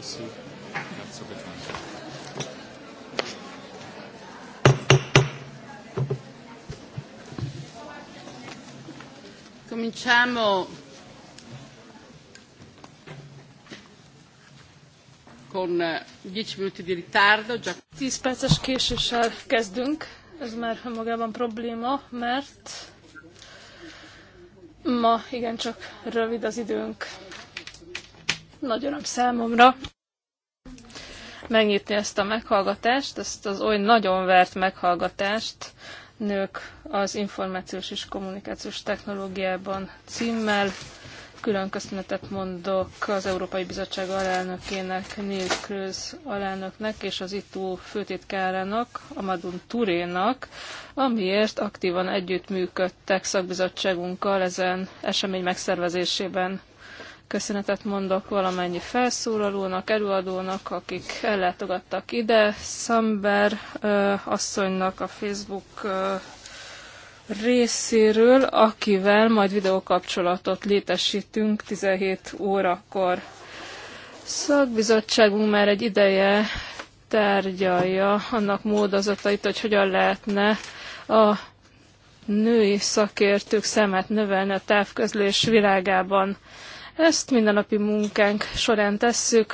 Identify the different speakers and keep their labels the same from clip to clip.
Speaker 1: policy. That's a good one.
Speaker 2: Cominciamo con 10 eh, minuti di ritardo. Già... 10 perces késéssel
Speaker 3: kezdünk. Ez már magában probléma, mert ma igencsak rövid az időnk. Nagy öröm számomra megnyitni ezt a meghallgatást, ezt az oly nagyon vert meghallgatást nők az információs és kommunikációs technológiában címmel. Külön köszönetet mondok az Európai Bizottság alelnökének, Nils Kröz alelnöknek és az ITU főtitkárának, Amadun Turénak, amiért aktívan együttműködtek szakbizottságunkkal ezen esemény megszervezésében. Köszönetet mondok valamennyi felszólalónak, előadónak, akik ellátogattak ide, Szamber asszonynak a Facebook részéről, akivel majd videókapcsolatot létesítünk 17 órakor. Szakbizottságunk már egy ideje tárgyalja annak módozatait, hogy hogyan lehetne a női szakértők szemet növelni a távközlés világában. Ezt mindennapi munkánk során tesszük,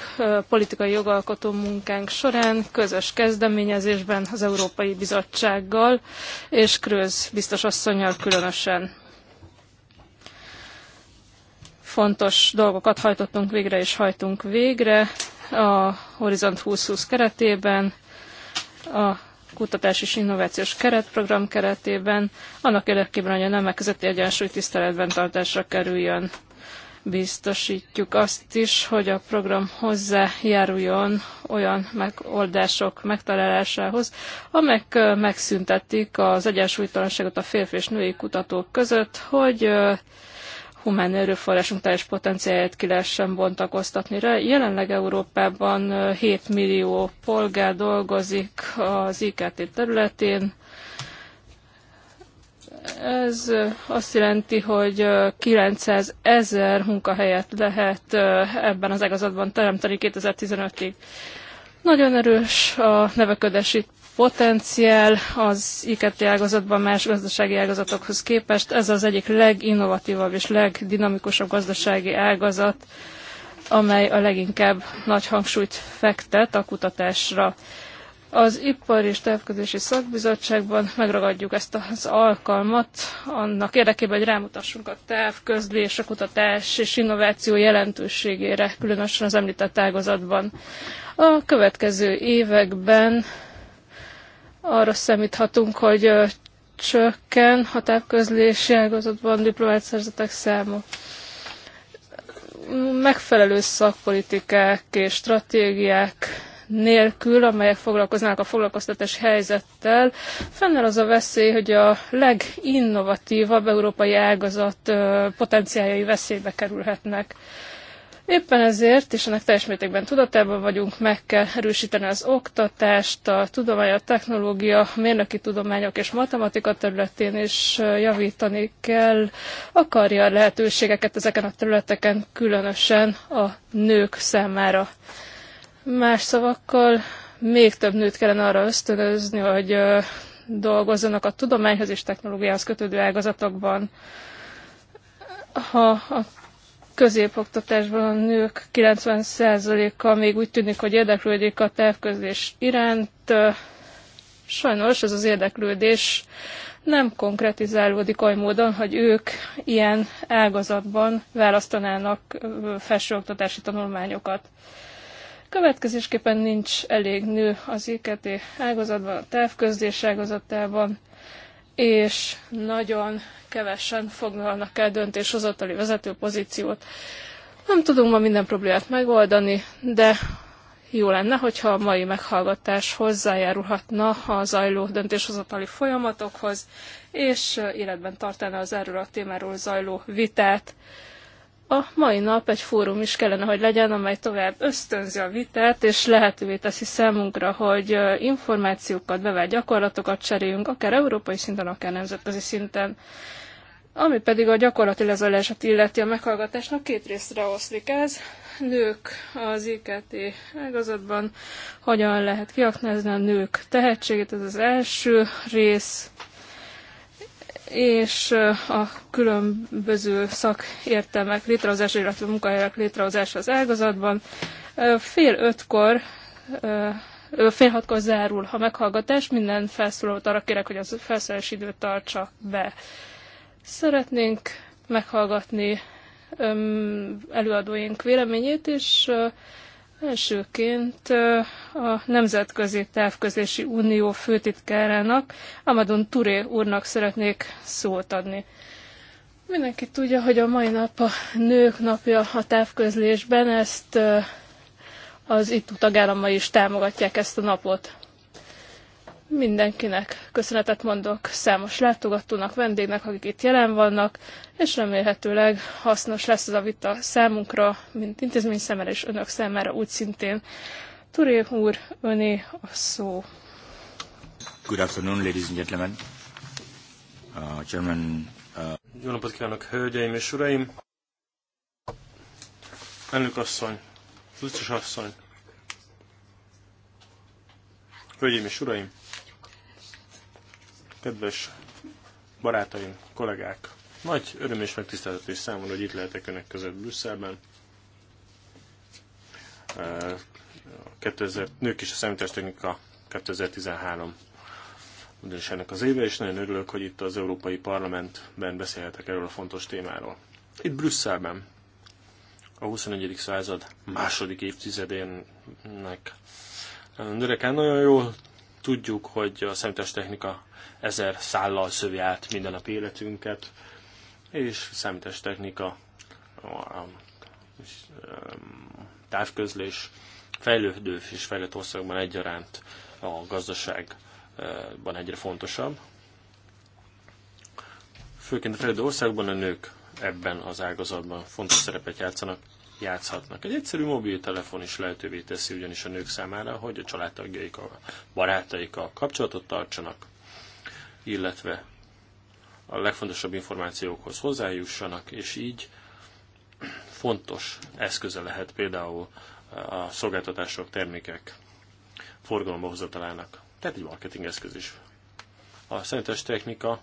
Speaker 3: politikai jogalkotó munkánk során, közös kezdeményezésben az Európai Bizottsággal és Krőz biztos asszonyjal különösen. Fontos dolgokat hajtottunk végre és hajtunk végre a Horizont 2020 keretében, a kutatás és innovációs keretprogram keretében, annak érdekében, hogy a nemek közötti egyensúly tiszteletben tartásra kerüljön biztosítjuk azt is, hogy a program hozzájáruljon olyan megoldások megtalálásához, amelyek megszüntetik az egyensúlytalanságot a férfi és női kutatók között, hogy humán erőforrásunk teljes potenciáját ki lehessen bontakoztatni. rá. Jelenleg Európában 7 millió polgár dolgozik az IKT területén, ez azt jelenti, hogy 900 ezer munkahelyet lehet ebben az ágazatban teremteni 2015-ig. Nagyon erős a növekedési potenciál az IKT ágazatban más gazdasági ágazatokhoz képest. Ez az egyik leginnovatívabb és legdinamikusabb gazdasági ágazat, amely a leginkább nagy hangsúlyt fektet a kutatásra. Az Ipar és Tervközési Szakbizottságban megragadjuk ezt az alkalmat, annak érdekében, hogy rámutassunk a távközlés, a kutatás és innováció jelentőségére, különösen az említett ágazatban. A következő években arra számíthatunk, hogy csökken a távközlési ágazatban diplomát szerzetek száma megfelelő szakpolitikák és stratégiák nélkül, amelyek foglalkoznának a foglalkoztatás helyzettel, fennáll az a veszély, hogy a leginnovatívabb európai ágazat potenciáljai veszélybe kerülhetnek. Éppen ezért, és ennek teljes mértékben tudatában vagyunk, meg kell erősíteni az oktatást, a tudomány, a technológia, a mérnöki tudományok és matematika területén is javítani kell a karrier lehetőségeket ezeken a területeken, különösen a nők számára. Más szavakkal még több nőt kellene arra ösztönözni, hogy dolgozzanak a tudományhoz és technológiához kötődő ágazatokban. Ha a középoktatásban a nők 90%-a még úgy tűnik, hogy érdeklődik a távközlés iránt, sajnos ez az érdeklődés nem konkretizálódik oly módon, hogy ők ilyen ágazatban választanának felsőoktatási tanulmányokat. Következésképpen nincs elég nő az IKT ágazatban, a távközlés ágazatában, és nagyon kevesen foglalnak el döntéshozatali vezető pozíciót. Nem tudunk ma minden problémát megoldani, de jó lenne, hogyha a mai meghallgatás hozzájárulhatna a zajló döntéshozatali folyamatokhoz, és életben tartaná az erről a témáról zajló vitát. A mai nap egy fórum is kellene, hogy legyen, amely tovább ösztönzi a vitát, és lehetővé teszi számunkra, hogy információkat, bevált gyakorlatokat cseréljünk, akár európai szinten, akár nemzetközi szinten. Ami pedig a gyakorlati lezajlását illeti a meghallgatásnak, két részre oszlik ez. Nők az IKT ágazatban, hogyan lehet kiaknázni a nők tehetségét, ez az első rész, és a különböző szakértelmek létrehozása, illetve munkahelyek létrehozása az ágazatban. Fél ötkor fél hatkor zárul a meghallgatás, minden felszólalót arra kérek, hogy az felszólalás időt tartsa be. Szeretnénk meghallgatni előadóink véleményét, és Elsőként a Nemzetközi Távközlési Unió főtitkárának, Amadon Turé úrnak szeretnék szót adni. Mindenki tudja, hogy a mai nap a nők napja a távközlésben, ezt az itt tagállamai is támogatják ezt a napot. Mindenkinek köszönetet mondok számos látogatónak, vendégnek, akik itt jelen vannak, és remélhetőleg hasznos lesz ez a vita számunkra, mint intézmény számára és önök számára úgy szintén. Turé úr, öné a szó.
Speaker 4: Good afternoon, ladies and gentlemen. Uh, German, uh... Jó napot kívánok, hölgyeim és uraim! Elnök asszony, biztos asszony, hölgyeim és uraim! Kedves barátaim, kollégák, nagy öröm és megtiszteltetés számomra, hogy itt lehetek Önök között Brüsszelben. 2000, nők és a számítástechnika 2013 ugyanis ennek az éve, és nagyon örülök, hogy itt az Európai Parlamentben beszélhetek erről a fontos témáról. Itt Brüsszelben a 21. század második évtizedének nöreken nagyon jól tudjuk, hogy a számítástechnika ezer szállal szövi át minden nap életünket, és technika távközlés fejlődő és fejlett országban egyaránt a gazdaságban egyre fontosabb. Főként a fejlődő országban a nők ebben az ágazatban fontos szerepet játszanak, játszhatnak. Egy egyszerű mobiltelefon is lehetővé teszi ugyanis a nők számára, hogy a családtagjaik, a barátaik a kapcsolatot tartsanak illetve a legfontosabb információkhoz hozzájussanak, és így fontos eszköze lehet például a szolgáltatások, termékek forgalomba hozatalának. Tehát egy marketing eszköz is. A szentes technika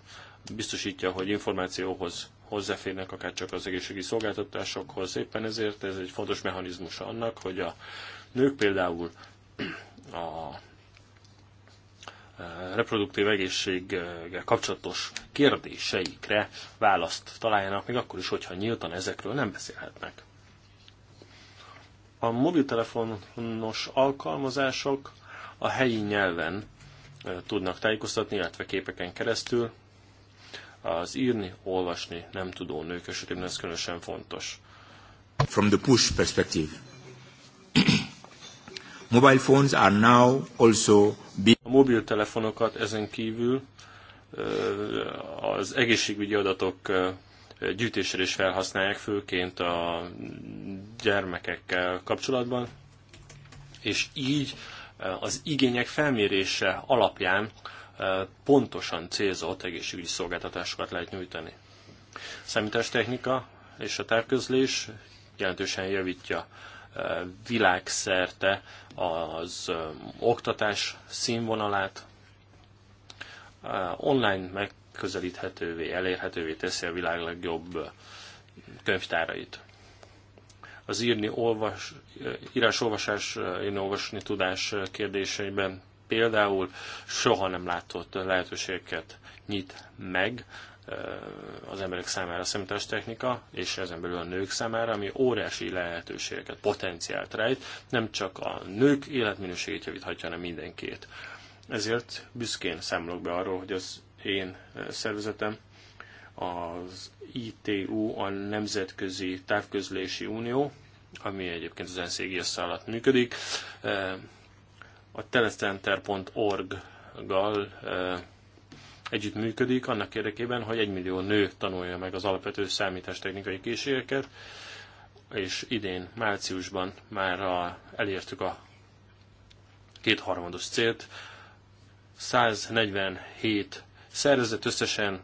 Speaker 4: biztosítja, hogy információhoz hozzáférnek akár csak az egészségügyi szolgáltatásokhoz. Éppen ezért ez egy fontos mechanizmus annak, hogy a nők például a reproduktív egészséggel kapcsolatos kérdéseikre választ találjanak, még akkor is, hogyha nyíltan ezekről nem beszélhetnek. A mobiltelefonos alkalmazások a helyi nyelven tudnak tájékoztatni, illetve képeken keresztül. Az írni, olvasni nem tudó nők esetében ez különösen fontos.
Speaker 5: From the push perspective. Mobile phones are now also being... A mobiltelefonokat
Speaker 4: ezen kívül az egészségügyi adatok gyűjtésre is felhasználják, főként a gyermekekkel kapcsolatban, és így az igények felmérése alapján pontosan célzott egészségügyi szolgáltatásokat lehet nyújtani. A számítástechnika és a távközlés jelentősen javítja világszerte az oktatás színvonalát, online megközelíthetővé, elérhetővé teszi a világ legjobb könyvtárait. Az írni, olvas, írás-olvasás, írni-olvasni tudás kérdéseiben például soha nem látott lehetőségeket nyit meg az emberek számára a technika, és ezen belül a nők számára, ami óriási lehetőségeket, potenciált rejt, nem csak a nők életminőségét javíthatja, hanem mindenkét. Ezért büszkén számolok be arról, hogy az én szervezetem, az ITU, a Nemzetközi Távközlési Unió, ami egyébként az NCG alatt működik, a telecenter.org-gal együttműködik annak érdekében, hogy egy millió nő tanulja meg az alapvető számítástechnikai készségeket, és idén, márciusban már a, elértük a kétharmados célt. 147 szervezet összesen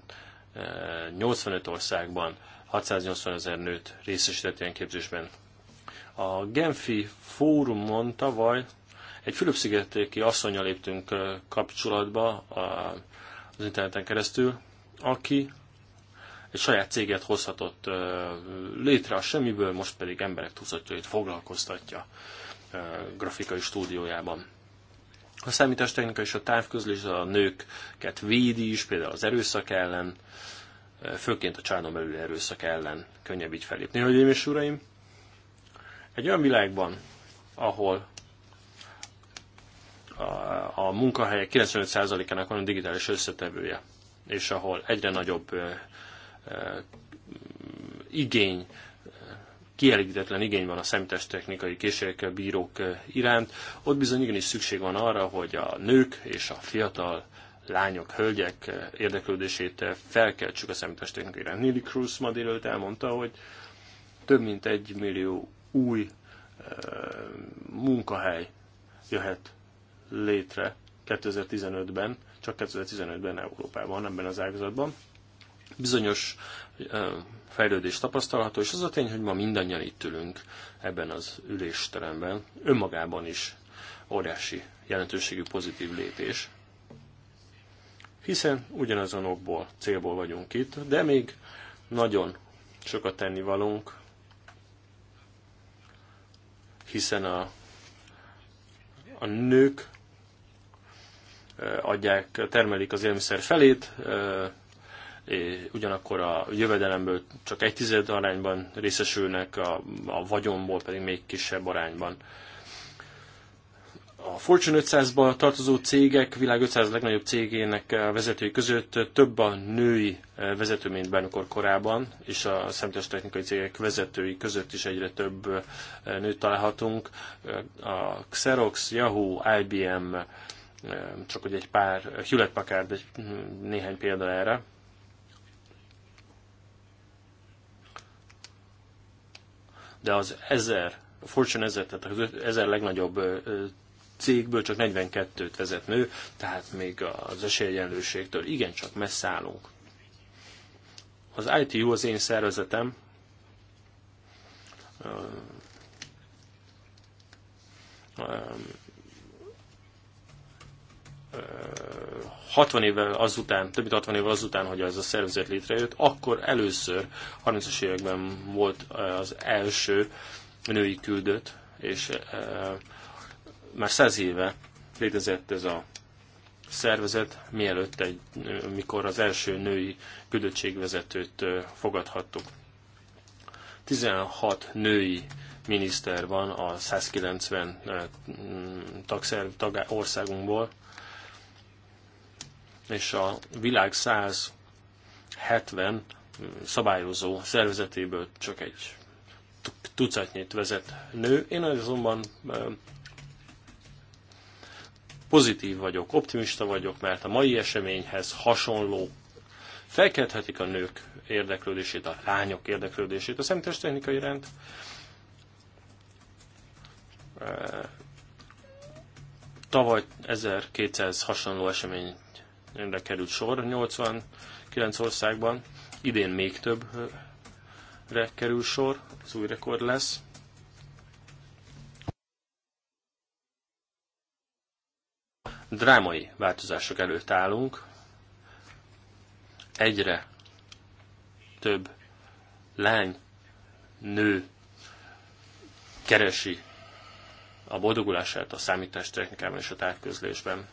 Speaker 4: 85 eh, országban 680 ezer nőt részesített ilyen képzésben. A Genfi fórumon tavaly egy Fülöp-szigetéki asszonyjal léptünk eh, kapcsolatba, a az interneten keresztül, aki egy saját céget hozhatott létre a semmiből, most pedig emberek tucatjait foglalkoztatja grafikai stúdiójában. A számítástechnika és a távközlés a nőket védi is, például az erőszak ellen, főként a csárnom belüli erőszak ellen könnyebb így felépni. Hölgyeim és uraim, egy olyan világban, ahol a, munkahelyek 95%-ának van a digitális összetevője, és ahol egyre nagyobb igény, kielégítetlen igény van a számítástechnikai készségekkel bírók iránt, ott bizony igenis szükség van arra, hogy a nők és a fiatal lányok, hölgyek érdeklődését felkeltsük a számítástechnikai iránt. Nili Cruz ma délőtt elmondta, hogy több mint egy millió új munkahely jöhet létre 2015-ben, csak 2015-ben Európában, ebben az ágazatban. Bizonyos fejlődés tapasztalható, és az a tény, hogy ma mindannyian itt ülünk ebben az ülésteremben, önmagában is óriási jelentőségű pozitív lépés, hiszen ugyanazon okból, célból vagyunk itt, de még nagyon sokat tenni valunk, hiszen a, a nők adják, termelik az élmiszer felét, ugyanakkor a jövedelemből csak egy tized arányban részesülnek, a, a vagyonból pedig még kisebb arányban. A Fortune 500-ba tartozó cégek, világ 500 legnagyobb cégének vezetői között több a női vezető, mint bármikor korábban, és a szemtes technikai cégek vezetői között is egyre több nőt találhatunk. A Xerox, Yahoo, IBM, csak hogy egy pár, Hewlett Packard egy hm, néhány példa erre. De az ezer, a Fortune ezer, tehát az ezer legnagyobb cégből csak 42-t vezet nő, tehát még az esélyegyenlőségtől igencsak messze állunk. Az ITU az én szervezetem, 60 évvel azután, több mint 60 évvel azután, hogy ez a szervezet létrejött, akkor először 30-as években volt eh, az első női küldött, és eh, már 100 éve létezett ez a szervezet, mielőtt egy, mikor az első női küldöttségvezetőt eh, fogadhattuk. 16 női miniszter van a 190 tagszerv, tag, országunkból, és a világ 170 szabályozó szervezetéből csak egy tucatnyit vezet nő. Én azonban pozitív vagyok, optimista vagyok, mert a mai eseményhez hasonló felkelthetik a nők érdeklődését, a lányok érdeklődését a számítástechnika rend. Tavaly 1200 hasonló esemény Önre került sor 89 országban, idén még többre kerül sor, az új rekord lesz. Drámai változások előtt állunk, egyre több lány, nő keresi a boldogulását a számítástechnikában és a távközlésben.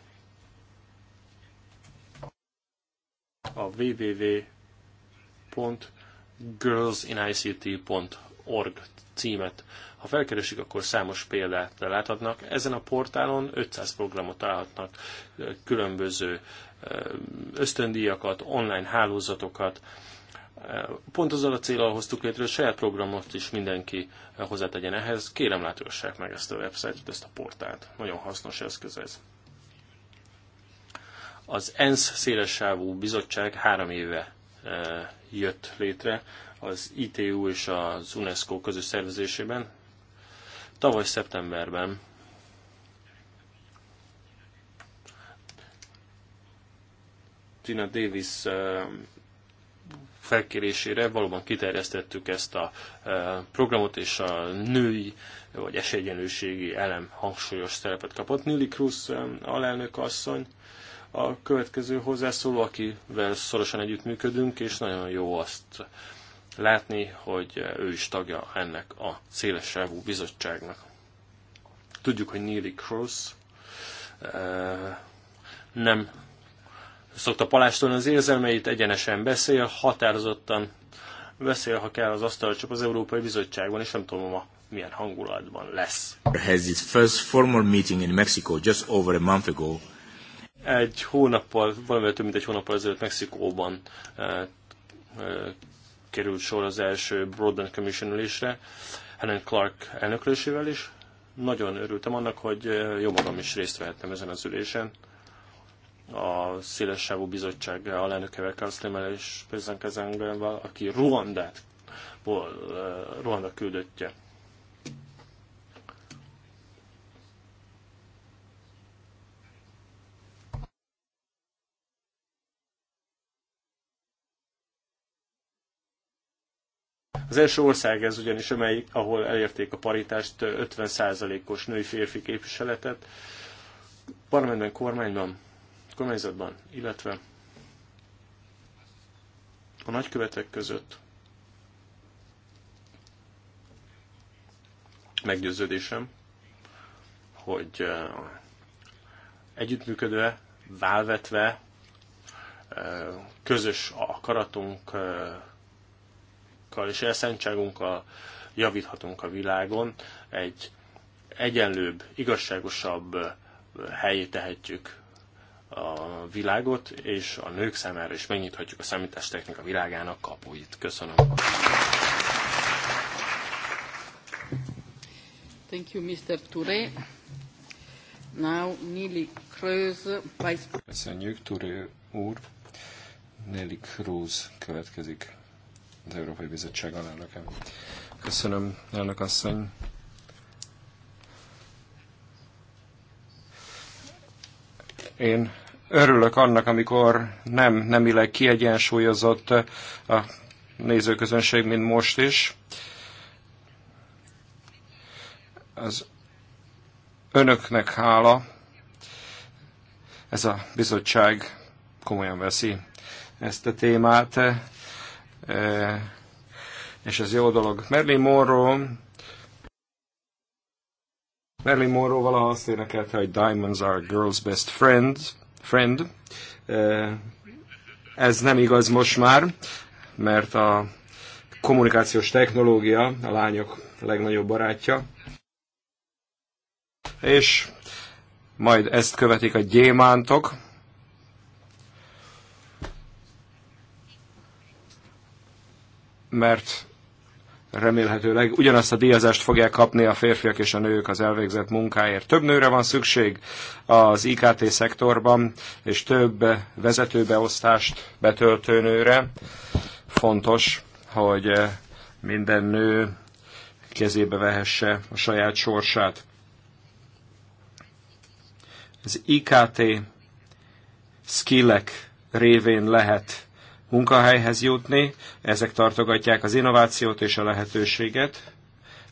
Speaker 4: a www.girlsinict.org címet. Ha felkeresik, akkor számos példát láthatnak. Ezen a portálon 500 programot találhatnak, különböző ösztöndíjakat, online hálózatokat. Pont azzal a célral hoztuk létre, hogy saját programot is mindenki hozzátegyen ehhez. Kérem látogassák meg ezt a website ezt a portált. Nagyon hasznos eszköz ez. Az ENSZ szélessávú bizottság három éve eh, jött létre az ITU és az UNESCO közös szervezésében. Tavaly szeptemberben Tina Davis eh, felkérésére valóban kiterjesztettük ezt a eh, programot, és a női vagy esélyegyenlőségi elem hangsúlyos szerepet kapott. Nili Cruz alelnök asszony a következő hozzászóló, akivel szorosan együttműködünk, és nagyon jó azt látni, hogy ő is tagja ennek a sávú bizottságnak. Tudjuk, hogy Neely Cross eh, nem szokta palástolni az érzelmeit, egyenesen beszél, határozottan beszél, ha kell az asztal, csak az Európai Bizottságban, és nem tudom ma milyen hangulatban lesz.
Speaker 5: Has its first formal meeting in Mexico just over a month ago
Speaker 4: egy hónappal, valamivel több mint egy hónappal ezelőtt Mexikóban eh, eh, került sor az első Broadband Commission ülésre, Helen Clark elnöklésével is. Nagyon örültem annak, hogy eh, jó magam is részt vehettem ezen az ülésen. A Szélessávú Bizottság alelnökevel, Kanszlémmel és Pézenkezengvel, aki Ruandát, Ruanda küldöttje Az első ország ez ugyanis, amely, ahol elérték a paritást 50%-os női-férfi képviseletet, parlamentben, kormányban, kormányzatban, illetve a nagykövetek között meggyőződésem, hogy eh, együttműködve, válvetve, eh, közös akaratunk eh, munkáinkkal és elszántságunkkal javíthatunk a világon, egy egyenlőbb, igazságosabb helyé tehetjük a világot, és a nők számára is megnyithatjuk a számítástechnika világának kapuit. Köszönöm.
Speaker 2: Thank you, Mr. Touré. Now, Nili Cruz,
Speaker 5: Vice Köszönjük, Touré úr. Nelly Cruz következik az Európai Bizottság alelnöke. Köszönöm, elnök asszony. Én örülök annak, amikor nem nemileg kiegyensúlyozott a nézőközönség, mint most is. Az önöknek hála ez a bizottság komolyan veszi ezt a témát. Eh, és ez jó dolog. Merlin Monroe, Merlin Monroe valaha azt énekelte, hogy Diamonds are a girl's best friend, friend. Eh, ez nem igaz most már, mert a kommunikációs technológia a lányok legnagyobb barátja. És majd ezt követik a gyémántok, mert remélhetőleg ugyanazt a díjazást fogják kapni a férfiak és a nők az elvégzett munkáért. Több nőre van szükség az IKT szektorban, és több vezetőbeosztást betöltő nőre. Fontos, hogy minden nő kezébe vehesse a saját sorsát. Az IKT skillek révén lehet munkahelyhez jutni, ezek tartogatják az innovációt és a lehetőséget,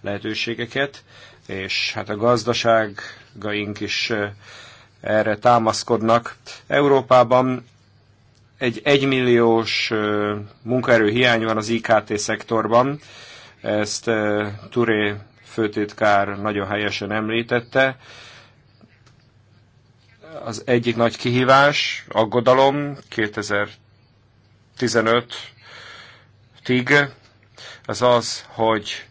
Speaker 5: lehetőségeket, és hát a gazdaságaink is erre támaszkodnak. Európában egy egymilliós munkaerő hiány van az IKT szektorban, ezt Turé főtitkár nagyon helyesen említette. Az egyik nagy kihívás, aggodalom 2000 15-ig, az az, hogy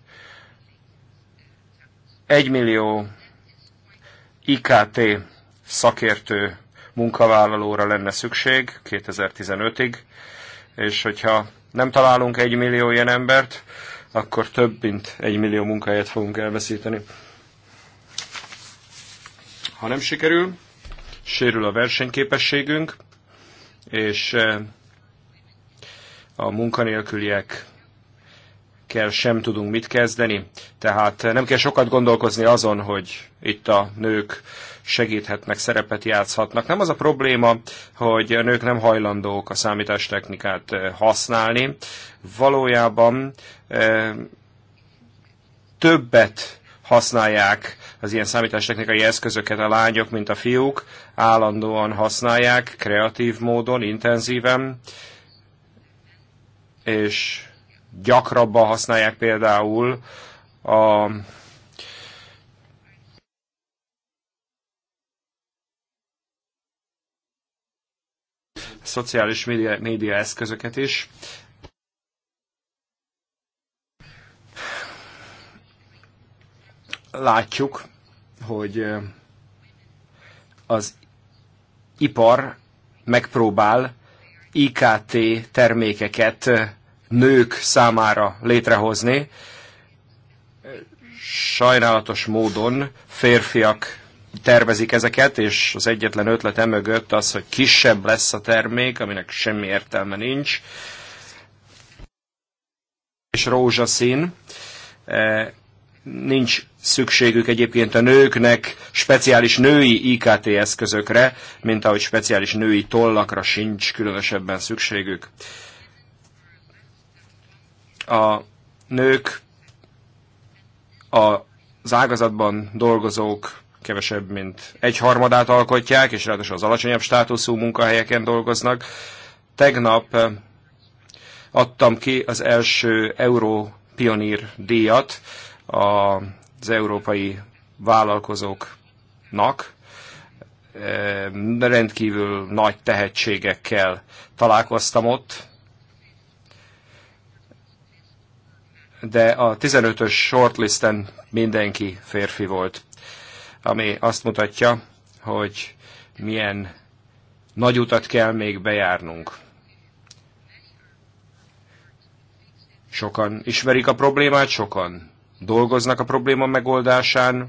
Speaker 5: 1 millió IKT szakértő munkavállalóra lenne szükség 2015-ig, és hogyha nem találunk 1 millió ilyen embert, akkor több mint 1 millió munkahelyet fogunk elveszíteni. Ha nem sikerül, sérül a versenyképességünk, és eh, a munkanélküliek kell sem tudunk mit kezdeni. Tehát nem kell sokat gondolkozni azon, hogy itt a nők segíthetnek, szerepet játszhatnak. Nem az a probléma, hogy a nők nem hajlandók a számítástechnikát eh, használni. Valójában eh, többet használják az ilyen számítástechnikai eszközöket a lányok, mint a fiúk, állandóan használják, kreatív módon, intenzíven, és gyakrabban használják például a szociális média, média eszközöket is. Látjuk, hogy eh, az ipar megpróbál IKT termékeket nők számára létrehozni. Sajnálatos módon férfiak tervezik ezeket, és az egyetlen ötlet mögött az, hogy kisebb lesz a termék, aminek semmi értelme nincs, és rózsaszín nincs szükségük egyébként a nőknek speciális női IKT eszközökre, mint ahogy speciális női tollakra sincs különösebben szükségük. A nők az ágazatban dolgozók kevesebb, mint egy harmadát alkotják, és ráadásul az alacsonyabb státuszú munkahelyeken dolgoznak. Tegnap eh, adtam ki az első Euró Pionír díjat, az európai vállalkozóknak, e, rendkívül nagy tehetségekkel találkoztam ott, de a 15-ös shortlisten mindenki férfi volt, ami azt mutatja, hogy milyen nagy utat kell még bejárnunk. Sokan ismerik a problémát, sokan dolgoznak a probléma megoldásán.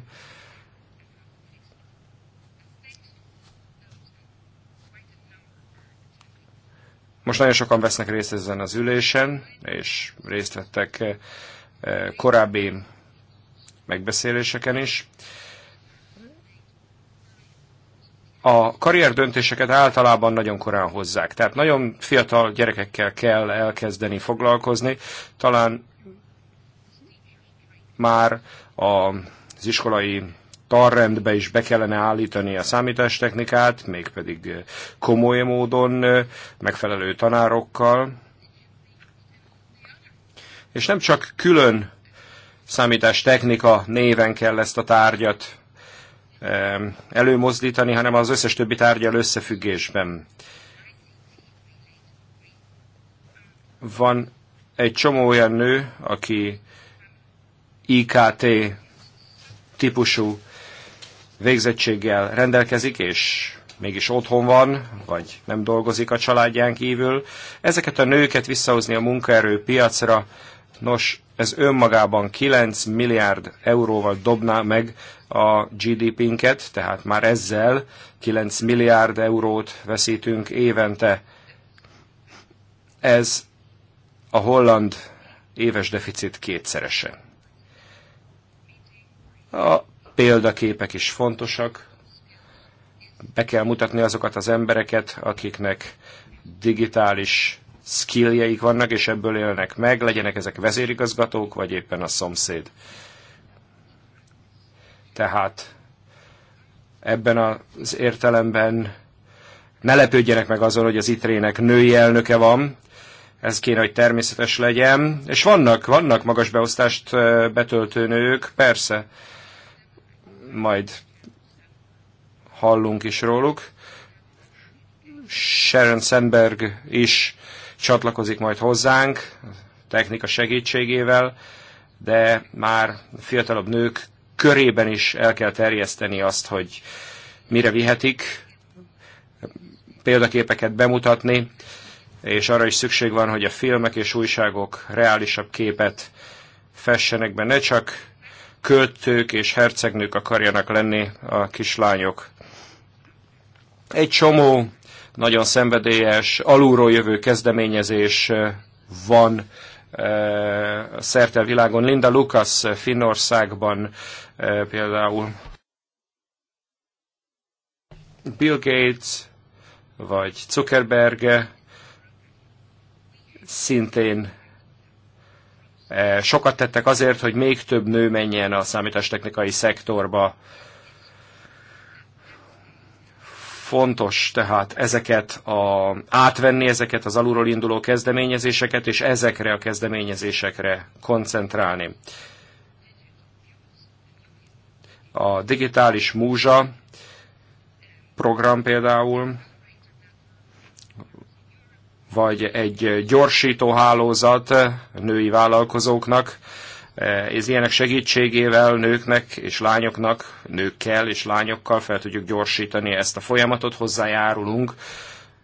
Speaker 5: Most nagyon sokan vesznek részt ezen az ülésen, és részt vettek eh, korábbi megbeszéléseken is. A karrier döntéseket általában nagyon korán hozzák, tehát nagyon fiatal gyerekekkel kell elkezdeni foglalkozni, talán már az iskolai tarrendbe is be kellene állítani a számítástechnikát, mégpedig eh, komoly módon, eh, megfelelő tanárokkal. És nem csak külön számítástechnika néven kell ezt a tárgyat eh, előmozdítani, hanem az összes többi tárgyal összefüggésben. Van egy csomó olyan nő, aki IKT típusú végzettséggel rendelkezik, és mégis otthon van, vagy nem dolgozik a családján kívül. Ezeket a nőket visszahozni a munkaerőpiacra, nos, ez önmagában 9 milliárd euróval dobná meg a GDP-nket, tehát már ezzel 9 milliárd eurót veszítünk évente. Ez a holland éves deficit kétszerese. A példaképek is fontosak. Be kell mutatni azokat az embereket, akiknek digitális skilljeik vannak, és ebből élnek meg, legyenek ezek vezérigazgatók, vagy éppen a szomszéd. Tehát ebben az értelemben ne lepődjenek meg azon, hogy az itrének nek női elnöke van, ez kéne, hogy természetes legyen. És vannak, vannak magas beosztást betöltő nők, persze majd hallunk is róluk. Sharon Sandberg is csatlakozik majd hozzánk, technika segítségével, de már fiatalabb nők körében is el kell terjeszteni azt, hogy mire vihetik, példaképeket bemutatni, és arra is szükség van, hogy a filmek és újságok reálisabb képet fessenek be, ne csak költők és hercegnők akarjanak lenni a kislányok. Egy csomó nagyon szenvedélyes, alulról jövő kezdeményezés eh, van eh, szerte a világon. Linda Lucas Finnországban eh, például Bill Gates vagy Zuckerberg szintén E, sokat tettek azért, hogy még több nő menjen a számítástechnikai szektorba. Fontos tehát ezeket a, átvenni ezeket az alulról induló kezdeményezéseket, és ezekre a kezdeményezésekre koncentrálni. A digitális múzsa program például vagy egy gyorsítóhálózat női vállalkozóknak, e, ez ilyenek segítségével nőknek és lányoknak, nőkkel és lányokkal fel tudjuk gyorsítani ezt a folyamatot, hozzájárulunk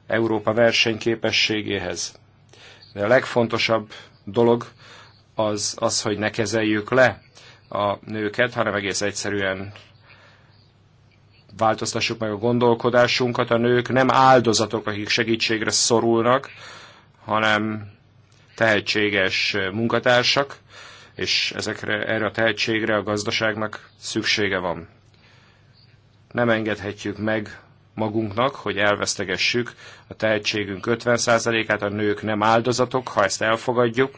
Speaker 5: Európa versenyképességéhez. De a legfontosabb dolog az, az hogy ne kezeljük le a nőket, hanem egész egyszerűen változtassuk meg a gondolkodásunkat, a nők nem áldozatok, akik segítségre szorulnak, hanem tehetséges munkatársak, és ezekre, erre a tehetségre a gazdaságnak szüksége van. Nem engedhetjük meg magunknak, hogy elvesztegessük a tehetségünk 50%-át, a nők nem áldozatok, ha ezt elfogadjuk,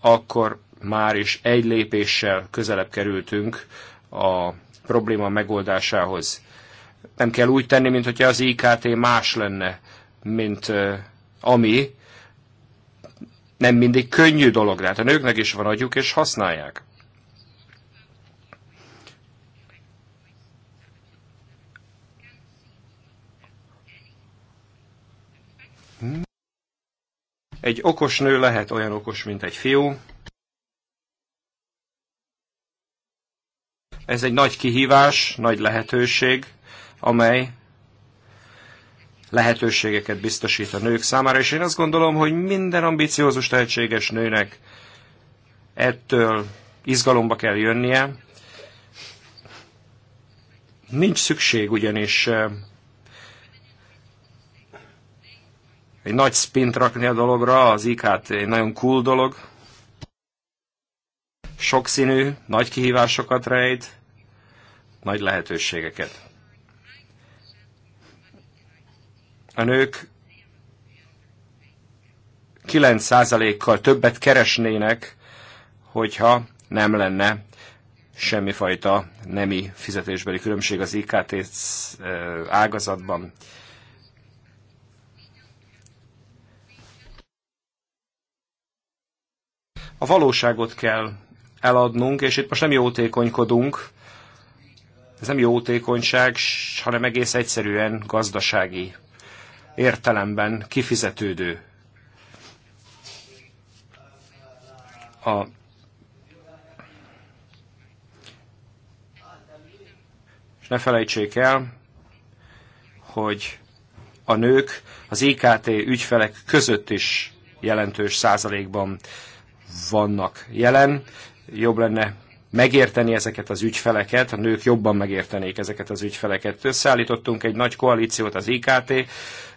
Speaker 5: akkor már is egy lépéssel közelebb kerültünk a probléma megoldásához. Nem kell úgy tenni, mint hogyha az IKT más lenne, mint ami nem mindig könnyű dolog, de hát a nőknek is van agyuk, és használják. Egy okos nő lehet olyan okos, mint egy fiú. Ez egy nagy kihívás, nagy lehetőség, amely lehetőségeket biztosít a nők számára, és én azt gondolom, hogy minden ambiciózus, tehetséges nőnek ettől izgalomba kell jönnie. Nincs szükség ugyanis egy nagy spint rakni a dologra, az IKT egy nagyon cool dolog, sokszínű, nagy kihívásokat rejt, nagy lehetőségeket. A nők 9%-kal többet keresnének, hogyha nem lenne semmifajta nemi fizetésbeli különbség az IKT eh, ágazatban. A valóságot kell eladnunk, és itt most nem jótékonykodunk, ez nem jótékonyság, hanem egész egyszerűen gazdasági értelemben kifizetődő. A és ne felejtsék el, hogy a nők az IKT ügyfelek között is jelentős százalékban vannak jelen, jobb lenne megérteni ezeket az ügyfeleket, a nők jobban megértenék ezeket az ügyfeleket. Összeállítottunk egy nagy koalíciót az IKT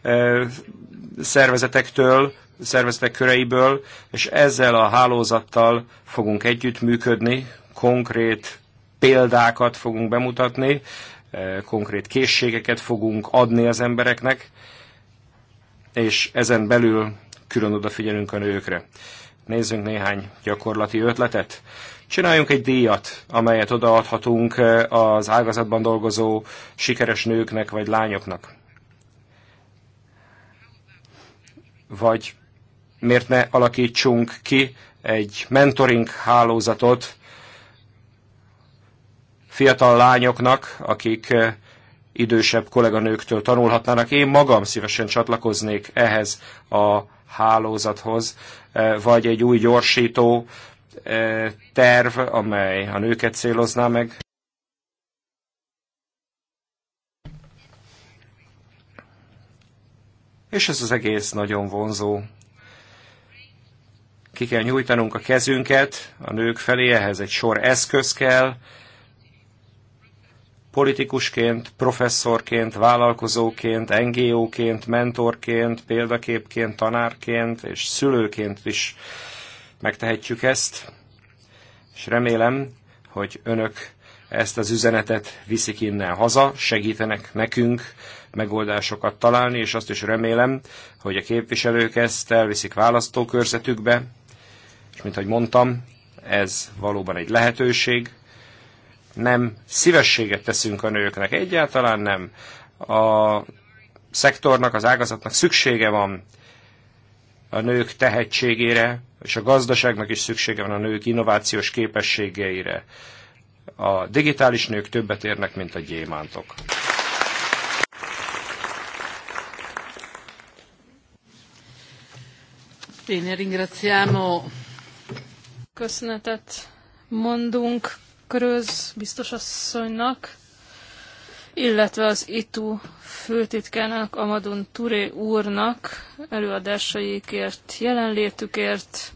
Speaker 5: eh, szervezetektől, szervezetek köreiből, és ezzel a hálózattal fogunk együttműködni, konkrét példákat fogunk bemutatni, eh, konkrét készségeket fogunk adni az embereknek, és ezen belül külön odafigyelünk a nőkre nézzünk néhány gyakorlati ötletet. Csináljunk egy díjat, amelyet odaadhatunk az ágazatban dolgozó sikeres nőknek vagy lányoknak. Vagy miért ne alakítsunk ki egy mentoring hálózatot fiatal lányoknak, akik idősebb kolléganőktől tanulhatnának. Én magam szívesen csatlakoznék ehhez a hálózathoz, e, vagy egy új gyorsító e, terv, amely a nőket célozná meg? És ez az egész nagyon vonzó. Ki kell nyújtanunk a kezünket a nők felé, ehhez egy sor eszköz kell, politikusként, professzorként, vállalkozóként, NGO-ként, mentorként, példaképként, tanárként és szülőként is megtehetjük ezt, és remélem, hogy önök ezt az üzenetet viszik innen haza, segítenek nekünk megoldásokat találni, és azt is remélem, hogy a képviselők ezt elviszik választókörzetükbe, és mint ahogy mondtam, ez valóban egy lehetőség, nem szívességet teszünk a nőknek, egyáltalán nem. A szektornak, az ágazatnak szüksége van a nők tehetségére, és a gazdaságnak is szüksége van a nők innovációs képességeire. A digitális nők többet érnek, mint a gyémántok.
Speaker 3: Köszönetet mondunk Kröz biztosasszonynak, illetve az ITU főtitkának, Amadon Touré úrnak előadásaikért, jelenlétükért.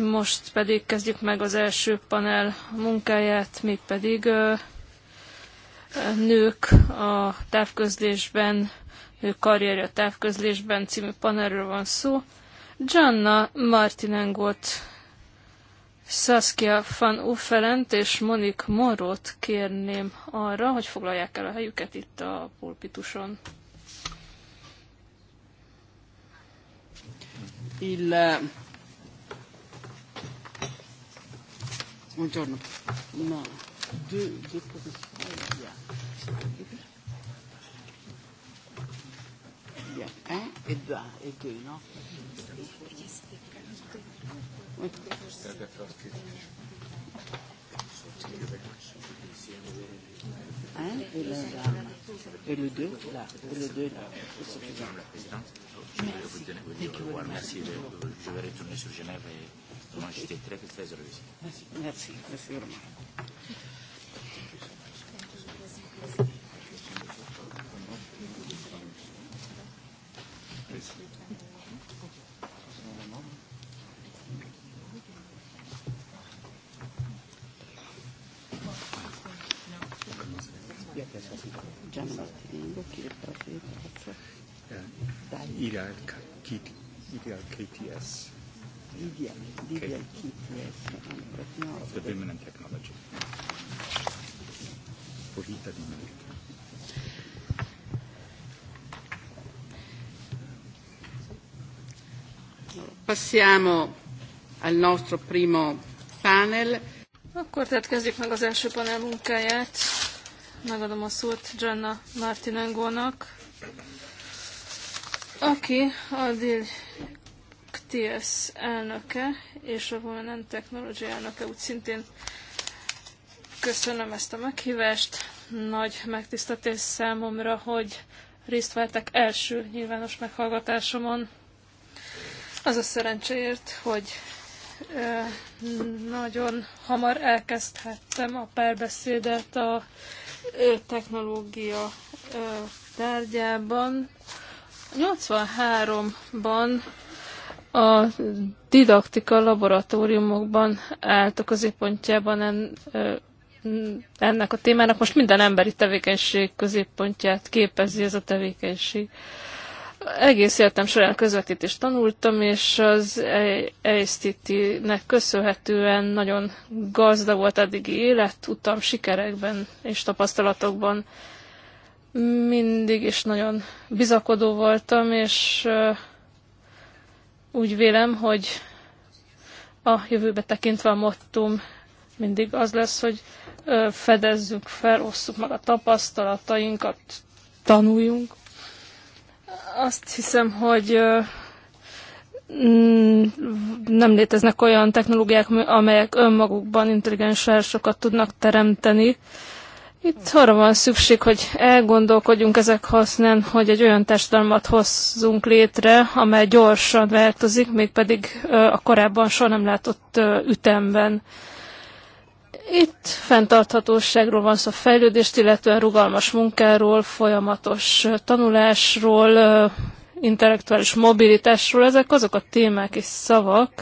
Speaker 3: Most pedig kezdjük meg az első panel munkáját, mégpedig nők a távközlésben, nők karrierje a távközlésben című panelről van szó. Gianna Martinengot Saskia van Uffelent és Monik Morot kérném arra, hogy foglalják el a helyüket itt a pulpituson.
Speaker 2: Il... Eh, buongiorno. No. Due, due professori. Eh, e due, e due,
Speaker 4: Hein et, le, et le 2, là. Et le 2, là. C'est Madame la Présidente, je vais vous donner vous dire au revoir. Merci. Je vais retourner sur Genève et moi j'étais très, très heureuse.
Speaker 2: Merci. Merci. Merci vraiment.
Speaker 5: ideal KTS. Ideal KTS. Of the technology. For Rita Di
Speaker 2: Passiamo al nostro primo panel. Akkor tehát kezdjük meg az első
Speaker 3: panel munkáját. Megadom a szót Jenna Martinengónak aki a DIL TS elnöke és a Women Technology elnöke úgy szintén köszönöm ezt a meghívást. Nagy megtiszteltés számomra, hogy részt vettek első nyilvános meghallgatásomon. Az a szerencséért, hogy nagyon hamar elkezdhettem a párbeszédet a technológia tárgyában. 83-ban a didaktika laboratóriumokban állt a középpontjában en, ennek a témának. Most minden emberi tevékenység középpontját képezi ez a tevékenység. Egész életem során közvetítést tanultam, és az ASTT-nek köszönhetően nagyon gazda volt eddigi életutam sikerekben és tapasztalatokban mindig is nagyon bizakodó voltam, és úgy vélem, hogy a jövőbe tekintve a mottum mindig az lesz, hogy fedezzük fel, osszuk meg a tapasztalatainkat, tanuljunk. Azt hiszem, hogy nem léteznek olyan technológiák, amelyek önmagukban intelligens sokat tudnak teremteni, itt arra van szükség, hogy elgondolkodjunk ezek hasznán, hogy egy olyan testalmat hozzunk létre, amely gyorsan változik, mégpedig a korábban soha nem látott ütemben. Itt fenntarthatóságról van szó, fejlődést, illetve rugalmas munkáról, folyamatos tanulásról, intellektuális mobilitásról. Ezek azok a témák és szavak,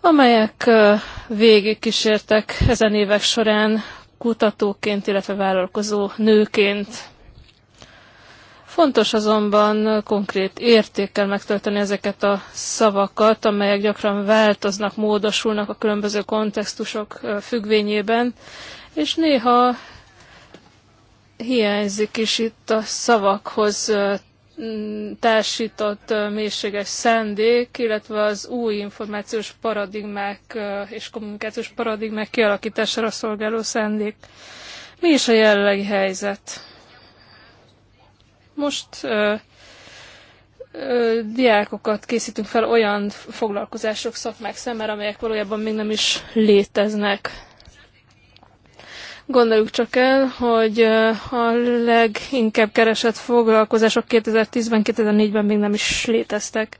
Speaker 3: amelyek végigkísértek ezen évek során kutatóként, illetve vállalkozó nőként. Fontos azonban konkrét értékkel megtölteni ezeket a szavakat, amelyek gyakran változnak, módosulnak a különböző kontextusok függvényében, és néha hiányzik is itt a szavakhoz Mm, társított mélységes szendék, illetve az új információs paradigmák és kommunikációs paradigmák kialakítására szolgáló szendék. Mi is a jelenlegi helyzet? Most ö, ö, diákokat készítünk fel olyan foglalkozások, szakmák szemmel, amelyek valójában még nem is léteznek. Gondoljuk csak el, hogy a leginkább keresett foglalkozások 2010-ben, 2004-ben még nem is léteztek.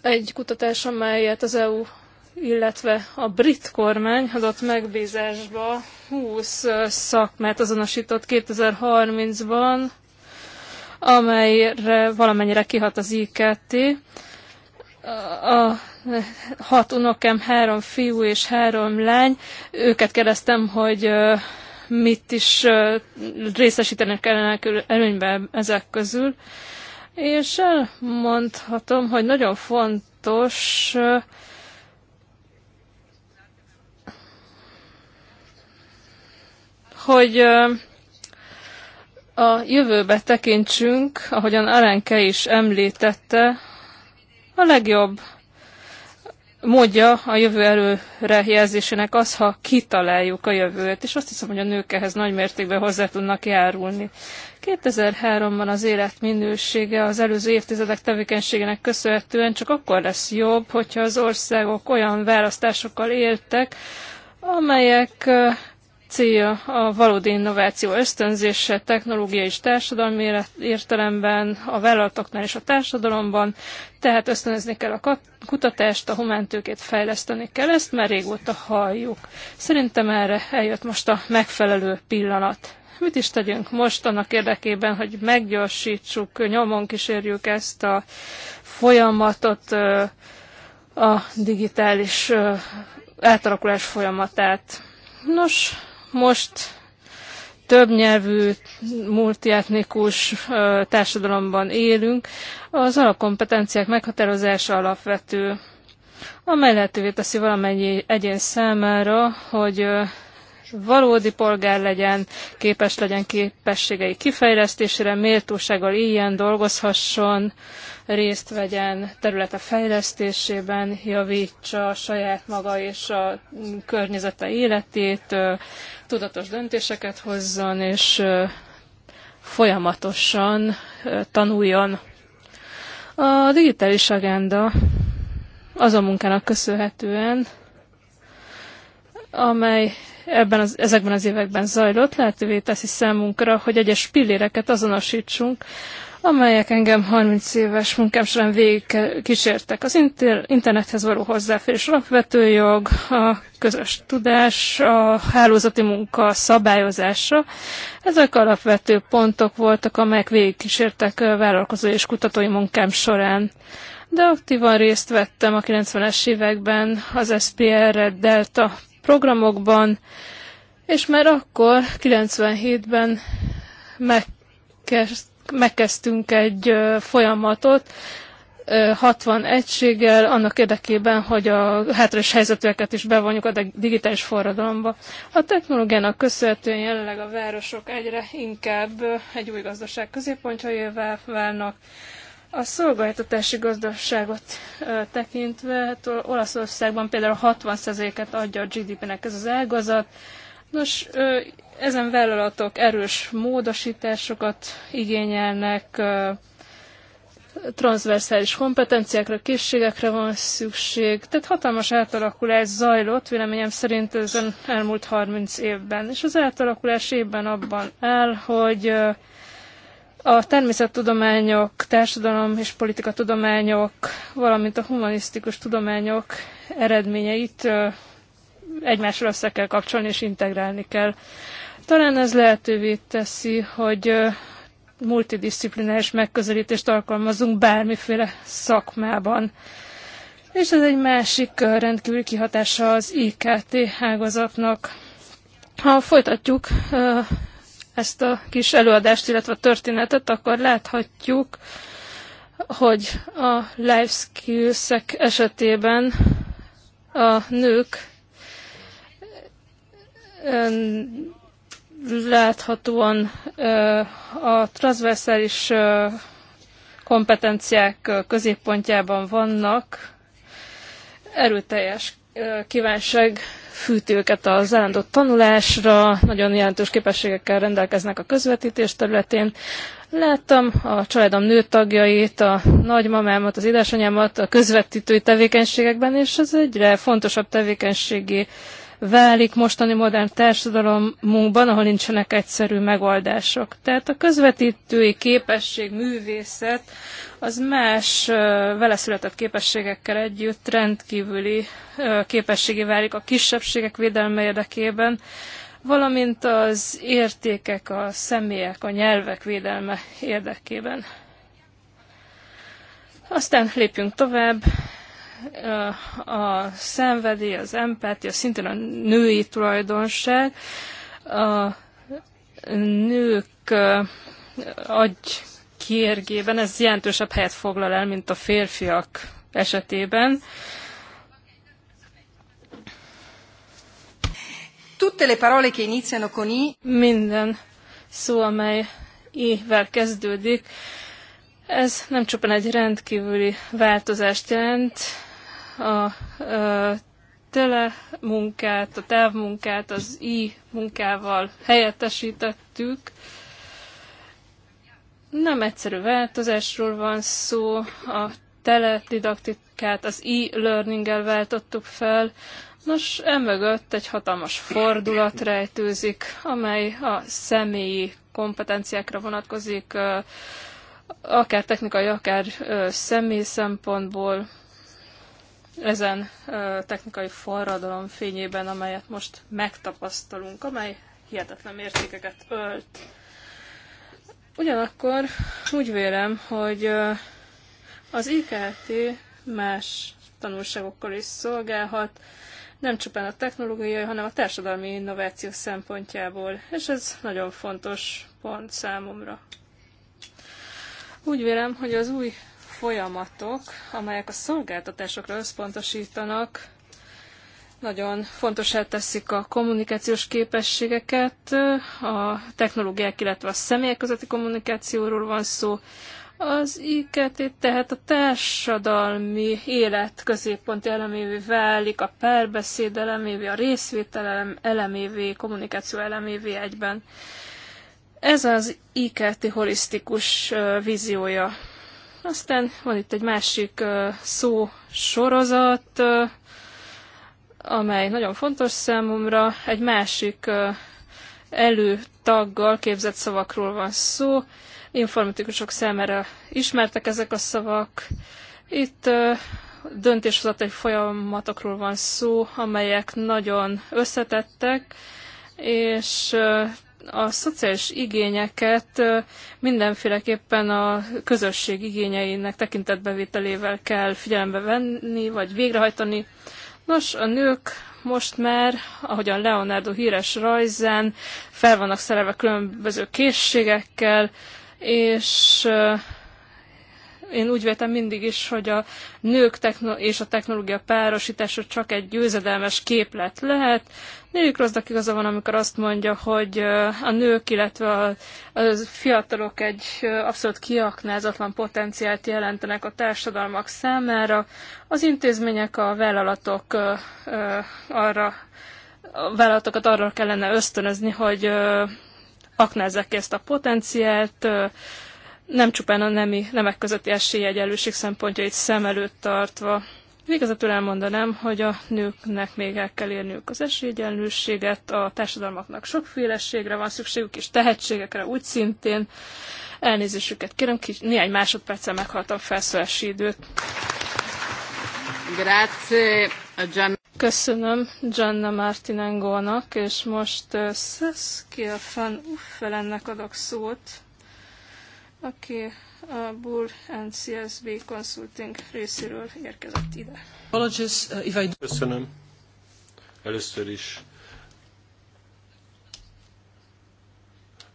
Speaker 3: Egy kutatás, amelyet az EU illetve a brit kormány adott megbízásba 20 szakmát azonosított 2030-ban, amelyre valamennyire kihat az IKT. A hat unokám, három fiú és három lány. Őket kérdeztem, hogy mit is részesítenek előnyben ezek közül. És elmondhatom, hogy nagyon fontos hogy a jövőbe tekintsünk, ahogyan Alenke is említette, a legjobb módja a jövő erőre jelzésének az, ha kitaláljuk a jövőt, és azt hiszem, hogy a nők ehhez nagy mértékben hozzá tudnak járulni. 2003-ban az élet minősége az előző évtizedek tevékenységének köszönhetően csak akkor lesz jobb, hogyha az országok olyan választásokkal éltek, amelyek célja a valódi innováció ösztönzése technológiai és társadalmi értelemben, a vállalatoknál és a társadalomban, tehát ösztönözni kell a kutatást, a humántőkét fejleszteni kell, ezt már régóta halljuk. Szerintem erre eljött most a megfelelő pillanat. Mit is tegyünk most annak érdekében, hogy meggyorsítsuk, nyomon kísérjük ezt a folyamatot, a digitális átalakulás folyamatát. Nos, most többnyelvű, multietnikus társadalomban élünk, az alapkompetenciák meghatározása alapvető, amely lehetővé teszi valamennyi egyén számára, hogy valódi polgár legyen, képes legyen képességei kifejlesztésére, méltósággal éljen, dolgozhasson, részt vegyen területe fejlesztésében, javítsa a saját maga és a környezete életét, tudatos döntéseket hozzon, és folyamatosan tanuljon. A digitális agenda az a munkának köszönhetően, amely ebben az, ezekben az években zajlott, lehetővé teszi számunkra, hogy egyes pilléreket azonosítsunk, amelyek engem 30 éves munkám során végig kísértek. Az inter- internethez való hozzáférés alapvető jog, a közös tudás, a hálózati munka szabályozása. Ezek alapvető pontok voltak, amelyek végig kísértek vállalkozói és kutatói munkám során. De aktívan részt vettem a 90-es években az SPR-re Delta programokban, és már akkor, 97-ben megkezdtünk egy folyamatot, 60 egységgel, annak érdekében, hogy a hátrás helyzetűeket is bevonjuk a digitális forradalomba. A technológiának köszönhetően jelenleg a városok egyre inkább egy új gazdaság középpontjaival válnak. A szolgáltatási gazdaságot tekintve, hát Olaszországban például 60%-et adja a GDP-nek ez az ágazat. Nos, ezen vállalatok erős módosításokat igényelnek, transzverszális kompetenciákra, készségekre van szükség. Tehát hatalmas átalakulás zajlott, véleményem szerint ezen elmúlt 30 évben. És az átalakulás évben abban áll, hogy a természettudományok, társadalom és politikatudományok, valamint a humanisztikus tudományok eredményeit egymásra össze kell kapcsolni és integrálni kell. Talán ez lehetővé teszi, hogy multidisziplináris megközelítést alkalmazunk bármiféle szakmában. És ez egy másik rendkívüli kihatása az IKT ágazatnak. Ha folytatjuk ezt a kis előadást, illetve a történetet, akkor láthatjuk, hogy a life skills esetében a nők láthatóan a transversális kompetenciák középpontjában vannak, erőteljes kívánság fűti őket az állandó tanulásra, nagyon jelentős képességekkel rendelkeznek a közvetítés területén. Láttam a családom nőtagjait, a nagymamámat, az édesanyámat a közvetítői tevékenységekben, és ez egyre fontosabb tevékenységi válik mostani modern társadalomunkban, ahol nincsenek egyszerű megoldások. Tehát a közvetítői képesség, művészet az más vele született képességekkel együtt rendkívüli képességé válik a kisebbségek védelme érdekében, valamint az értékek, a személyek, a nyelvek védelme érdekében. Aztán lépjünk tovább, a szenvedély, az empátia szintén a női tulajdonság. A nők agy kérgében ez jelentősebb helyet foglal el, mint a férfiak esetében. Tutte le parole che iniziano con i... Minden szó, amely i kezdődik, ez nem csupán egy rendkívüli változást jelent, a telemunkát, a távmunkát az i munkával helyettesítettük. Nem egyszerű változásról van szó, a teledidaktikát az e-learninggel váltottuk fel. Nos, emögött egy hatalmas fordulat rejtőzik, amely a személyi kompetenciákra vonatkozik, akár technikai, akár személy szempontból ezen technikai forradalom fényében, amelyet most megtapasztalunk, amely hihetetlen mértékeket ölt. Ugyanakkor úgy vélem, hogy az IKT más tanulságokkal is szolgálhat, nem csupán a technológiai, hanem a társadalmi innováció szempontjából, és ez nagyon fontos pont számomra. Úgy vélem, hogy az új folyamatok, amelyek a szolgáltatásokra összpontosítanak, nagyon fontosá teszik a kommunikációs képességeket, a technológiák, illetve a személyek közötti kommunikációról van szó. Az IKT tehát a társadalmi élet középponti elemévé válik, a párbeszéd elemévé, a részvétel elemévé, kommunikáció elemévé egyben. Ez az IKT holisztikus víziója aztán van itt egy másik szó sorozat, amely nagyon fontos számomra. Egy másik előtaggal képzett szavakról van szó. Informatikusok számára ismertek ezek a szavak. Itt egy folyamatokról van szó, amelyek nagyon összetettek, és a szociális igényeket mindenféleképpen a közösség igényeinek tekintetbevételével kell figyelembe venni, vagy végrehajtani. Nos, a nők most már, ahogyan Leonardo híres rajzán, fel vannak szerelve különböző készségekkel, és én úgy véltem mindig is, hogy a nők és a technológia párosítása csak egy győzedelmes képlet lehet, Rossznak igaza van, amikor azt mondja, hogy a nők, illetve a, a fiatalok egy abszolút kiaknázatlan potenciált jelentenek a társadalmak számára. Az intézmények, a vállalatok arra, a vállalatokat arra kellene ösztönözni, hogy aknázzák ezt a potenciált, nem csupán a nemi, nemek közötti esélyegyenlőség szempontjait szem előtt tartva. Végezetül elmondanám, hogy a nőknek még el kell érniük az esélyegyenlőséget, a társadalmaknak sokféleségre van szükségük, és tehetségekre úgy szintén. Elnézésüket kérem, kis, néhány másodperccel meghaltam felszólási időt. Grazie, Köszönöm Gianna Martinengónak, és most eh, Szeszkia fan Uffelennek adok szót aki a Bull and CSB Consulting részéről érkezett ide.
Speaker 4: Uh, Köszönöm. Először is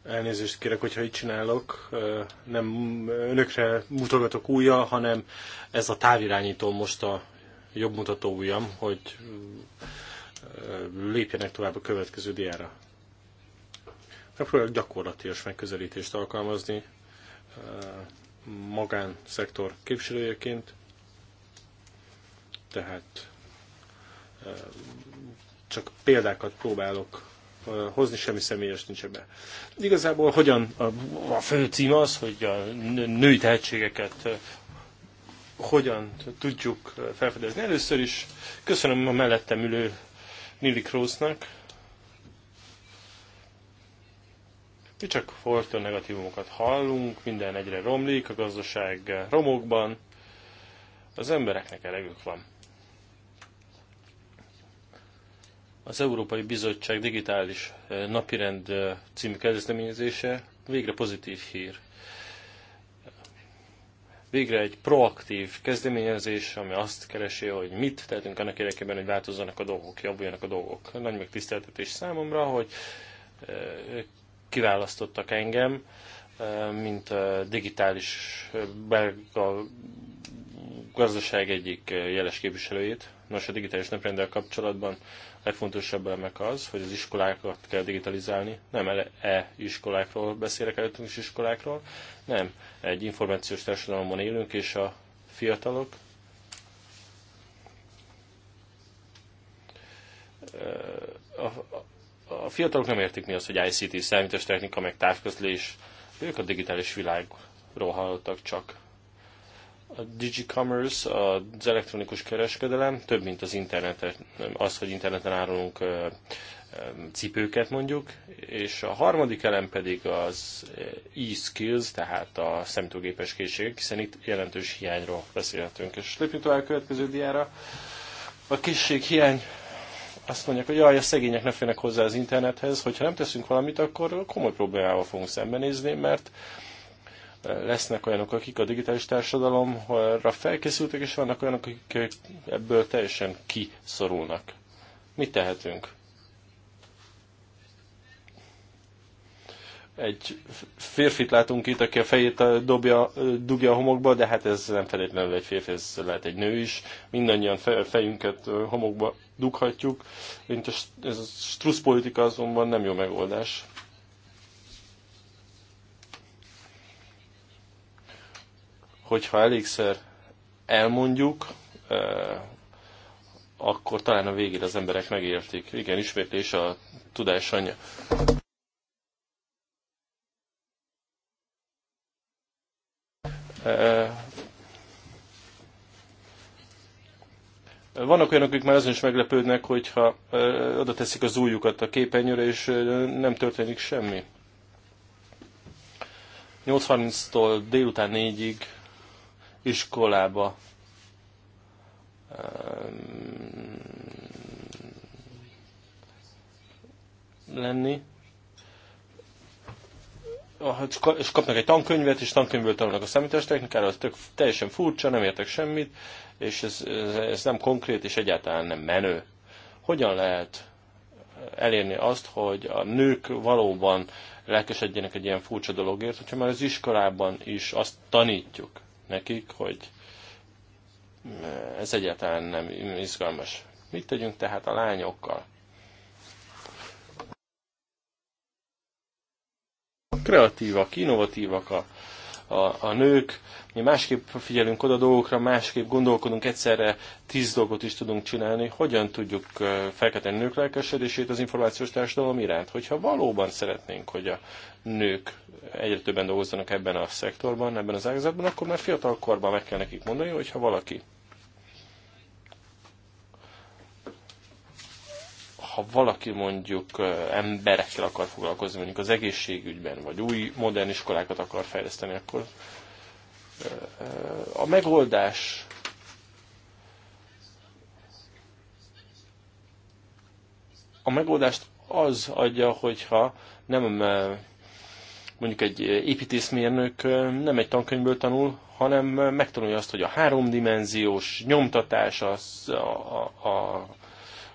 Speaker 4: elnézést kérek, hogyha így csinálok. Uh, nem önökre mutogatok újja, hanem ez a távirányító most a jobb mutató ujjam, hogy uh, lépjenek tovább a következő diára. Megpróbálok gyakorlatilag megközelítést alkalmazni, magánszektor képviselőjeként, tehát csak példákat próbálok hozni, semmi személyes nincs ebben. Igazából hogyan a, a fő cím az, hogy a női tehetségeket hogyan tudjuk felfedezni. Először is köszönöm a mellettem ülő Nili Krósznak, Mi csak folyton negatívumokat hallunk, minden egyre romlik, a gazdaság romokban, az embereknek elegük van. Az Európai Bizottság digitális napirend című kezdeményezése végre pozitív hír. Végre egy proaktív kezdeményezés, ami azt keresi, hogy mit tehetünk annak érdekében, hogy változzanak a dolgok, javuljanak a dolgok. Nagy megtiszteltetés számomra, hogy kiválasztottak engem, mint a digitális belga gazdaság egyik jeles képviselőjét. Nos, a digitális naprendel kapcsolatban a legfontosabb elemek az, hogy az iskolákat kell digitalizálni. Nem e-iskolákról e beszélek, előttünk iskolákról, nem. Egy információs társadalomban élünk, és a fiatalok a, a, a fiatalok nem értik mi az, hogy ICT, technika, meg távközlés. Ők a digitális világról hallottak csak. A digicommerce, az elektronikus kereskedelem több, mint az internetet, az, hogy interneten árulunk cipőket mondjuk, és a harmadik elem pedig az e-skills, tehát a szemtőgépes készségek, hiszen itt jelentős hiányról beszélhetünk. És lépjünk tovább a következő diára. A készség hiány azt mondják, hogy jaj, a szegények ne félnek hozzá az internethez, hogyha nem teszünk valamit, akkor komoly problémával fogunk szembenézni, mert e, lesznek olyanok, akik a digitális társadalomra felkészültek, és vannak olyanok, akik ebből teljesen kiszorulnak. Mit tehetünk? egy férfit látunk itt, aki a fejét eh, dobja, eh, dugja a homokba, de hát ez nem feltétlenül egy férfi, ez lehet egy nő is. Mindannyian fejünket eh, homokba dughatjuk. Mint a, ez a strusz politika azonban nem jó megoldás. Hogyha elégszer elmondjuk, akkor talán a végére az emberek megértik. Igen, ismétlés a tudás anyja. Vannak olyanok, akik már azon is meglepődnek, hogyha oda teszik az újukat, a képenyőre, és nem történik semmi. 8.30-tól délután 4-ig iskolába lenni és kapnak egy tankönyvet, és tankönyvből tanulnak a számítástechnikára, az tök, teljesen furcsa, nem értek semmit, és ez, ez, ez nem konkrét, és egyáltalán nem menő. Hogyan lehet eh, elérni azt, hogy a nők valóban lelkesedjenek egy ilyen furcsa dologért, hogyha már az iskolában is azt tanítjuk nekik, hogy eh, ez egyáltalán nem izgalmas. Mit tegyünk tehát a lányokkal? kreatívak, innovatívak a, a, a nők, mi másképp figyelünk oda dolgokra, másképp gondolkodunk, egyszerre tíz dolgot is tudunk csinálni, hogyan tudjuk felkelteni nők lelkesedését az információs társadalom iránt. Hogyha valóban szeretnénk, hogy a nők egyre többen dolgozzanak ebben a szektorban, ebben az ágazatban, akkor már fiatal korban meg kell nekik mondani, hogyha valaki ha valaki mondjuk emberekkel akar foglalkozni, mondjuk az egészségügyben, vagy új modern iskolákat akar fejleszteni, akkor a megoldás a megoldást az adja, hogyha nem mondjuk egy építészmérnök nem egy tankönyvből tanul, hanem megtanulja azt, hogy a háromdimenziós nyomtatás, az, a, a, a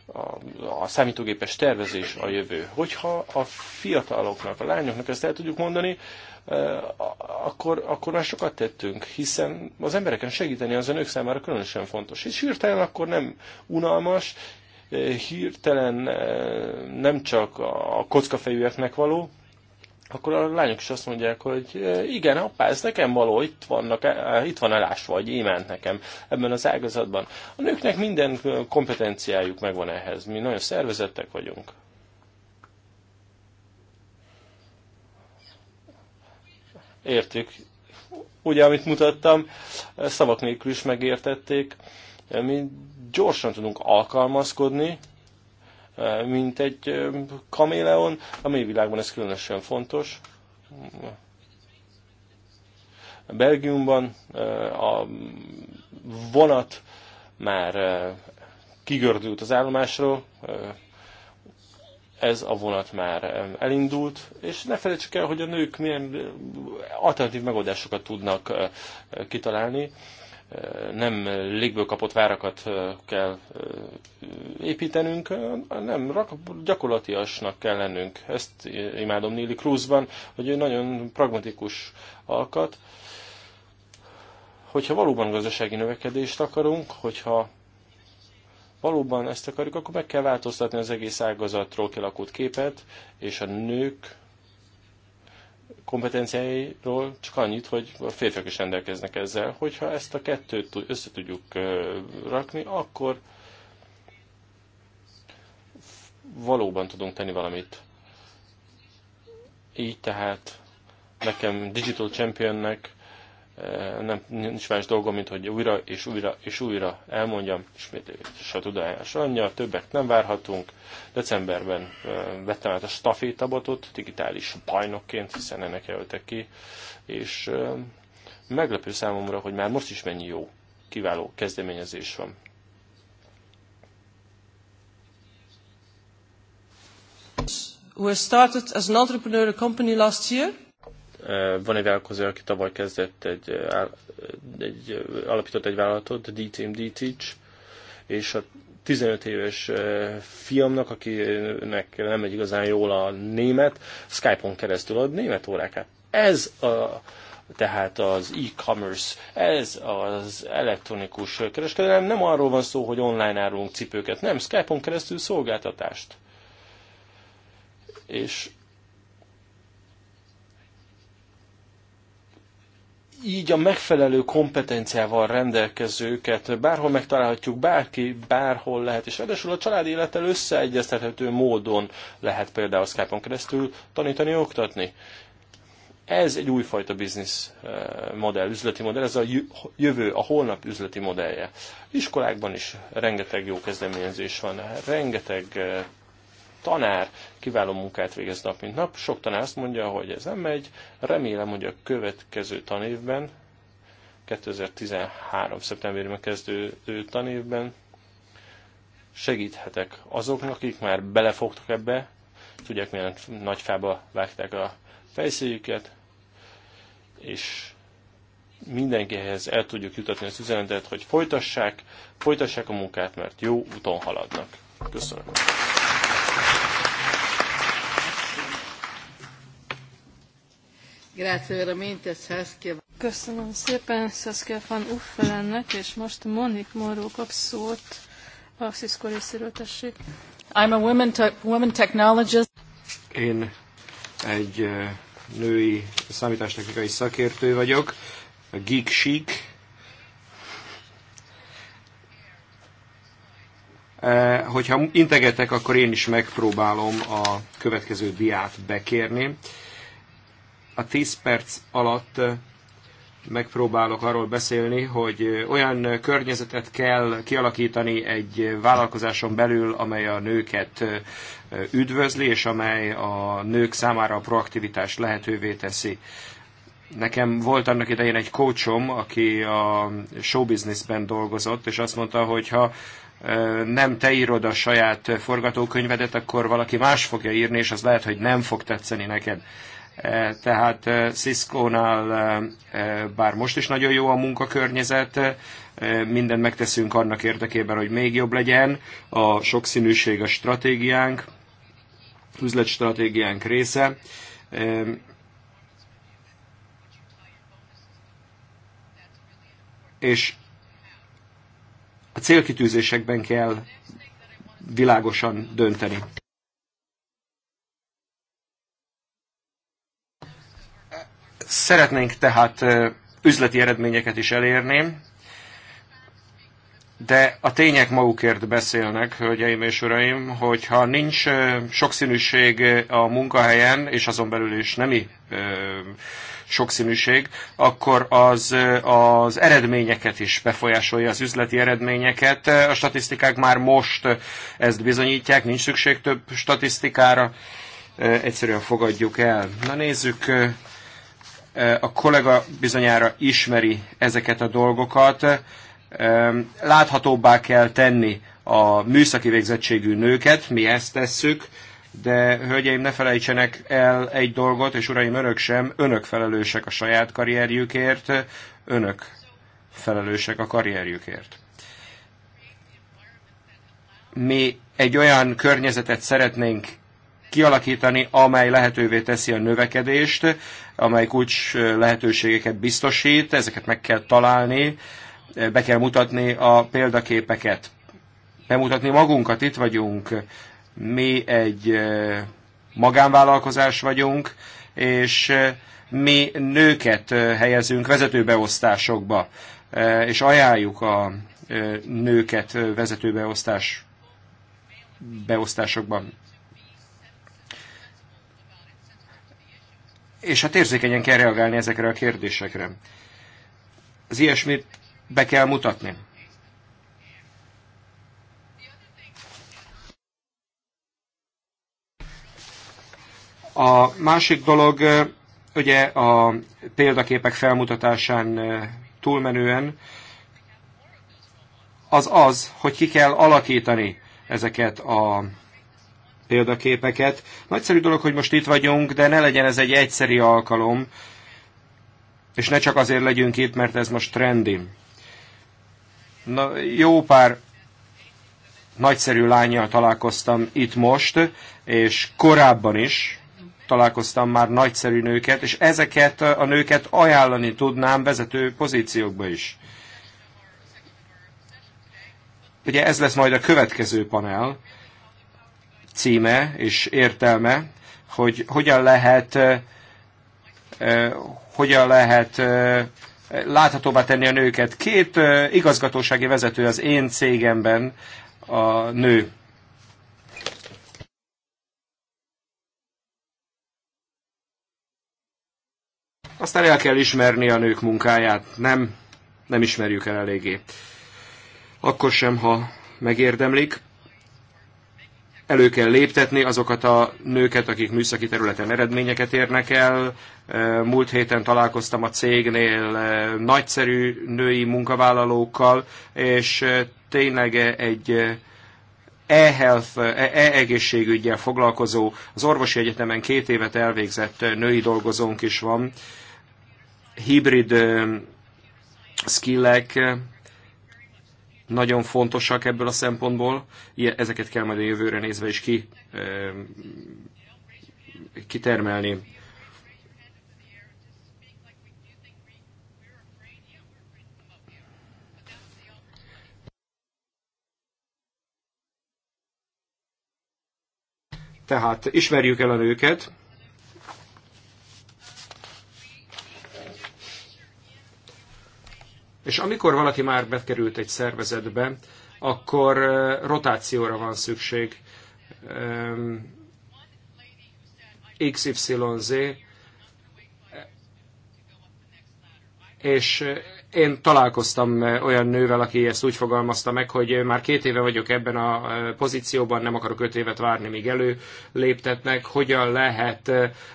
Speaker 4: a, a számítógépes tervezés a jövő. Hogyha a fiataloknak, a lányoknak ezt el tudjuk mondani, eh, akkor, akkor már sokat tettünk, hiszen az embereken segíteni az önök számára különösen fontos. És hirtelen akkor nem unalmas, eh, hirtelen eh, nem csak a kockafejűeknek való, akkor a lányok is azt mondják, hogy igen, apá, ez nekem való, itt, vannak, e, itt van elás vagy, imént nekem ebben az ágazatban. A nőknek minden kompetenciájuk megvan ehhez, mi nagyon szervezettek vagyunk. Értük. Ugye, amit mutattam, szavak nélkül is megértették. Mi gyorsan tudunk alkalmazkodni, mint egy kaméleon. A mai világban ez különösen fontos. Belgiumban a vonat már kigördült az állomásról, ez a vonat már elindult, és ne felejtsük el, hogy a nők milyen alternatív megoldásokat tudnak kitalálni nem légből kapott várakat kell építenünk, nem, gyakorlatiasnak kell lennünk. Ezt imádom Nili Cruzban, hogy ő nagyon pragmatikus alkat. Hogyha valóban gazdasági növekedést akarunk, hogyha valóban ezt akarjuk, akkor meg kell változtatni az egész ágazatról kialakult képet, és a nők kompetenciáiról csak annyit, hogy a férfiak is rendelkeznek ezzel. Hogyha ezt a kettőt össze tudjuk rakni, akkor valóban tudunk tenni valamit. Így tehát nekem Digital Championnek nem, nincs más dolgom, mint hogy újra és újra és újra elmondjam, ismét és a tudás anyja, Többek nem várhatunk. Decemberben vettem át a stafétabotot, digitális bajnokként, hiszen ennek jelöltek ki, és meglepő számomra, hogy már most is mennyi jó, kiváló kezdeményezés van.
Speaker 2: We started as an entrepreneur company last year.
Speaker 4: Eh, van egy vállalkozó, aki tavaly kezdett egy, egy eh, alapított egy vállalatot, D-Team D-Teach, és a 15 éves eh, fiamnak, akinek nem megy igazán jól a német, Skype-on keresztül ad német órákat. Ez a, tehát az e-commerce, ez az elektronikus kereskedelem, nem arról van szó, hogy online árulunk cipőket, nem, Skype-on keresztül szolgáltatást. És így a megfelelő kompetenciával rendelkezőket bárhol megtalálhatjuk, bárki bárhol lehet, és ráadásul a család élettel összeegyeztethető módon lehet például Skype-on keresztül tanítani, oktatni. Ez egy újfajta biznisz eh, modell, üzleti modell, ez a jövő, a holnap üzleti modellje. Iskolákban is rengeteg jó kezdeményezés van, rengeteg eh, tanár kiváló munkát végez nap mint nap. Sok tanár azt mondja, hogy ez nem megy. Remélem, hogy a következő tanévben, 2013. szeptemberében kezdő tanévben segíthetek azoknak, akik már belefogtak ebbe, tudják, milyen nagy fába vágták a fejszéjüket, és mindenkihez el tudjuk jutatni az üzenetet, hogy folytassák, folytassák a munkát, mert jó úton haladnak. Köszönöm.
Speaker 3: Köszönöm szépen Saskia van Uffelennek, és most Monik Moró kap szót a Cisco részéről, tessék.
Speaker 2: I'm a woman, te- woman technologist.
Speaker 5: Én egy női számítástechnikai szakértő vagyok, a Geek Chic. Hogyha integetek, akkor én is megpróbálom a következő diát bekérni a 10 perc alatt megpróbálok arról beszélni, hogy olyan környezetet kell kialakítani egy vállalkozáson belül, amely a nőket üdvözli, és amely a nők számára a proaktivitást lehetővé teszi. Nekem volt annak idején egy coachom, aki a showbizniszben dolgozott, és azt mondta, hogy ha nem te írod a saját forgatókönyvedet, akkor valaki más fogja írni, és az lehet, hogy nem fog tetszeni neked. E, tehát e, Cisco-nál e, bár most is nagyon jó a munkakörnyezet, mindent megteszünk annak érdekében, hogy még jobb legyen. A sokszínűség a stratégiánk, üzletstratégiánk része. És a célkitűzésekben kell világosan dönteni. Szeretnénk tehát üzleti eredményeket is elérni, de a tények magukért beszélnek, hölgyeim és uraim, hogyha nincs sokszínűség a munkahelyen, és azon belül is nemi sokszínűség, akkor az, az eredményeket is befolyásolja, az üzleti eredményeket. A statisztikák már most ezt bizonyítják, nincs szükség több statisztikára, egyszerűen fogadjuk el. Na nézzük a kollega bizonyára ismeri ezeket a dolgokat. Láthatóbbá kell tenni a műszaki végzettségű nőket, mi ezt tesszük, de hölgyeim, ne felejtsenek el egy dolgot, és uraim, önök sem, önök felelősek a saját karrierjükért, önök felelősek a karrierjükért. Mi egy olyan környezetet szeretnénk kialakítani, amely lehetővé teszi a növekedést, amely kulcs lehetőségeket biztosít, ezeket meg kell találni, be kell mutatni a példaképeket, bemutatni magunkat, itt vagyunk, mi egy magánvállalkozás vagyunk, és mi nőket helyezünk vezetőbeosztásokba, és ajánljuk a nőket vezetőbeosztás beosztásokban. és hát érzékenyen kell reagálni ezekre a kérdésekre. Az ilyesmit be kell mutatni. A másik dolog, ugye a példaképek felmutatásán túlmenően, az az, hogy ki kell alakítani ezeket a példaképeket. Nagyszerű dolog, hogy most itt vagyunk, de ne legyen ez egy egyszeri alkalom, és ne csak azért legyünk itt, mert ez most trendi. Na, jó pár nagyszerű lányjal találkoztam itt most, és korábban is találkoztam már nagyszerű nőket, és ezeket a nőket ajánlani tudnám vezető pozíciókba is. Ugye ez lesz majd a következő panel, címe és értelme, hogy hogyan lehet, hogyan lehet láthatóvá tenni a nőket. Két igazgatósági vezető az én cégemben a nő. Aztán el kell ismerni a nők munkáját. Nem, nem ismerjük el eléggé. Akkor sem, ha megérdemlik elő kell léptetni azokat a nőket, akik műszaki területen eredményeket érnek el. Múlt héten találkoztam a cégnél nagyszerű női munkavállalókkal, és tényleg egy e-health, e-egészségügyel foglalkozó, az orvosi egyetemen két évet elvégzett női dolgozónk is van, hibrid skillek, nagyon fontosak ebből a szempontból. Ezeket kell majd a jövőre nézve is ki, kitermelni. Tehát ismerjük el a nőket, És amikor valaki már bekerült egy szervezetbe, akkor rotációra van szükség. XYZ, és én találkoztam olyan nővel, aki ezt úgy fogalmazta meg, hogy már két éve vagyok ebben a pozícióban, nem akarok öt évet várni, míg elő léptetnek, hogyan lehet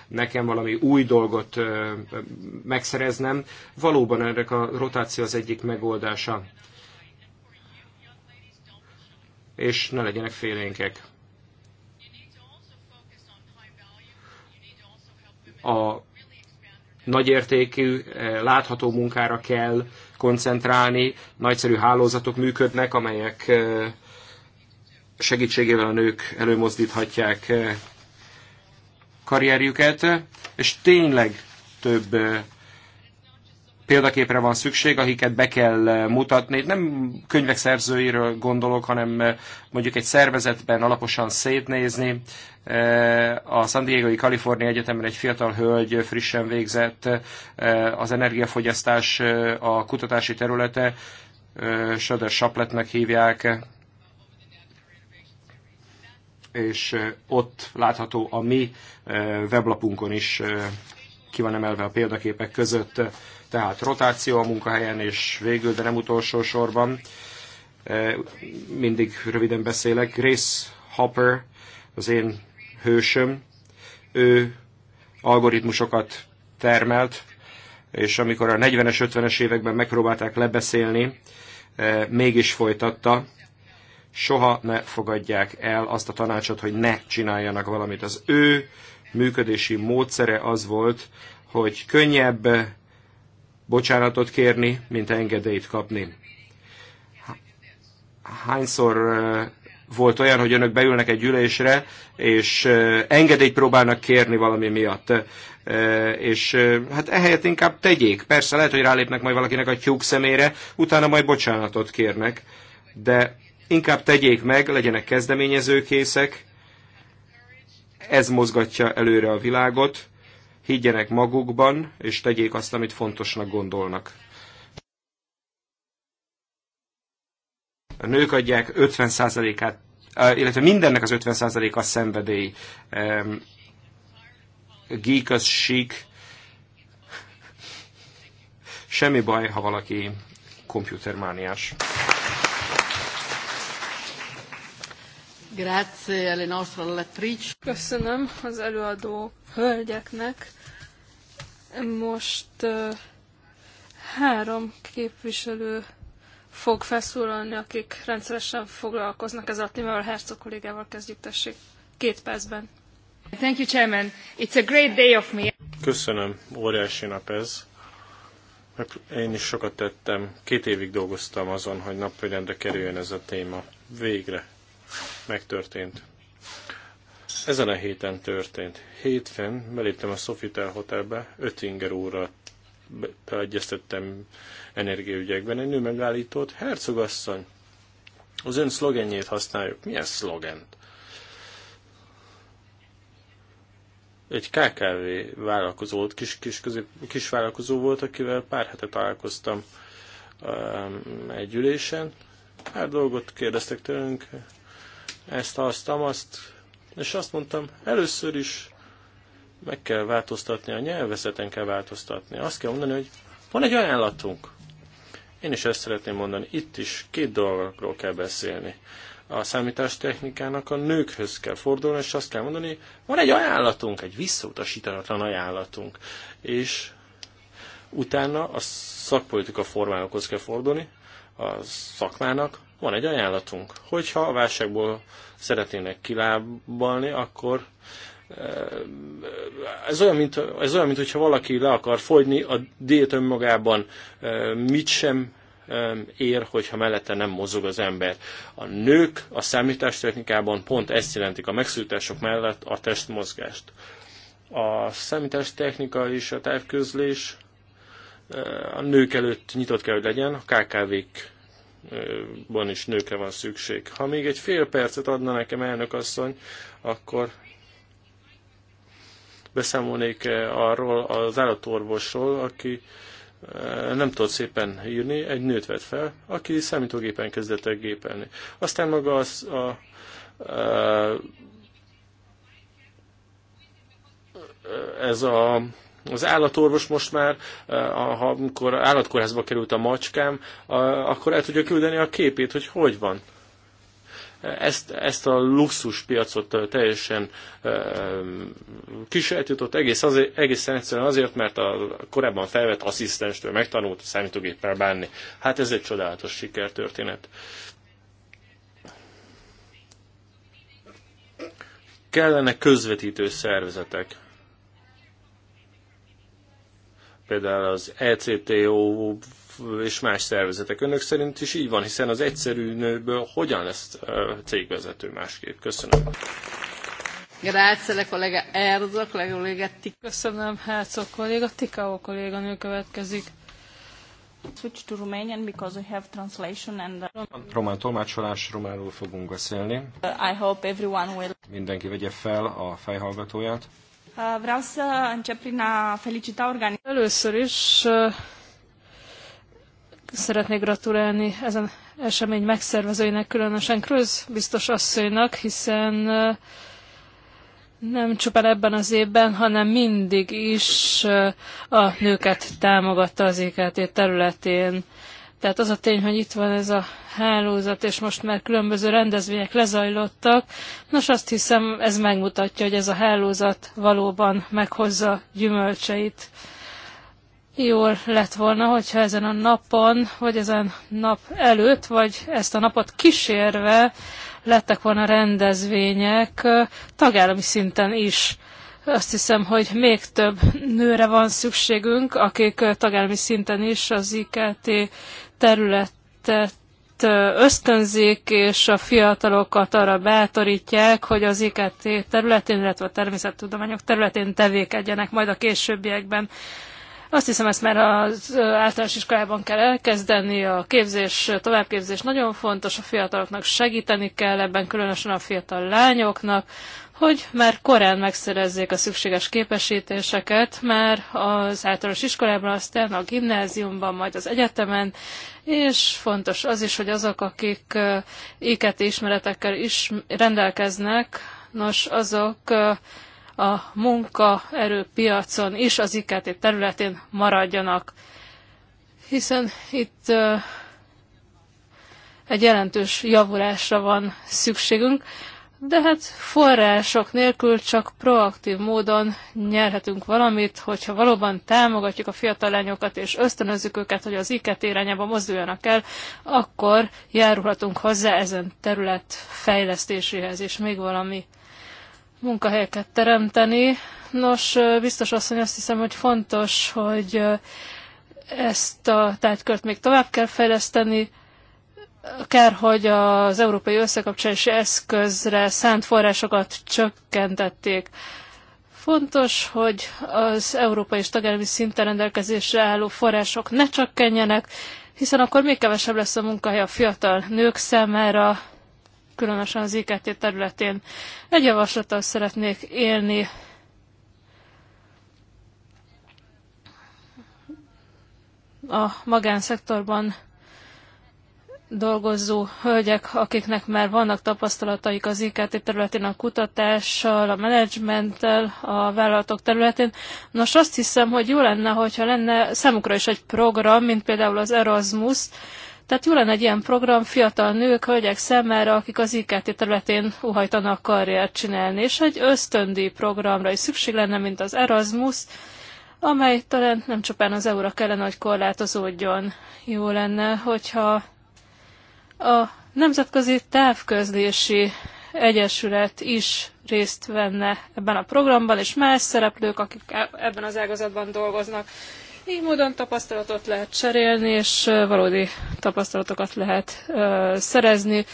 Speaker 5: nekem valami új dolgot megszereznem. Valóban ennek a rotáció az egyik megoldása. És ne legyenek félénkek. A nagyértékű, eh, látható munkára kell koncentrálni, nagyszerű hálózatok működnek, amelyek eh, segítségével a nők előmozdíthatják eh, karrierjüket, és tényleg több példaképre van szükség, akiket be kell eh, mutatni. Nem könyvek szerzőiről gondolok, hanem eh, mondjuk egy szervezetben alaposan szétnézni. Eh, a San Diego-i Kalifornia Egyetemen egy fiatal hölgy frissen végzett az energiafogyasztás a kutatási területe, Söder Sapletnek hívják, és ott látható a mi weblapunkon is ki van emelve a példaképek között. Tehát rotáció a munkahelyen, és végül, de nem utolsó sorban, e, mindig röviden beszélek, Grace Hopper, az én hősöm, ő algoritmusokat termelt, és amikor a 40-es, 50-es években megpróbálták lebeszélni, e, mégis folytatta, soha ne fogadják el azt a tanácsot, hogy ne csináljanak valamit. Az ő működési módszere az volt, hogy könnyebb, bocsánatot kérni, mint engedélyt kapni. Hányszor volt olyan, hogy önök beülnek egy ülésre, és engedélyt próbálnak kérni valami miatt. És hát ehelyett inkább tegyék. Persze lehet, hogy rálépnek majd valakinek a tyúk szemére, utána majd bocsánatot kérnek. De inkább tegyék meg, legyenek kezdeményezőkészek. Ez mozgatja előre a világot higgyenek magukban, és tegyék azt, amit fontosnak gondolnak. A nők adják 50%-át, illetve mindennek az 50%-a szenvedély. Geek az chic. Semmi baj, ha valaki kompjútermániás.
Speaker 2: Grazie alle nostre Köszönöm az előadó hölgyeknek most
Speaker 3: három képviselő fog felszólalni, akik rendszeresen foglalkoznak ezzel a témával. Herzog kollégával kezdjük, tessék. Két percben. Thank you, Chairman. It's a great day of me.
Speaker 4: Köszönöm, óriási nap ez. Én is sokat tettem. Két évig dolgoztam azon, hogy napfényre kerüljön ez a téma. Végre megtörtént ezen a héten történt. Hétfőn beléptem a Sofitel Hotelbe, inger úrral egyeztettem energiaügyekben. Egy nő megállított, hercogasszony, az ön szlogenjét használjuk. Milyen szlogent? Egy KKV vállalkozó volt, kis, kis, közép, kis vállalkozó volt, akivel pár hete találkoztam um, egy ülésen. Pár dolgot kérdeztek tőlünk, ezt, azt, azt, és azt mondtam, először is meg kell változtatni, a nyelvezeten kell változtatni. Azt kell mondani, hogy van egy ajánlatunk. Én is ezt szeretném mondani. Itt is két dologról kell beszélni. A számítástechnikának a nőkhöz kell fordulni, és azt kell mondani, van egy ajánlatunk, egy visszautasítatlan ajánlatunk. És utána a szakpolitika formálokhoz kell fordulni, a szakmának van egy ajánlatunk. Hogyha a válságból szeretnének kilábalni, akkor eh, ez olyan, mint, ez olyan, mint hogyha valaki le akar fogyni, a diét önmagában eh, mit sem eh, ér, hogyha mellette nem mozog az ember. A nők a számítástechnikában pont ezt jelentik a megszűjtások mellett a testmozgást. A számítástechnika és a távközlés a nők előtt nyitott kell, hogy legyen, a KKV-k ban is nőkre van szükség. Ha még egy fél percet adna nekem elnök asszony, akkor beszámolnék arról az állatorvosról, aki eh, nem tudott szépen írni, egy nőt vett fel, aki számítógépen kezdett el gépelni. Aztán maga az a, a eh, ez a az állatorvos most már, eh, ha, amikor állatkórházba került a macskám, akkor el tudja küldeni a képét, hogy hogy van. Ezt, ezt a luxus piacot eh, teljesen eh, kisejtjutott egész azért, egészen egyszerűen azért, mert a korábban felvett asszisztenstől megtanult a számítógéppel bánni. Hát ez egy csodálatos sikertörténet. kellene közvetítő szervezetek például az ECTO és más szervezetek. Önök szerint is így van, hiszen az egyszerű nőből hogyan lesz cégvezető másképp? Köszönöm.
Speaker 2: Grazie, kollega Erzo, kollega Köszönöm, Herzog kolléga. Tikao nő
Speaker 3: következik. Switch to Romanian because we have translation and... Uh,
Speaker 5: Román tolmácsolás, románul fogunk beszélni.
Speaker 3: I hope everyone will...
Speaker 5: Mindenki vegye fel a fejhallgatóját.
Speaker 3: Uh, vreau să încep prin a felicita Először is uh, szeretnék gratulálni ezen esemény megszervezőinek, különösen Kröz biztos asszonynak, hiszen uh, nem csupán ebben az évben, hanem mindig is a nőket támogatta az IKT területén. Tehát az a tény, hogy itt van ez a hálózat, és most már különböző rendezvények lezajlottak. Nos, azt hiszem, ez megmutatja, hogy ez a hálózat valóban meghozza gyümölcseit. Jól lett volna, hogyha ezen a napon, vagy ezen nap előtt, vagy ezt a napot kísérve lettek volna rendezvények tagállami szinten is azt hiszem, hogy még több nőre van szükségünk, akik tagállami szinten is az IKT területet ösztönzik, és a fiatalokat arra bátorítják, hogy az IKT területén, illetve a természettudományok területén tevékedjenek majd a későbbiekben. Azt hiszem, ezt már az általános iskolában kell elkezdeni, a képzés, továbbképzés nagyon fontos, a fiataloknak segíteni kell, ebben különösen a fiatal lányoknak, hogy már korán megszerezzék a szükséges képesítéseket, már az általános iskolában, aztán a gimnáziumban, majd az egyetemen, és fontos az is, hogy azok, akik éket ismeretekkel is rendelkeznek, nos, azok a munkaerőpiacon is az IKT területén maradjanak. Hiszen itt egy jelentős javulásra van szükségünk de hát források nélkül csak proaktív módon nyerhetünk valamit, hogyha valóban támogatjuk a fiatal lányokat és ösztönözzük őket, hogy az IKT irányába mozduljanak el, akkor járulhatunk hozzá ezen terület fejlesztéséhez, és még valami munkahelyeket teremteni. Nos, biztos asszony, azt hiszem, hogy fontos, hogy ezt a tárgykört még tovább kell fejleszteni, kár, hogy az európai összekapcsolási eszközre szánt forrásokat csökkentették. Fontos, hogy az európai és tagállami szinten rendelkezésre álló források ne csökkenjenek, hiszen akkor még kevesebb lesz a munkahely a fiatal nők számára, különösen az IKT területén. Egy javaslattal szeretnék élni. A magánszektorban dolgozó hölgyek, akiknek már vannak tapasztalataik az IKT területén, a kutatással, a menedzsmenttel, a vállalatok területén. Nos, azt hiszem, hogy jó lenne, hogyha lenne számukra is egy program, mint például az Erasmus, tehát jó lenne egy ilyen program fiatal nők, hölgyek számára, akik az IKT területén uhajtanak karriert csinálni, és egy ösztöndi programra is szükség lenne, mint az Erasmus, amely talán nem csupán az EU-ra kellene, hogy korlátozódjon. Jó lenne, hogyha a Nemzetközi Távközlési Egyesület is részt venne ebben a programban, és más szereplők, akik e- ebben az ágazatban dolgoznak. Így módon tapasztalatot lehet cserélni, és valódi tapasztalatokat lehet szerezni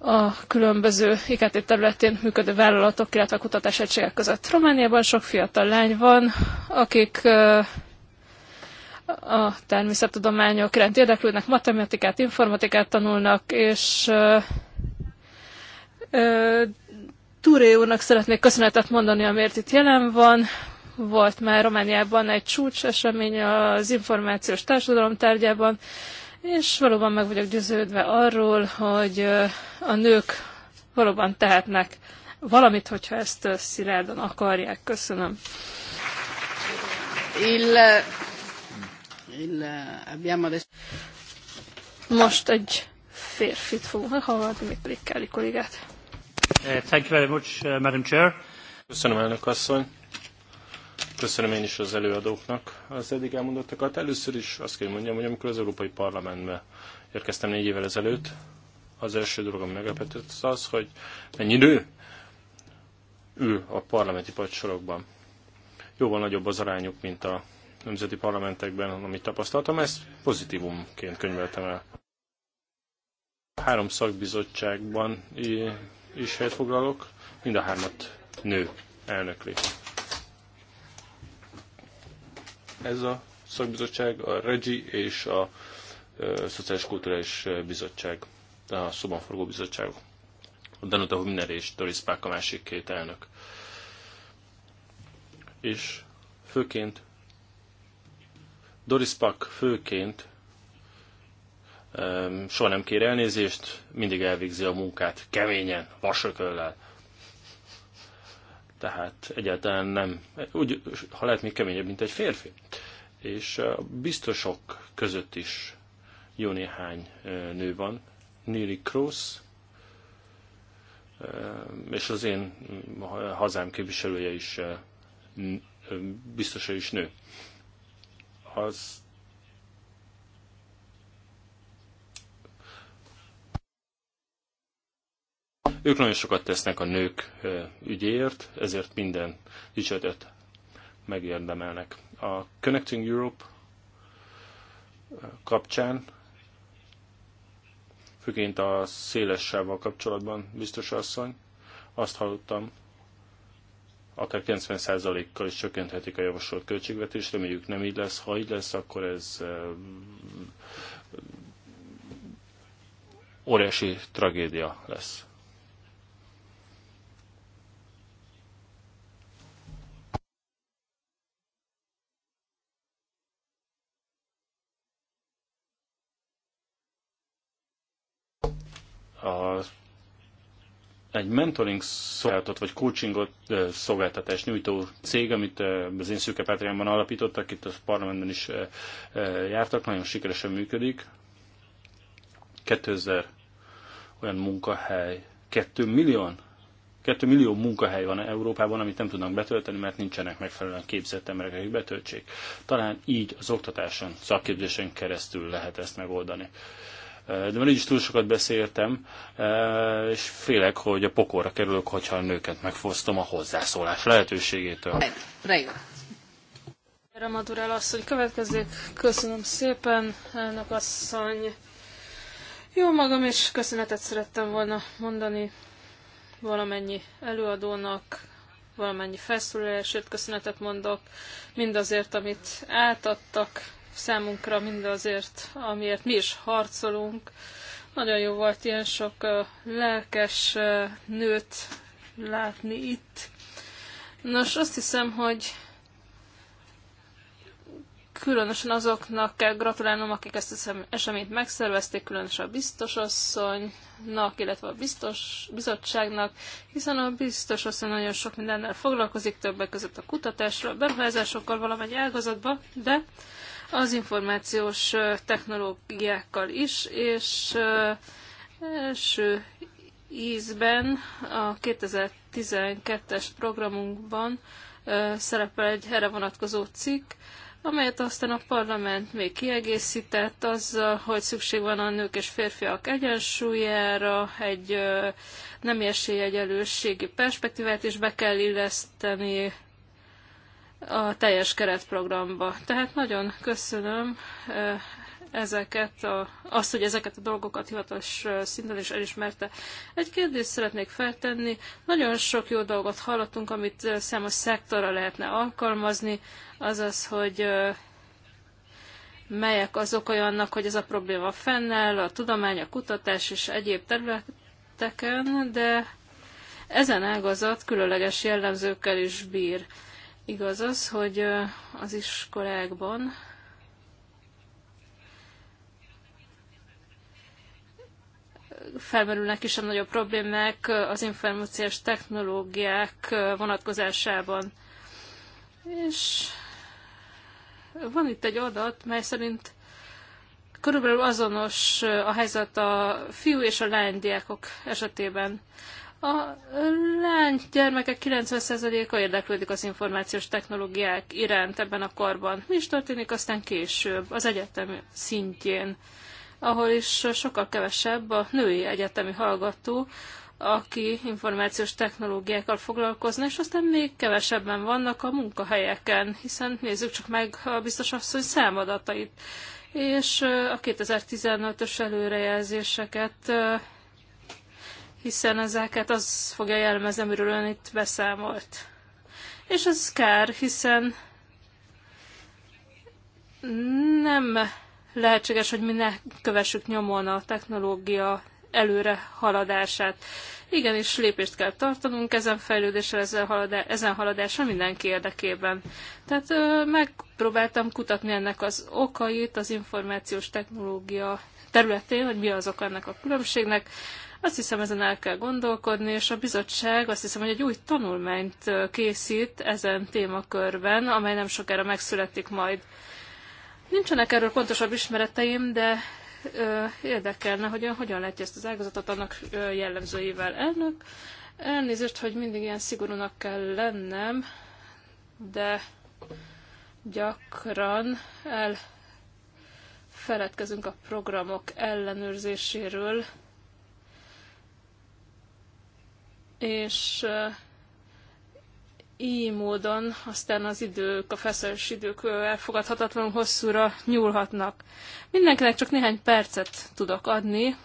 Speaker 3: a különböző IKT területén működő vállalatok, illetve kutatási között. Romániában sok fiatal lány van, akik a természettudományok iránt érdeklődnek, matematikát, informatikát tanulnak, és uh, uh, Túré úrnak szeretnék köszönetet mondani, amiért itt jelen van. Volt már Romániában egy csúcs esemény az információs társadalom tárgyában, és valóban meg vagyok győződve arról, hogy a nők valóban tehetnek valamit, hogyha ezt
Speaker 2: szilárdan akarják. Köszönöm. Il il, abbiamo adesso... Most egy férfit fogunk meghallgatni, még pedig Kelly kollégát.
Speaker 4: Eh, thank you very much, eh, Madam Chair. Köszönöm, elnök asszony. Köszönöm én is az előadóknak az eddig elmondottakat. Először is azt kell mondjam, hogy amikor az Európai Parlamentbe érkeztem négy évvel ezelőtt, az első dolog, ami meglepetett, az az, hogy mennyi idő ül a parlamenti padsorokban. Jóval nagyobb az arányuk, mint a nemzeti parlamentekben, amit tapasztaltam, ezt pozitívumként könyveltem el. Három szakbizottságban is helyet foglalok, mind a hármat nő elnökli. Ez a szakbizottság, a REGI és a Szociális Kulturális Bizottság, a szobanforgó bizottság. A Danuta Huminer és Doris Pák a másik két elnök. És főként Doris Pak főként soha nem kér elnézést, mindig elvégzi a munkát keményen, vasököllel. Tehát egyáltalán nem, úgy, ha lehet, még keményebb, mint egy férfi. És biztosok között is jó néhány nő van. Nili Cross, és az én mm, hazám képviselője is biztosan is nő az Ők nagyon sokat tesznek a nők ügyért, ezért minden dicsőtet megérdemelnek. A Connecting Europe kapcsán, főként a széles sávval kapcsolatban, biztos asszony, azt hallottam, akár 90%-kal is csökkenthetik a javasolt költségvetést. Reméljük nem így lesz. Ha így lesz, akkor ez um, óriási tragédia lesz. a egy mentoring szolgáltat, vagy coachingot szolgáltatást nyújtó cég, amit az én szűke Pátriánban alapítottak, itt a parlamentben is jártak, nagyon sikeresen működik. 2000 olyan munkahely, 2 millió, 2 millió munkahely van Európában, amit nem tudnak betölteni, mert nincsenek megfelelően képzett emberek, akik betöltsék. Talán így az oktatáson, szakképzésen keresztül lehet ezt megoldani de már így is túl sokat beszéltem, és félek, hogy a pokorra kerülök, hogyha a nőket megfosztom a hozzászólás lehetőségétől.
Speaker 3: Rejó. Ramadurál asszony következik. Köszönöm szépen, elnök asszony. Jó magam, és köszönetet szerettem volna mondani valamennyi előadónak, valamennyi felszólalásért köszönetet mondok, mindazért, amit átadtak számunkra mindazért, amiért mi is harcolunk. Nagyon jó volt ilyen sok lelkes nőt látni itt. Nos, azt hiszem, hogy különösen azoknak kell gratulálnom, akik ezt az eseményt megszervezték, különösen a biztosasszonynak, illetve a biztos bizottságnak, hiszen a biztosasszony nagyon sok mindennel foglalkozik, többek között a kutatásról, beruházásokkal valamennyi ágazatba, de az információs technológiákkal is, és első ízben a 2012-es programunkban szerepel egy erre vonatkozó cikk, amelyet aztán a parlament még kiegészített azzal, hogy szükség van a nők és férfiak egyensúlyára, egy nemi esélyegyelősségi perspektívát is be kell illeszteni a teljes keretprogramba. Tehát nagyon köszönöm ezeket a, azt, hogy ezeket a dolgokat hivatalos szinten is elismerte. Egy kérdést szeretnék feltenni. Nagyon sok jó dolgot hallottunk, amit számos szektorra lehetne alkalmazni, azaz, hogy melyek azok olyannak, hogy ez a probléma fennáll, a tudomány, a kutatás és egyéb területeken, de ezen ágazat különleges jellemzőkkel is bír. Igaz az, hogy az iskolákban felmerülnek is a nagyobb problémák az információs technológiák vonatkozásában. És van itt egy adat, mely szerint körülbelül azonos a helyzet a fiú és a lány diákok esetében. A lány gyermekek 90%-a érdeklődik az információs technológiák iránt ebben a korban. Mi is történik aztán később, az egyetemi szintjén, ahol is sokkal kevesebb a női egyetemi hallgató, aki információs technológiákkal foglalkozna, és aztán még kevesebben vannak a munkahelyeken, hiszen nézzük csak meg a biztos asszony számadatait. És a 2015-ös előrejelzéseket hiszen ezeket az fogja jellemezni, amiről ön itt beszámolt. És az kár, hiszen nem lehetséges, hogy mi ne kövessük nyomon a technológia előre haladását. Igen, és lépést kell tartanunk ezen fejlődésre, ezen, haladá, ezen haladásra mindenki érdekében. Tehát ö, megpróbáltam kutatni ennek az okait az információs technológia területén, hogy mi az ok ennek a különbségnek. Azt hiszem, ezen el kell gondolkodni, és a bizottság azt hiszem, hogy egy új tanulmányt készít ezen témakörben, amely nem sokára megszületik majd. Nincsenek erről pontosabb ismereteim, de érdekelne, hogy ön hogyan látja ezt az ágazatot annak jellemzőivel. Elnök, elnézést, hogy mindig ilyen szigorúnak kell lennem, de gyakran elfeledkezünk a programok ellenőrzéséről, és így módon aztán az idők, a feszes idők elfogadhatatlanul hosszúra nyúlhatnak. Mindenkinek csak néhány percet tudok adni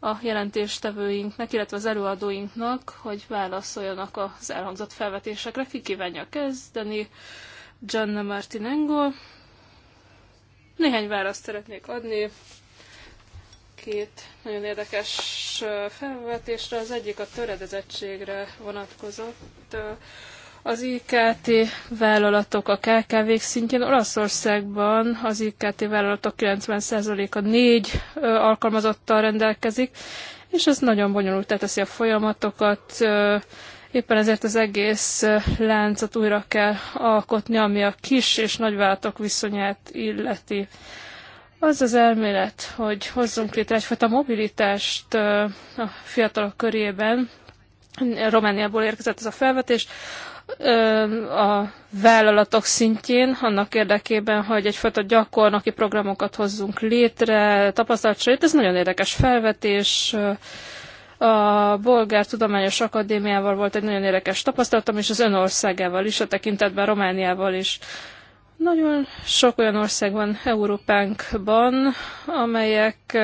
Speaker 3: a jelentéstevőinknek, illetve az előadóinknak, hogy válaszoljanak az elhangzott felvetésekre. Ki kívánja kezdeni? Gianna Martinengo. Néhány választ szeretnék adni két nagyon érdekes felvetésre. Az egyik a töredezettségre vonatkozott. Az IKT vállalatok a kkv szintjén Olaszországban az IKT vállalatok 90%-a négy alkalmazottal rendelkezik, és ez nagyon bonyolult teszi a folyamatokat, Éppen ezért az egész láncot újra kell alkotni, ami a kis és nagyvállalatok viszonyát illeti. Az az elmélet, hogy hozzunk létre egyfajta mobilitást a fiatalok körében, Romániából érkezett ez a felvetés, a vállalatok szintjén, annak érdekében, hogy egyfajta gyakornoki programokat hozzunk létre, tapasztalatcserét. Ez nagyon érdekes felvetés. A Bolgár Tudományos Akadémiával volt egy nagyon érdekes tapasztalatom, és az önországával is, a tekintetben Romániával is. Nagyon sok olyan ország van Európánkban, amelyek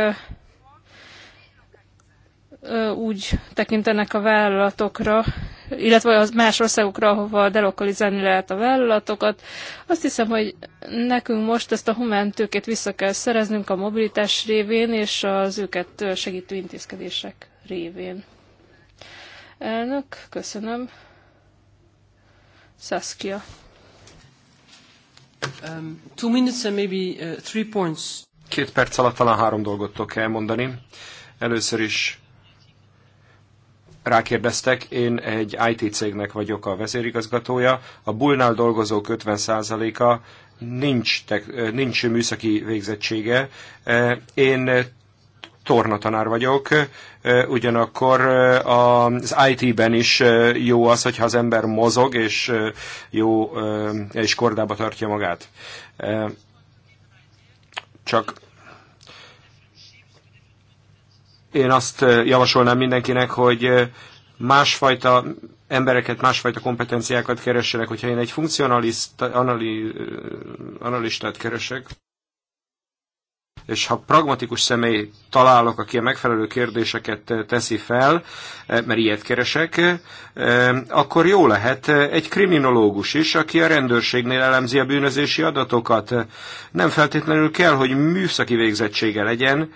Speaker 3: úgy tekintenek a vállalatokra, illetve az más országokra, ahova delokalizálni lehet a vállalatokat. Azt hiszem, hogy nekünk most ezt a humántőkét vissza kell szereznünk a mobilitás révén és az őket segítő intézkedések révén. Elnök, köszönöm.
Speaker 2: Saskia. Um, two minutes and maybe uh, three points.
Speaker 5: Két perc alatt talán három dolgot tudok elmondani. Először is rákérdeztek, én egy IT cégnek vagyok a vezérigazgatója. A Bullnál dolgozók 50%-a nincs, nincs műszaki végzettsége. Én tornatanár vagyok, ugyanakkor az IT-ben is jó az, hogyha az ember mozog, és jó, és kordába tartja magát. Csak én azt javasolnám mindenkinek, hogy másfajta embereket, másfajta kompetenciákat keressenek. Hogyha én egy funkcionalist, analistát keresek, és ha pragmatikus személy találok, aki a megfelelő kérdéseket teszi fel, eh, mert ilyet keresek, eh, akkor jó lehet egy kriminológus is, aki a rendőrségnél elemzi a bűnözési adatokat. Nem feltétlenül kell, hogy műszaki végzettsége legyen,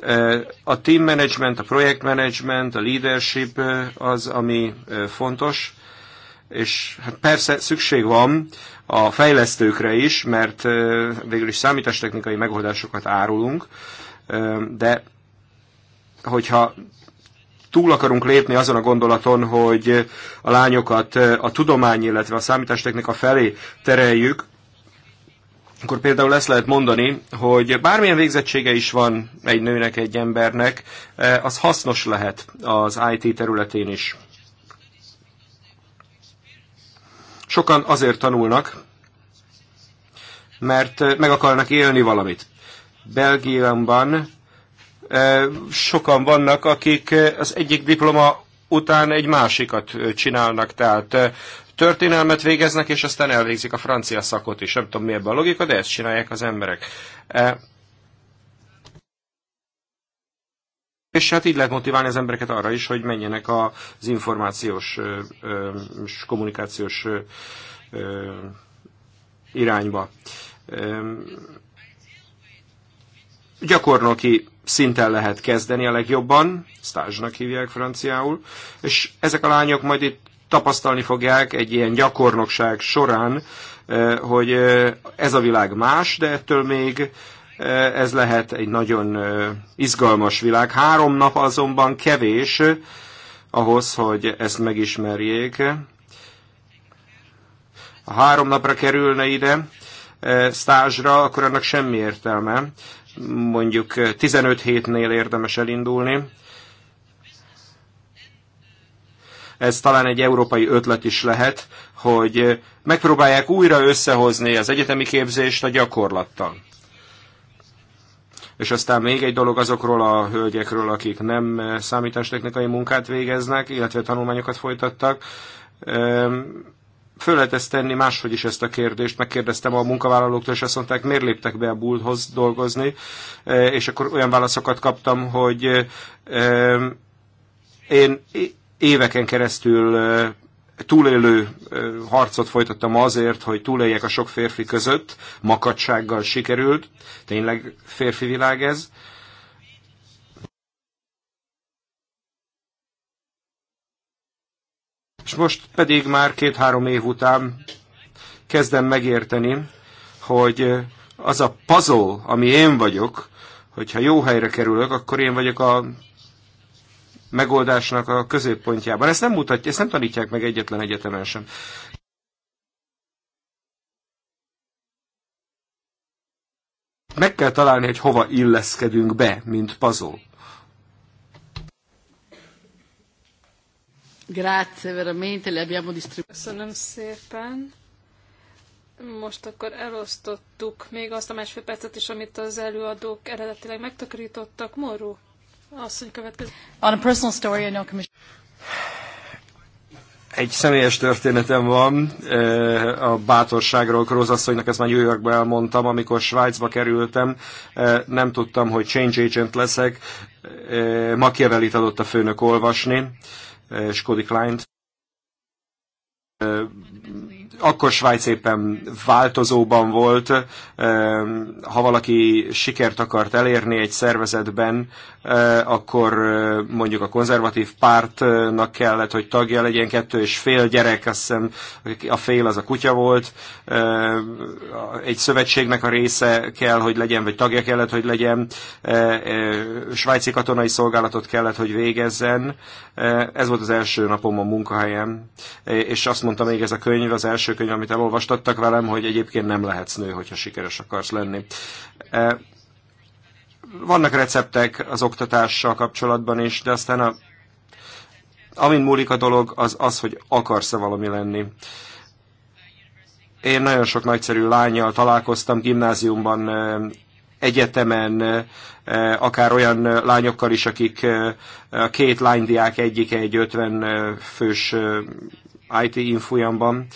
Speaker 5: eh, a team management, a projekt management, a leadership az, ami fontos, és hát persze szükség van a fejlesztőkre is, mert végül is számítástechnikai megoldásokat árulunk, de hogyha túl akarunk lépni azon a gondolaton, hogy a lányokat a tudomány, illetve a számítástechnika felé tereljük, akkor például ezt lehet mondani, hogy bármilyen végzettsége is van egy nőnek, egy embernek, az hasznos lehet az IT területén is. Sokan azért tanulnak, mert meg akarnak élni valamit. Belgiumban sokan vannak, akik az egyik diploma után egy másikat csinálnak, tehát történelmet végeznek, és aztán elvégzik a francia szakot is. Nem tudom, mi ebben a logika, de ezt csinálják az emberek. És hát így lehet motiválni az embereket arra is, hogy menjenek az információs és kommunikációs irányba. Gyakornoki szinten lehet kezdeni a legjobban, stázsnak hívják franciául, és ezek a lányok majd itt tapasztalni fogják egy ilyen gyakornokság során, hogy ez a világ más, de ettől még Eh, ez lehet egy nagyon eh, izgalmas világ. Három nap azonban kevés eh, ahhoz, hogy ezt megismerjék. Ha három napra kerülne ide stázsra, akkor annak semmi értelme. Mondjuk 15 hétnél érdemes elindulni. ez talán egy európai ötlet is lehet, hogy megpróbálják újra összehozni az egyetemi képzést a gyakorlattal. És aztán még egy dolog azokról a hölgyekről, akik nem eh, számítástechnikai munkát végeznek, illetve tanulmányokat folytattak. Ehm, föl lehet ezt tenni máshogy is ezt a kérdést. Megkérdeztem a munkavállalóktól, és azt mondták, miért léptek be a bulthoz dolgozni, eh, és akkor olyan válaszokat kaptam, hogy ehm, én éveken keresztül eh, túlélő harcot folytattam azért, hogy túléljek a sok férfi között, makacsággal sikerült, tényleg férfi világ ez. És most pedig már két-három év után kezdem megérteni, hogy az a puzzle, ami én vagyok, hogyha jó helyre kerülök, akkor én vagyok a megoldásnak a középpontjában. Ezt nem, mutatja, ezt nem tanítják meg egyetlen egyetemen sem. Meg kell találni, hogy hova illeszkedünk be, mint puzzle.
Speaker 2: Grazie, veramente le abbiamo distribuito. Köszönöm szépen.
Speaker 3: Most akkor elosztottuk még azt a másfél percet is, amit az előadók eredetileg megtakarítottak. Moró
Speaker 1: On a personal story, I know
Speaker 5: Egy személyes történetem van eh, a bátorságról, Króz asszonynak ezt már New Yorkban elmondtam, amikor Svájcba kerültem, eh, nem tudtam, hogy change agent leszek, eh, Machiavellit adott a főnök olvasni, Skodi Kleint akkor Svájc éppen változóban volt, ha valaki sikert akart elérni egy szervezetben, akkor mondjuk a konzervatív pártnak kellett, hogy tagja legyen kettő és fél gyerek, azt hiszem a fél az a kutya volt, egy szövetségnek a része kell, hogy legyen, vagy tagja kellett, hogy legyen, svájci katonai szolgálatot kellett, hogy végezzen. Ez volt az első napom a munkahelyem, és azt mondta még ez a könyv az első első könyv, amit elolvastattak velem, hogy egyébként nem lehetsz nő, hogyha sikeres akarsz lenni. E, vannak receptek az oktatással kapcsolatban is, de aztán a, amin múlik a dolog, az az, hogy akarsz-e valami lenni. Én nagyon sok nagyszerű lányjal találkoztam gimnáziumban, e, egyetemen, e, akár olyan lányokkal is, akik a két lánydiák egyike egy 50 fős IT évfolyamban,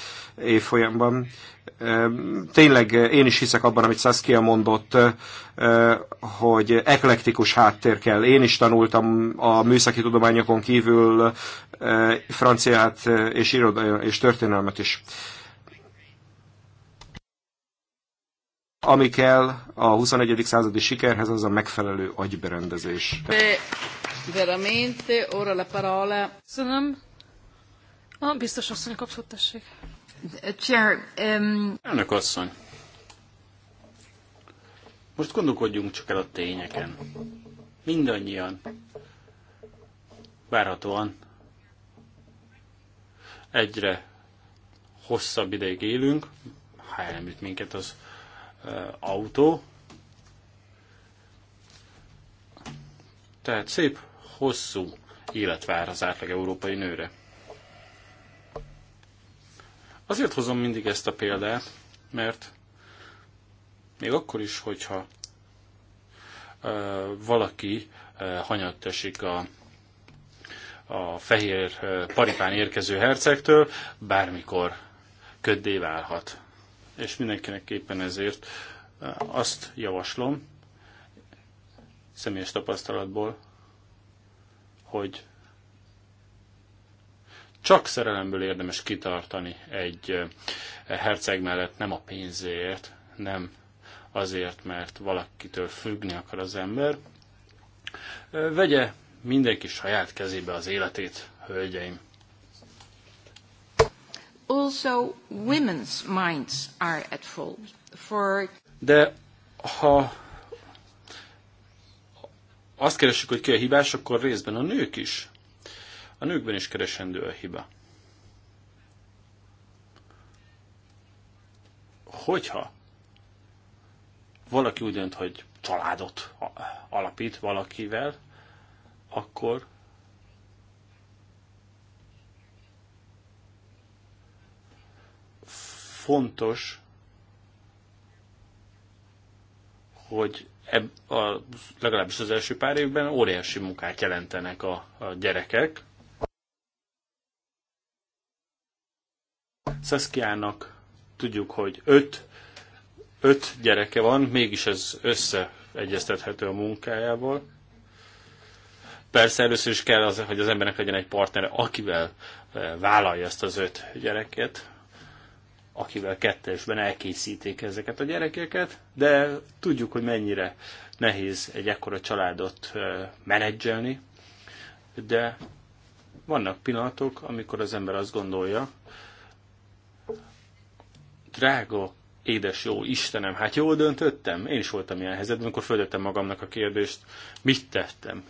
Speaker 5: évfolyamban. Tényleg én is hiszek abban, amit Saskia mondott, hogy eklektikus háttér kell. Én is tanultam a műszaki tudományokon kívül franciát és, iroda, és történelmet is. Ami kell a 21. századi sikerhez, az a megfelelő agyberendezés.
Speaker 2: Veramente, ora la parola. Köszönöm. A biztos asszony kapcsolat, tessék. Chair, um...
Speaker 4: Elnök asszony. Most gondolkodjunk csak el a tényeken. Mindannyian. Várhatóan egyre hosszabb ideig élünk, ha elműt minket az uh, autó. Tehát szép, hosszú élet vár az átlag európai nőre. Azért hozom mindig ezt a példát, mert még akkor is, hogyha valaki hanyatt esik a, a fehér paripán érkező hercegtől, bármikor köddé válhat. És mindenkinek éppen ezért azt javaslom, személyes tapasztalatból, hogy csak szerelemből érdemes kitartani egy e, herceg mellett, nem a pénzért, nem azért, mert valakitől függni akar az ember. Vegye mindenki saját kezébe az életét, hölgyeim.
Speaker 2: Also, women's minds are at fault for...
Speaker 4: De ha azt keresik, hogy ki a hibás, akkor részben a nők is a nőkben is keresendő a hiba. Hogyha valaki úgy dönt, hogy családot alapít valakivel, akkor fontos, hogy eb, a, legalábbis az első pár évben óriási munkát jelentenek a, a gyerekek, Szeszkiának tudjuk, hogy öt, öt gyereke van, mégis ez összeegyeztethető a munkájával. Persze először is kell, az, hogy az embernek legyen egy partnere, akivel eh, vállalja ezt az öt gyereket, akivel kettesben elkészítik ezeket a gyerekeket, de tudjuk, hogy mennyire nehéz egy ekkora családot eh, menedzselni, de vannak pillanatok, amikor az ember azt gondolja, drága édes jó Istenem, hát jól döntöttem? Én is voltam ilyen helyzetben, amikor földöttem magamnak a kérdést, mit tettem?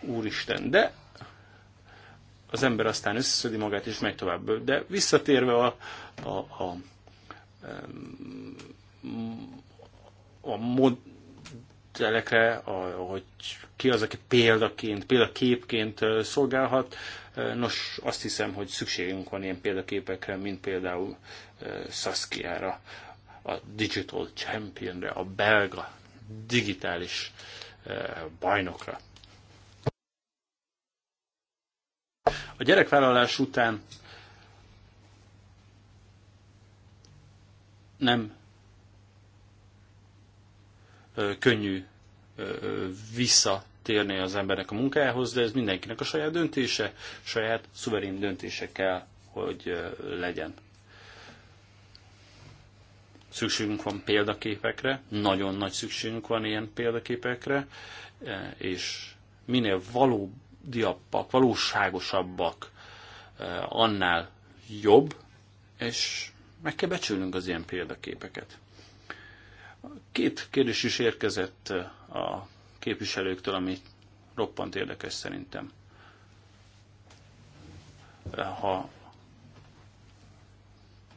Speaker 4: Úristen, de az ember aztán összeszedi magát és megy tovább. De visszatérve a, a, a, a, a mod, feltételekre, hogy ki az, aki példaként, példaképként szolgálhat. Nos, azt hiszem, hogy szükségünk van ilyen példaképekre, mint például Saskia-ra, a Digital Championre, a belga digitális bajnokra. A gyerekvállalás után nem könnyű visszatérni az emberek a munkájához, de ez mindenkinek a saját döntése, saját szuverén döntése kell, hogy legyen. Szükségünk van példaképekre, nagyon nagy szükségünk van ilyen példaképekre, e, és minél valódiabbak, valóságosabbak, e, annál jobb, és meg kell becsülnünk az ilyen példaképeket. Két kérdés is érkezett eh, a képviselőktől, ami roppant érdekes szerintem. Eh, ha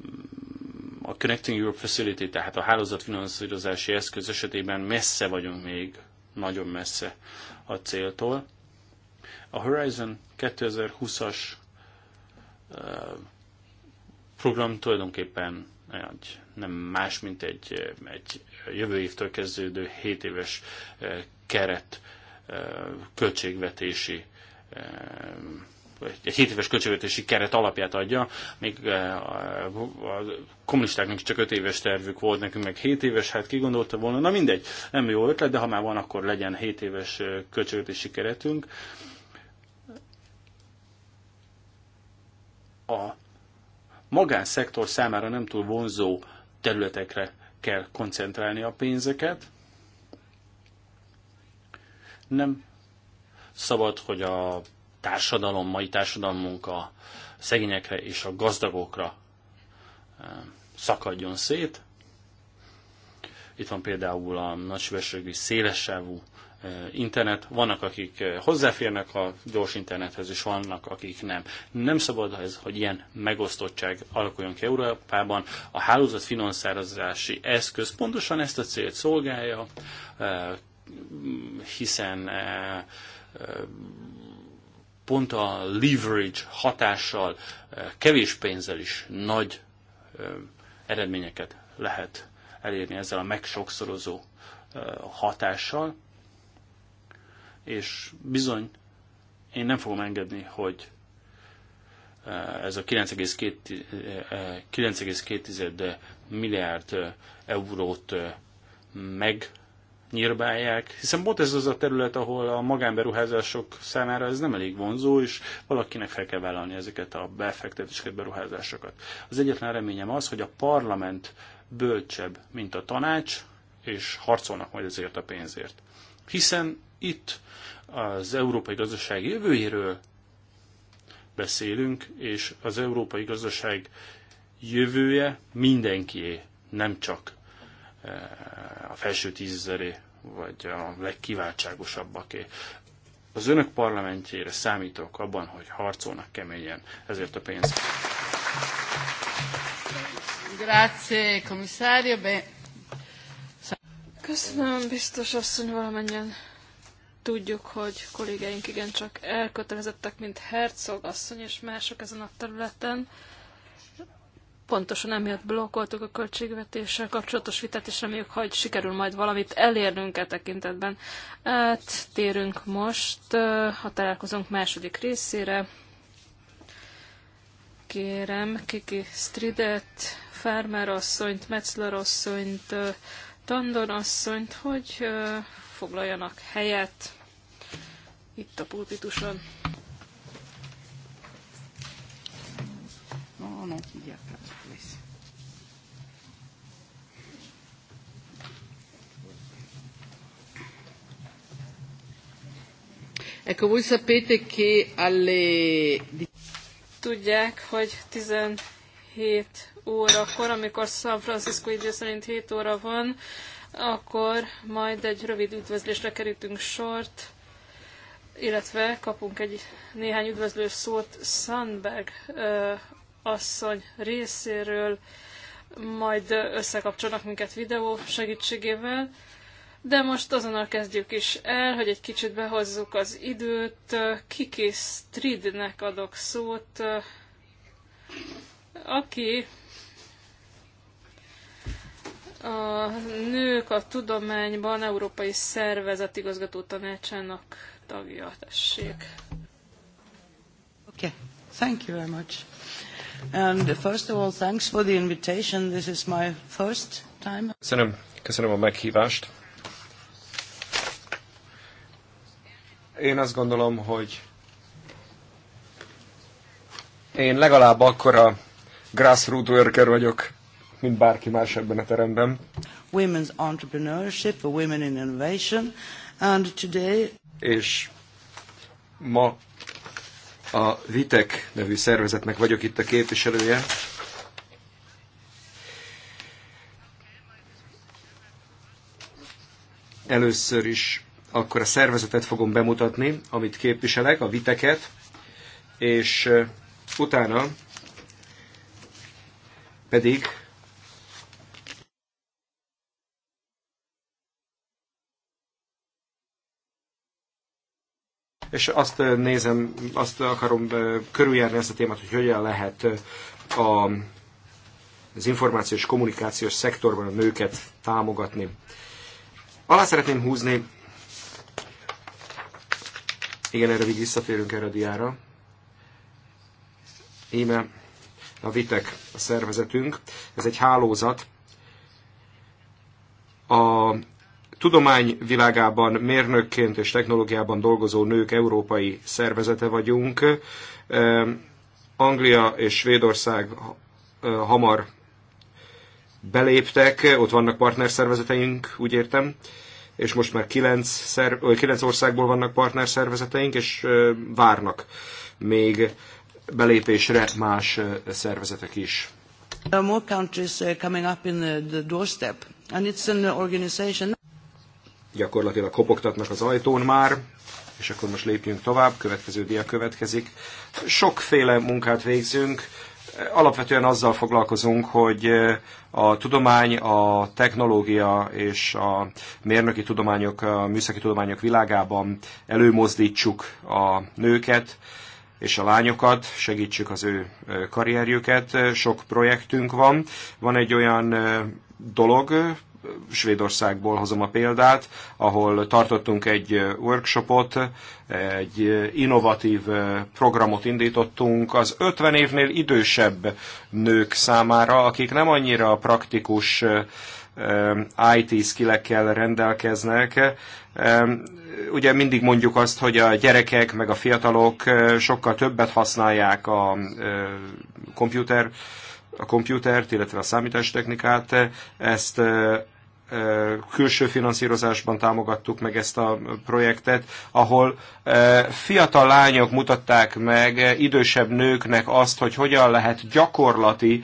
Speaker 4: mm, a Connecting Europe Facility, tehát a hálózatfinanszírozási eszköz esetében messze vagyunk még, nagyon messze a céltól. A Horizon 2020-as eh, program tulajdonképpen egy, nem más, mint egy, egy jövő évtől kezdődő 7 éves e, keret e, költségvetési e, egy 7 éves költségvetési keret alapját adja, még a kommunistáknak csak 5 éves tervük volt, nekünk meg 7 éves, hát ki gondolta volna, na mindegy, nem jó ötlet, de ha már van, akkor legyen 7 éves költségvetési keretünk. A magánszektor számára nem túl vonzó területekre kell koncentrálni a pénzeket. Nem szabad, hogy a társadalom, mai társadalmunk a szegényekre és a gazdagokra eh, szakadjon szét. Itt van például a nagysebességű szélesávú Eh, internet, vannak akik eh, hozzáférnek a gyors internethez, és vannak akik nem. Nem szabad ez, hogy ilyen megosztottság alakuljon ki Európában. A hálózat finanszározási eszköz pontosan ezt a célt szolgálja, eh, hiszen pont a leverage hatással kevés pénzzel is nagy eredményeket lehet elérni ezzel a megsokszorozó hatással és bizony én nem fogom engedni, hogy eh, ez a 9,2 eh, eh, milliárd eurót megnyírbálják, hiszen pont ez az a terület, ahol a magánberuházások számára ez nem elég vonzó, és valakinek fel kell vállalni ezeket a befektetéseket, beruházásokat. Az egyetlen reményem az, hogy a parlament bölcsebb, mint a tanács, és harcolnak majd ezért a pénzért. Hiszen itt az európai gazdaság jövőjéről beszélünk, és az európai gazdaság jövője mindenkié, nem csak e, a felső tízezeré, vagy a legkiváltságosabbaké. Az önök parlamentjére számítok abban, hogy harcolnak keményen ezért a pénz.
Speaker 2: Grazie, commissario. Köszönöm, biztos asszony, valamennyien Tudjuk, hogy
Speaker 3: kollégáink igencsak elkötelezettek, mint Herzog asszony és mások ezen a területen. Pontosan emiatt blokkoltuk a költségvetéssel kapcsolatos vitát, és reméljük, hogy sikerül majd valamit elérnünk e tekintetben. Áttérünk most a találkozónk második részére. Kérem Kiki Stridet, Farmer asszonyt, Metzler asszonyt, Tandon asszonyt, hogy foglaljanak helyet
Speaker 2: itt a pulpituson. No, no, Ecco, voi sapete che alle... Tudják, hogy
Speaker 3: 17 órakor, amikor San Francisco idő szerint 7 óra van, akkor majd egy rövid üdvözlésre kerítünk sort illetve kapunk egy néhány üdvözlő szót Sandberg asszony részéről, majd összekapcsolnak minket videó segítségével. De most azonnal kezdjük is el, hogy egy kicsit behozzuk az időt. Kiki Stridnek adok szót, aki a nők a tudományban Európai Szervezet igazgató tanácsának tagja.
Speaker 2: Tessék. Okay. Thank you very much. And first of all, thanks for the invitation. This is my first time.
Speaker 5: Köszönöm, köszönöm a meghívást. Én azt gondolom, hogy én legalább akkora grassroot worker vagyok, mint bárki más ebben a teremben. Women's
Speaker 2: entrepreneurship, women in innovation, and today
Speaker 5: és ma a Vitek nevű szervezetnek vagyok itt a képviselője. Először is akkor a szervezetet fogom bemutatni, amit képviselek, a Viteket, és utána pedig és azt eh, nézem, azt akarom eh, körüljárni ezt a témát, hogy hogyan lehet eh, a, az információs kommunikációs szektorban a nőket támogatni. Alá szeretném húzni, igen, erre még visszatérünk erre a diára, íme a Vitek a szervezetünk, ez egy hálózat, a tudomány világában mérnökként és technológiában dolgozó nők európai szervezete vagyunk. Anglia és Svédország hamar beléptek, ott vannak partnerszervezeteink, úgy értem, és most már kilenc, szerv, kilenc országból vannak partnerszervezeteink, és várnak még belépésre más szervezetek is.
Speaker 2: There are more countries uh, coming up in uh, the doorstep, and it's an organization
Speaker 5: gyakorlatilag kopogtatnak az ajtón már, és akkor most lépjünk tovább, következő dia következik. Sokféle munkát végzünk, alapvetően azzal foglalkozunk, hogy eh, a tudomány, a technológia és a mérnöki tudományok, a műszaki tudományok világában előmozdítsuk a nőket és a lányokat, segítsük az ő eh, karrierjüket. Sok projektünk van. Van egy olyan eh, dolog, Svédországból hozom a példát, ahol tartottunk egy workshopot, egy innovatív programot indítottunk az 50 évnél idősebb nők számára, akik nem annyira praktikus IT skillekkel rendelkeznek. Ugye mindig mondjuk azt, hogy a gyerekek meg a fiatalok sokkal többet használják a komputer, a komputert, illetve a számítástechnikát, ezt külső finanszírozásban támogattuk meg ezt a projektet, ahol fiatal lányok mutatták meg idősebb nőknek azt, hogy hogyan lehet gyakorlati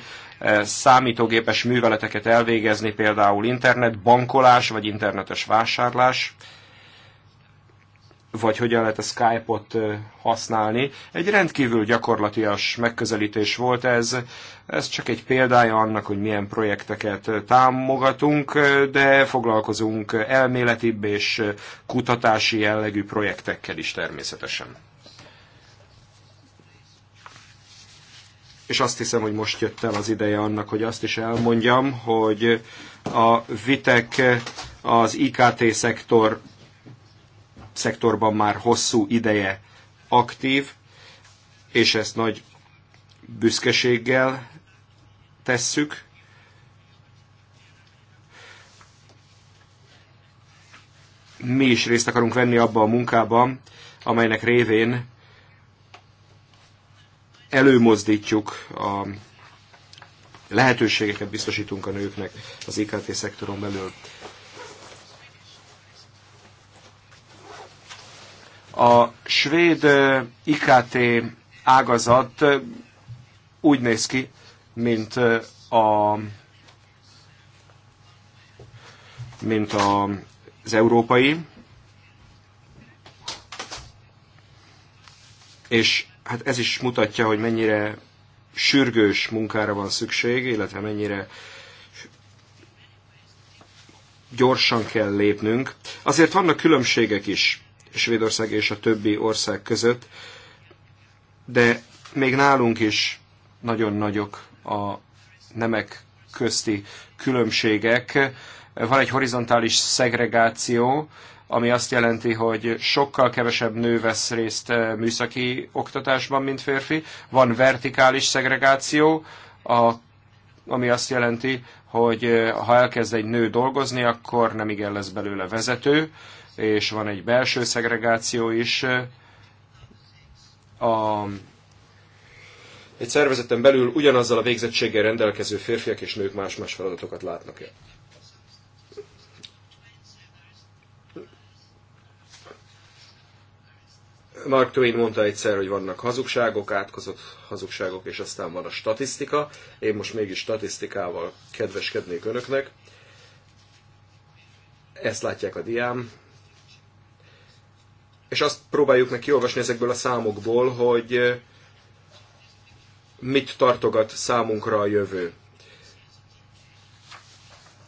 Speaker 5: számítógépes műveleteket elvégezni, például internetbankolás vagy internetes vásárlás vagy hogyan lehet a Skype-ot használni. Egy rendkívül gyakorlatias megközelítés volt ez. Ez csak egy példája annak, hogy milyen projekteket támogatunk, de foglalkozunk elméletibb és kutatási jellegű projektekkel is természetesen. És azt hiszem, hogy most jött el az ideje annak, hogy azt is elmondjam, hogy a Vitek az IKT szektor szektorban már hosszú ideje aktív, és ezt nagy büszkeséggel tesszük. Mi is részt akarunk venni abba a munkában, amelynek révén előmozdítjuk a lehetőségeket biztosítunk a nőknek az IKT szektoron belül. A svéd IKT ágazat úgy néz ki, mint a mint a, az európai, és hát ez is mutatja, hogy mennyire sürgős munkára van szükség, illetve mennyire gyorsan kell lépnünk. Azért vannak különbségek is. Svédország és a többi ország között, de még nálunk is nagyon nagyok a nemek közti különbségek. Van egy horizontális szegregáció, ami azt jelenti, hogy sokkal kevesebb nő vesz részt eh, műszaki oktatásban, mint férfi. Van vertikális szegregáció, a, ami azt jelenti, hogy eh, ha elkezd egy nő dolgozni, akkor nem igen lesz belőle vezető és van egy belső szegregáció is. A, egy szervezeten belül ugyanazzal a végzettséggel rendelkező férfiak és nők más-más feladatokat látnak el. Mark Twain mondta egyszer, hogy vannak hazugságok, átkozott hazugságok, és aztán van a statisztika. Én most mégis statisztikával kedveskednék önöknek. Ezt látják a diám és azt próbáljuk meg kiolvasni ezekből a számokból, hogy mit tartogat számunkra a jövő.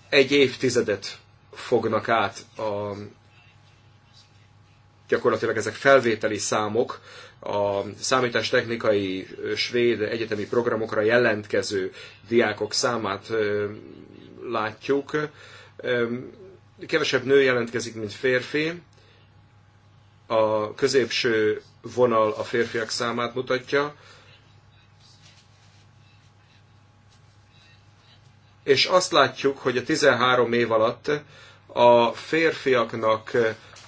Speaker 5: Egy évtizedet fognak át a, gyakorlatilag ezek felvételi számok, a számítástechnikai svéd egyetemi programokra jelentkező diákok számát látjuk. Kevesebb nő jelentkezik, mint férfi a középső vonal a férfiak számát mutatja, és azt látjuk, hogy a 13 év alatt a férfiaknak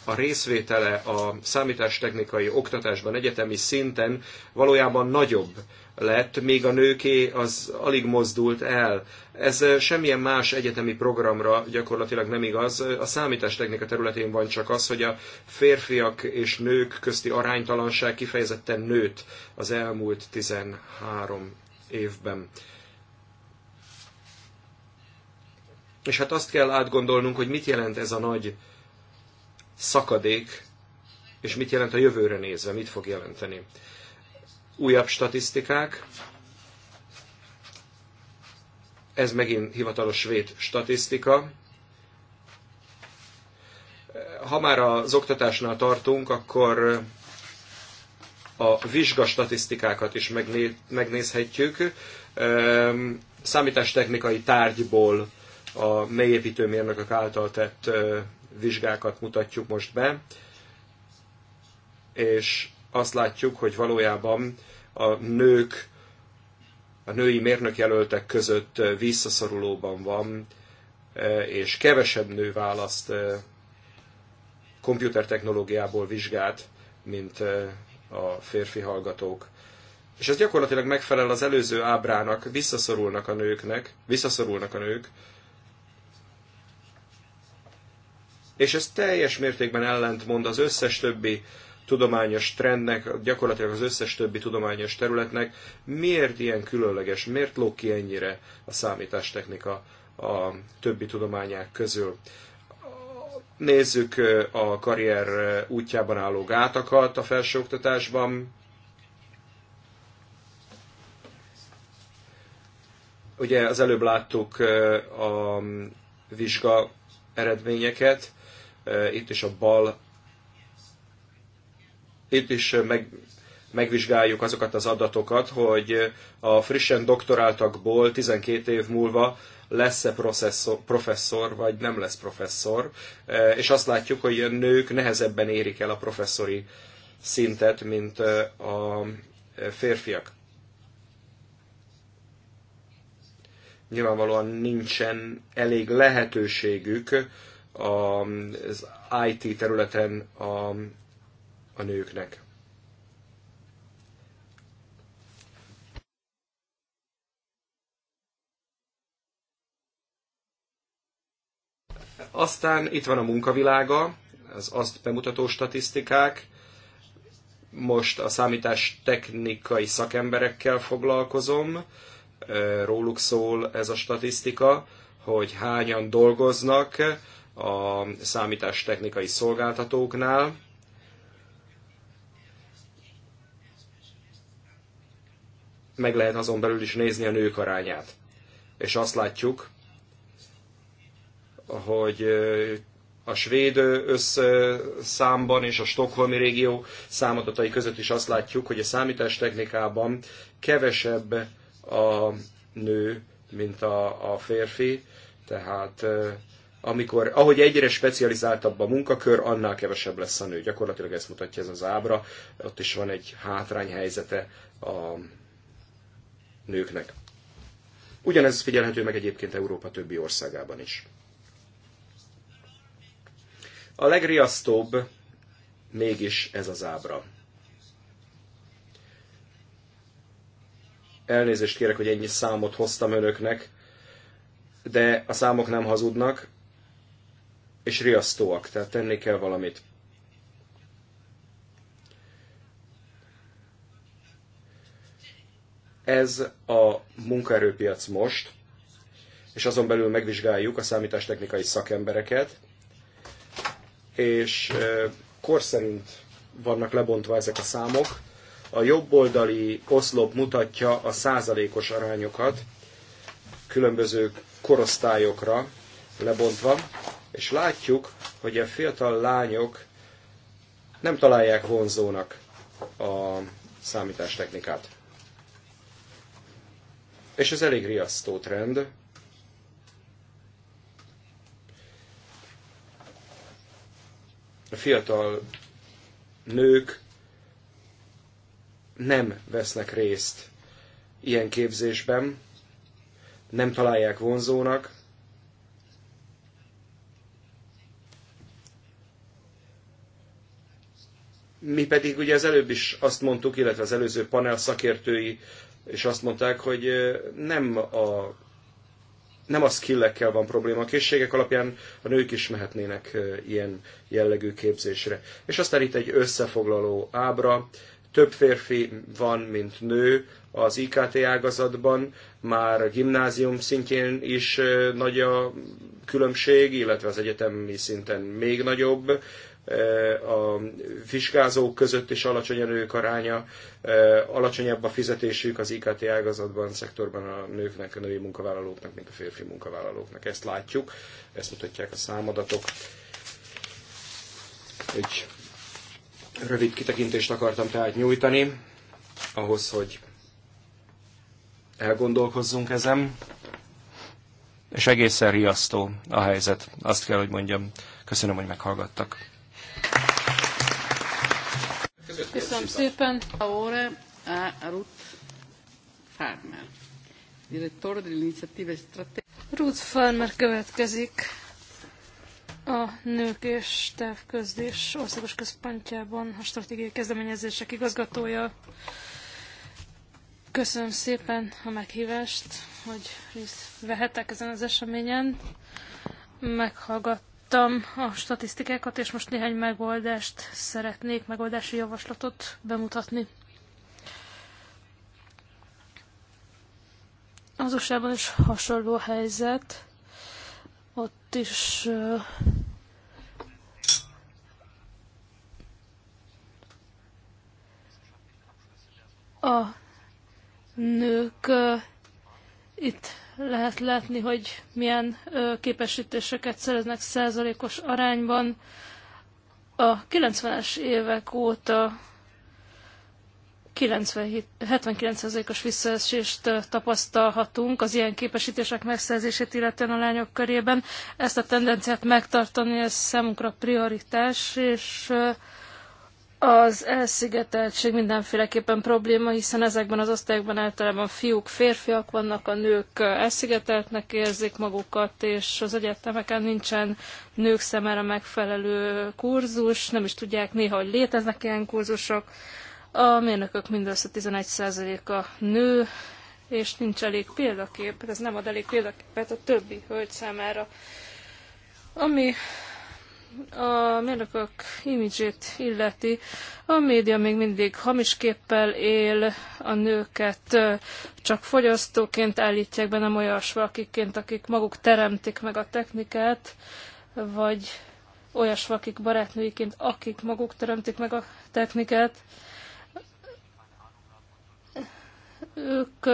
Speaker 5: a részvétele a számítástechnikai oktatásban egyetemi szinten valójában nagyobb, lett, még a nőké az alig mozdult el. Ez semmilyen más egyetemi programra gyakorlatilag nem igaz. A számítástechnika területén van csak az, hogy a férfiak és nők közti aránytalanság kifejezetten nőtt az elmúlt 13 évben. És hát azt kell átgondolnunk, hogy mit jelent ez a nagy szakadék, és mit jelent a jövőre nézve, mit fog jelenteni újabb statisztikák. Ez megint hivatalos svéd statisztika. Ha már az oktatásnál tartunk, akkor a vizsga statisztikákat is megnézhetjük. Számítástechnikai tárgyból a mélyépítőmérnökök által tett vizsgákat mutatjuk most be, és azt látjuk, hogy valójában a nők, a női mérnökjelöltek között visszaszorulóban van, és kevesebb nő választ komputertechnológiából vizsgát, mint a férfi hallgatók. És ez gyakorlatilag megfelel az előző ábrának, visszaszorulnak a nőknek, visszaszorulnak a nők, és ez teljes mértékben ellentmond az összes többi tudományos trendnek, gyakorlatilag az összes többi tudományos területnek. Miért ilyen különleges, miért lók ki ennyire a számítástechnika a többi tudományák közül? Nézzük a karrier útjában álló gátakat a felsőoktatásban. Ugye az előbb láttuk a vizsga eredményeket, itt is a bal itt is meg, megvizsgáljuk azokat az adatokat, hogy a frissen doktoráltakból 12 év múlva lesz-e professzor, vagy nem lesz professzor, és azt látjuk, hogy a nők nehezebben érik el a professzori szintet, mint a férfiak. Nyilvánvalóan nincsen elég lehetőségük az IT területen a a nőknek. Aztán itt van a munkavilága, az azt bemutató statisztikák. Most a számítás technikai szakemberekkel foglalkozom. Róluk szól ez a statisztika, hogy hányan dolgoznak a számítás technikai szolgáltatóknál. meg lehet azon belül is nézni a nők arányát. És azt látjuk, hogy a svéd összszámban és a stokholmi régió számadatai között is azt látjuk, hogy a számítástechnikában kevesebb a nő, mint a, a férfi, tehát amikor, ahogy egyre specializáltabb a munkakör, annál kevesebb lesz a nő. Gyakorlatilag ezt mutatja ez az ábra. Ott is van egy hátrányhelyzete a nőknek. Ugyanez figyelhető meg egyébként Európa többi országában is. A legriasztóbb mégis ez az ábra. Elnézést kérek, hogy ennyi számot hoztam önöknek, de a számok nem hazudnak, és riasztóak, tehát tenni kell valamit. Ez a munkaerőpiac most, és azon belül megvizsgáljuk a számítástechnikai szakembereket, és kor szerint vannak lebontva ezek a számok. A jobboldali oszlop mutatja a százalékos arányokat különböző korosztályokra lebontva, és látjuk, hogy a fiatal lányok nem találják vonzónak a számítástechnikát. És ez elég riasztó trend. A fiatal nők nem vesznek részt ilyen képzésben, nem találják vonzónak, Mi pedig ugye az előbb is azt mondtuk, illetve az előző panel szakértői és azt mondták, hogy nem a nem a skillekkel van probléma, a készségek alapján a nők is mehetnének ilyen jellegű képzésre. És aztán itt egy összefoglaló ábra, több férfi van, mint nő az IKT ágazatban, már a gimnázium szintjén is nagy a különbség, illetve az egyetemi szinten még nagyobb. Eh, a vizsgázók között is alacsony a nők aránya, eh, alacsonyabb a fizetésük az IKT ágazatban, szektorban a nőknek, a női munkavállalóknak, mint a férfi munkavállalóknak. Ezt látjuk, ezt mutatják a számadatok. Egy rövid kitekintést akartam tehát nyújtani, ahhoz, hogy elgondolkozzunk ezen, és egészen riasztó a helyzet, azt kell, hogy mondjam. Köszönöm, hogy meghallgattak.
Speaker 2: Köszönöm szépen. Ora a Ruth Farmer, direttore dell'iniziativa e strategica. Ruth Farmer következik
Speaker 3: a Nők és Távközlés Országos Központjában a stratégiai kezdeményezések igazgatója. Köszönöm szépen a meghívást, hogy részt vehetek ezen az eseményen. Meghallgat láttam a statisztikákat, és most néhány megoldást szeretnék, megoldási javaslatot bemutatni. Az usa is hasonló a helyzet. Ott is a nők itt lehet látni, hogy milyen képesítéseket szereznek százalékos arányban. A 90-es évek óta 79%-os visszaesést tapasztalhatunk az ilyen képesítések megszerzését illetően a lányok körében. Ezt a tendenciát megtartani, ez számunkra prioritás, és az elszigeteltség mindenféleképpen probléma, hiszen ezekben az osztályokban általában fiúk, férfiak vannak, a nők elszigeteltnek érzik magukat, és az egyetemeken nincsen nők szemére megfelelő kurzus, nem is tudják néha, hogy léteznek ilyen kurzusok. A mérnökök mindössze 11%-a nő, és nincs elég példakép, ez nem ad elég példaképet a többi hölgy számára. Ami a mérnökök imidzsét illeti, a média még mindig hamisképpel él, a nőket csak fogyasztóként állítják be, nem olyas akik maguk teremtik meg a technikát, vagy olyas valakik barátnőiként, akik maguk teremtik meg a technikát. Ők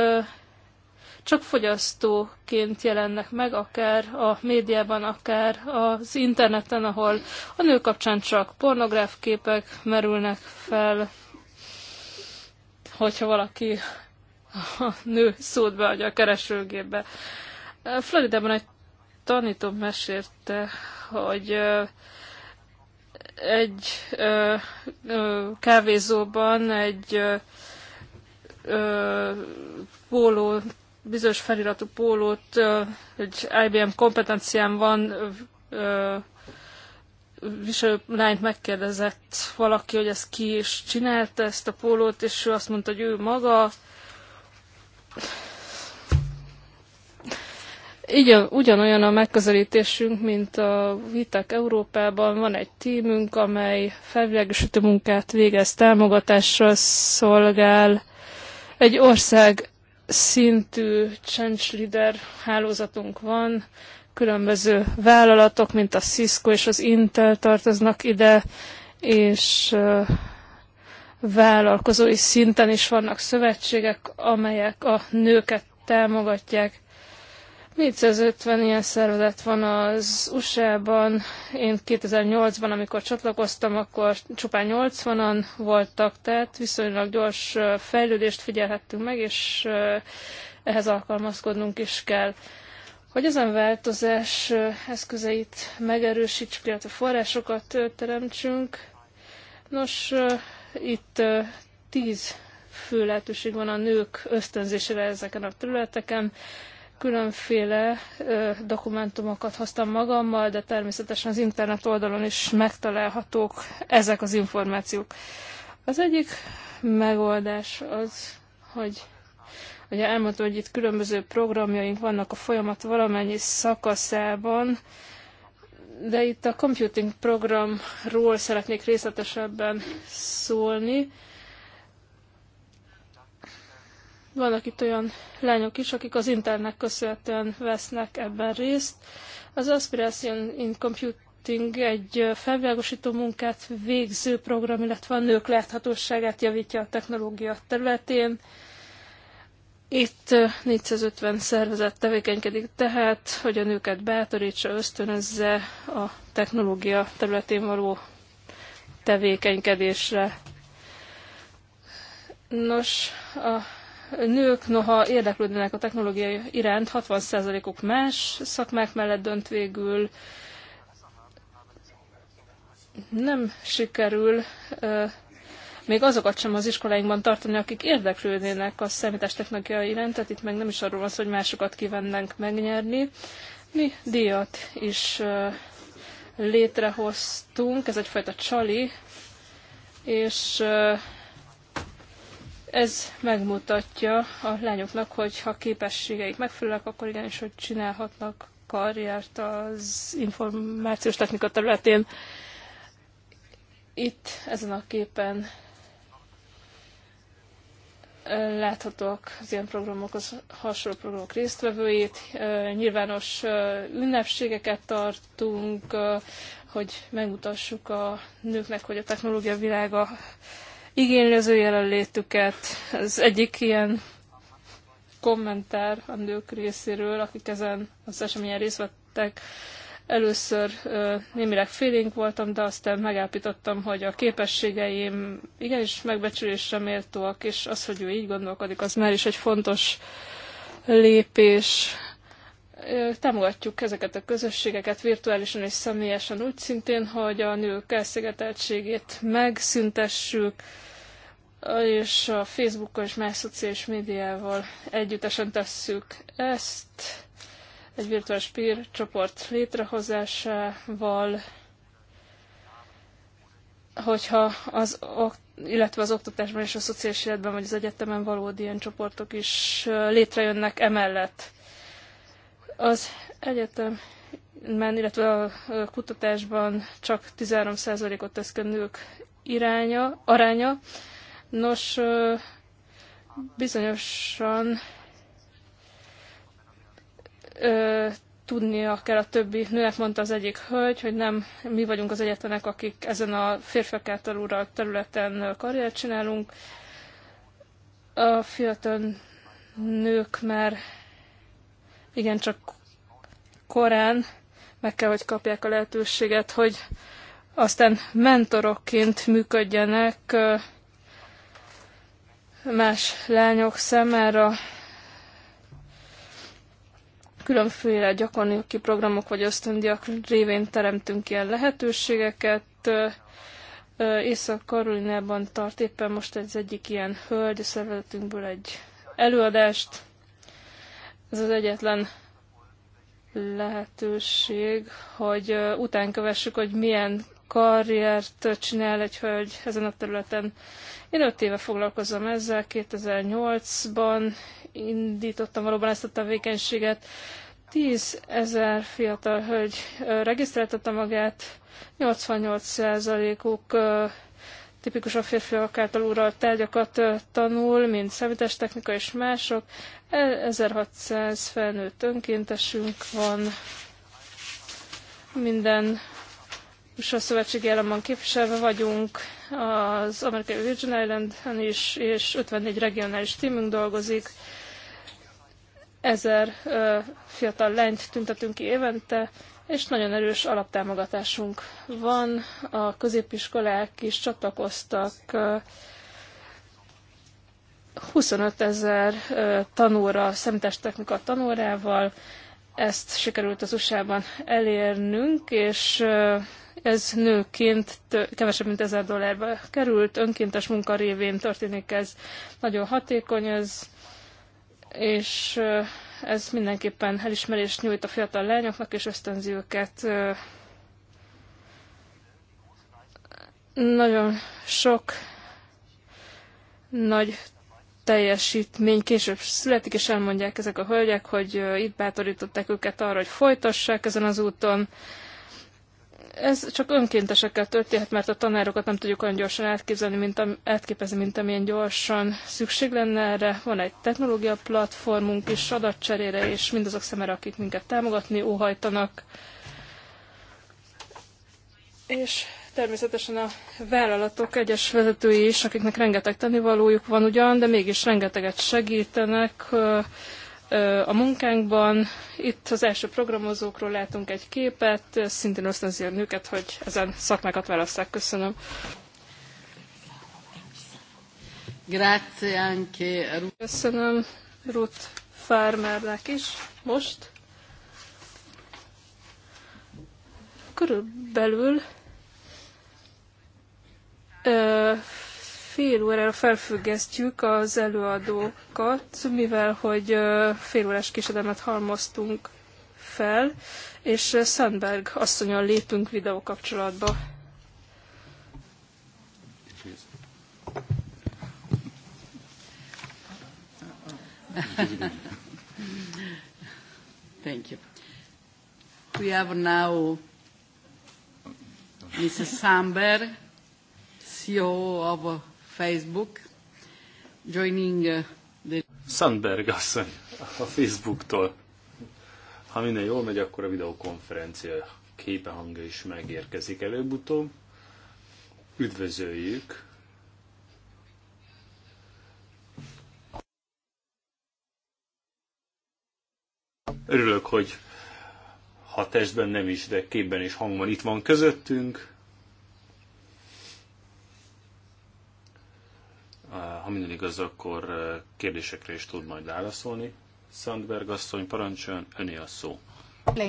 Speaker 3: csak fogyasztóként jelennek meg, akár a médiában, akár az interneten, ahol a nő kapcsán csak pornográf képek merülnek fel, hogyha valaki a nő szót beadja a keresőgépbe. Floridában egy tanító mesélte, hogy egy kávézóban egy pólót bizonyos feliratú pólót, hogy IBM kompetencián van, viselő lányt megkérdezett valaki, hogy ez ki is csinálta ezt a pólót, és ő azt mondta, hogy ő maga. Így ugyanolyan a megközelítésünk, mint a viták Európában. Van egy tímünk, amely felvilágosító munkát végez, támogatásra szolgál. Egy ország szintű change leader hálózatunk van, különböző vállalatok, mint a Cisco és az Intel tartoznak ide, és vállalkozói szinten is vannak szövetségek, amelyek a nőket támogatják. 450 ilyen szervezet van az USA-ban. Én 2008-ban, amikor csatlakoztam, akkor csupán 80-an voltak, tehát viszonylag gyors fejlődést figyelhettünk meg, és ehhez alkalmazkodnunk is kell. Hogy ezen változás eszközeit megerősítsük, illetve forrásokat teremtsünk. Nos, itt tíz fő lehetőség van a nők ösztönzésére ezeken a területeken különféle ö, dokumentumokat hoztam magammal, de természetesen az internet oldalon is megtalálhatók ezek az információk. Az egyik megoldás az, hogy ugye elmondtam, hogy itt különböző programjaink vannak a folyamat valamennyi szakaszában, de itt a computing programról szeretnék részletesebben szólni vannak itt olyan lányok is, akik az internet köszönhetően vesznek ebben részt. Az Aspiration in Computing egy felvilágosító munkát végző program, illetve a nők láthatóságát javítja a technológia területén. Itt 450 szervezet tevékenykedik tehát, hogy a nőket bátorítsa, ösztönözze a technológia területén való tevékenykedésre. Nos, a nők noha érdeklődnek a technológia iránt, 60%-uk más szakmák mellett dönt végül. Nem sikerül még azokat sem az iskoláinkban tartani, akik érdeklődnének a számítástechnológiai iránt, tehát itt meg nem is arról van szó, hogy másokat kívánnánk megnyerni. Mi díjat is létrehoztunk, ez egyfajta csali, és ez megmutatja a lányoknak, hogy ha képességeik megfelelnek, akkor igenis, hogy csinálhatnak karriert az információs technika területén. Itt ezen a képen láthatóak az ilyen programokhoz hasonló programok résztvevőjét. Nyilvános ünnepségeket tartunk, hogy megmutassuk a nőknek, hogy a technológia világa igénylőző jelenlétüket. Ez egyik ilyen kommentár a nők részéről, akik ezen az eseményen részt vettek. Először némileg félénk voltam, de aztán megállapítottam, hogy a képességeim igenis megbecsülésre méltóak, és az, hogy ő így gondolkodik, az már is egy fontos lépés támogatjuk ezeket a közösségeket virtuálisan és személyesen úgy szintén, hogy a nők elszigeteltségét megszüntessük, és a Facebook-on és más szociális médiával együttesen tesszük ezt egy virtuális peer csoport létrehozásával, hogyha az, illetve az oktatásban és a szociális életben vagy az egyetemen valódi ilyen csoportok is létrejönnek emellett. Az egyetem men, illetve a kutatásban csak 13%-ot tesz a nők iránya, aránya. Nos, bizonyosan tudnia kell a többi nőnek, mondta az egyik hölgy, hogy nem mi vagyunk az egyetlenek, akik ezen a férfiak által uralt területen karriert csinálunk. A fiatal nők már igen, csak korán meg kell, hogy kapják a lehetőséget, hogy aztán mentorokként működjenek más lányok számára különféle gyakornoki programok vagy ösztöndiak révén teremtünk ilyen lehetőségeket. Észak-Karolinában tart éppen most ez egyik ilyen hölgy, a szervezetünkből egy előadást, ez az egyetlen lehetőség, hogy utánkövessük, hogy milyen karriert csinál egy hölgy ezen a területen. Én öt éve foglalkozom ezzel, 2008-ban indítottam valóban ezt a tevékenységet. 10 ezer fiatal hölgy regisztráltatta magát, 88%-uk tipikus a férfiak által uralt tárgyakat tanul, mint számítástechnika és mások. 1600 e, felnőtt önkéntesünk van, minden USA szövetségi államban képviselve vagyunk, az amerikai Virgin island is, és 54 regionális tímünk dolgozik. Ezer ö, fiatal lányt tüntetünk ki évente, és nagyon erős alaptámogatásunk van. A középiskolák is csatlakoztak 25 ezer tanóra, szemtestechnika tanórával. Ezt sikerült az USA-ban elérnünk, és ez nőként kevesebb, mint 1000 dollárba került. Önkéntes munka révén történik ez. Nagyon hatékony ez, és ez mindenképpen elismerést nyújt a fiatal lányoknak, és ösztönzi őket. Nagyon sok nagy teljesítmény később születik, és elmondják ezek a hölgyek, hogy itt bátorították őket arra, hogy folytassák ezen az úton, ez csak önkéntesekkel történhet, mert a tanárokat nem tudjuk olyan gyorsan átképzelni, mint a, átképezni, mint amilyen gyorsan szükség lenne erre. Van egy technológia platformunk is, adatcserére, és mindazok szemére, akik minket támogatni óhajtanak. És természetesen a vállalatok egyes vezetői is, akiknek rengeteg tennivalójuk van ugyan, de mégis rengeteget segítenek a munkánkban. Itt az első programozókról látunk egy képet, szintén ösztönzi a nőket, hogy ezen szakmákat válasszák. Köszönöm.
Speaker 2: Grazie anche. Köszönöm Ruth Farmernek is most. Körülbelül
Speaker 3: fél órára felfüggesztjük az előadókat, mivel hogy fél órás késedelmet halmoztunk fel, és Sandberg asszonyon lépünk videókapcsolatba.
Speaker 2: Thank you. We have now Mrs. Sandberg, CEO of Facebook, joining uh, the...
Speaker 4: Sandberg asszony a Facebooktól. Ha minden jól megy, akkor a videokonferencia képe hangja is megérkezik előbb-utóbb. Üdvözöljük Örülök, hogy ha testben nem is, de képben és hangban itt van közöttünk. ha minden igaz, akkor kérdésekre is tud majd válaszolni. Sandberg asszony, parancsoljon, öné a szó.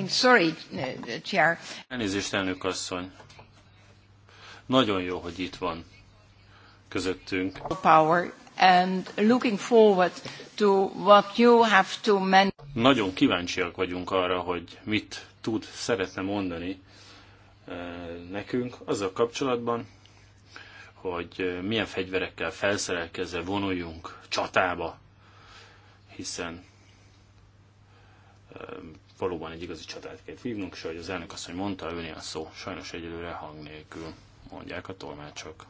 Speaker 2: Sorry, uh, uh, chair.
Speaker 4: Elnézést, elnök asszony. Nagyon jó, hogy itt van közöttünk.
Speaker 2: Power and looking forward to what you have to man-
Speaker 4: Nagyon kíváncsiak vagyunk arra, hogy mit tud, szeretne mondani nekünk azzal kapcsolatban, hogy milyen fegyverekkel felszerelkezve vonuljunk csatába, hiszen valóban egy igazi csatát kell vívnunk, és ahogy az elnök azt, hogy mondta, őné a szó, sajnos egyelőre hang nélkül, mondják a tolmácsok.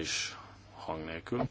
Speaker 4: is hang nélkül.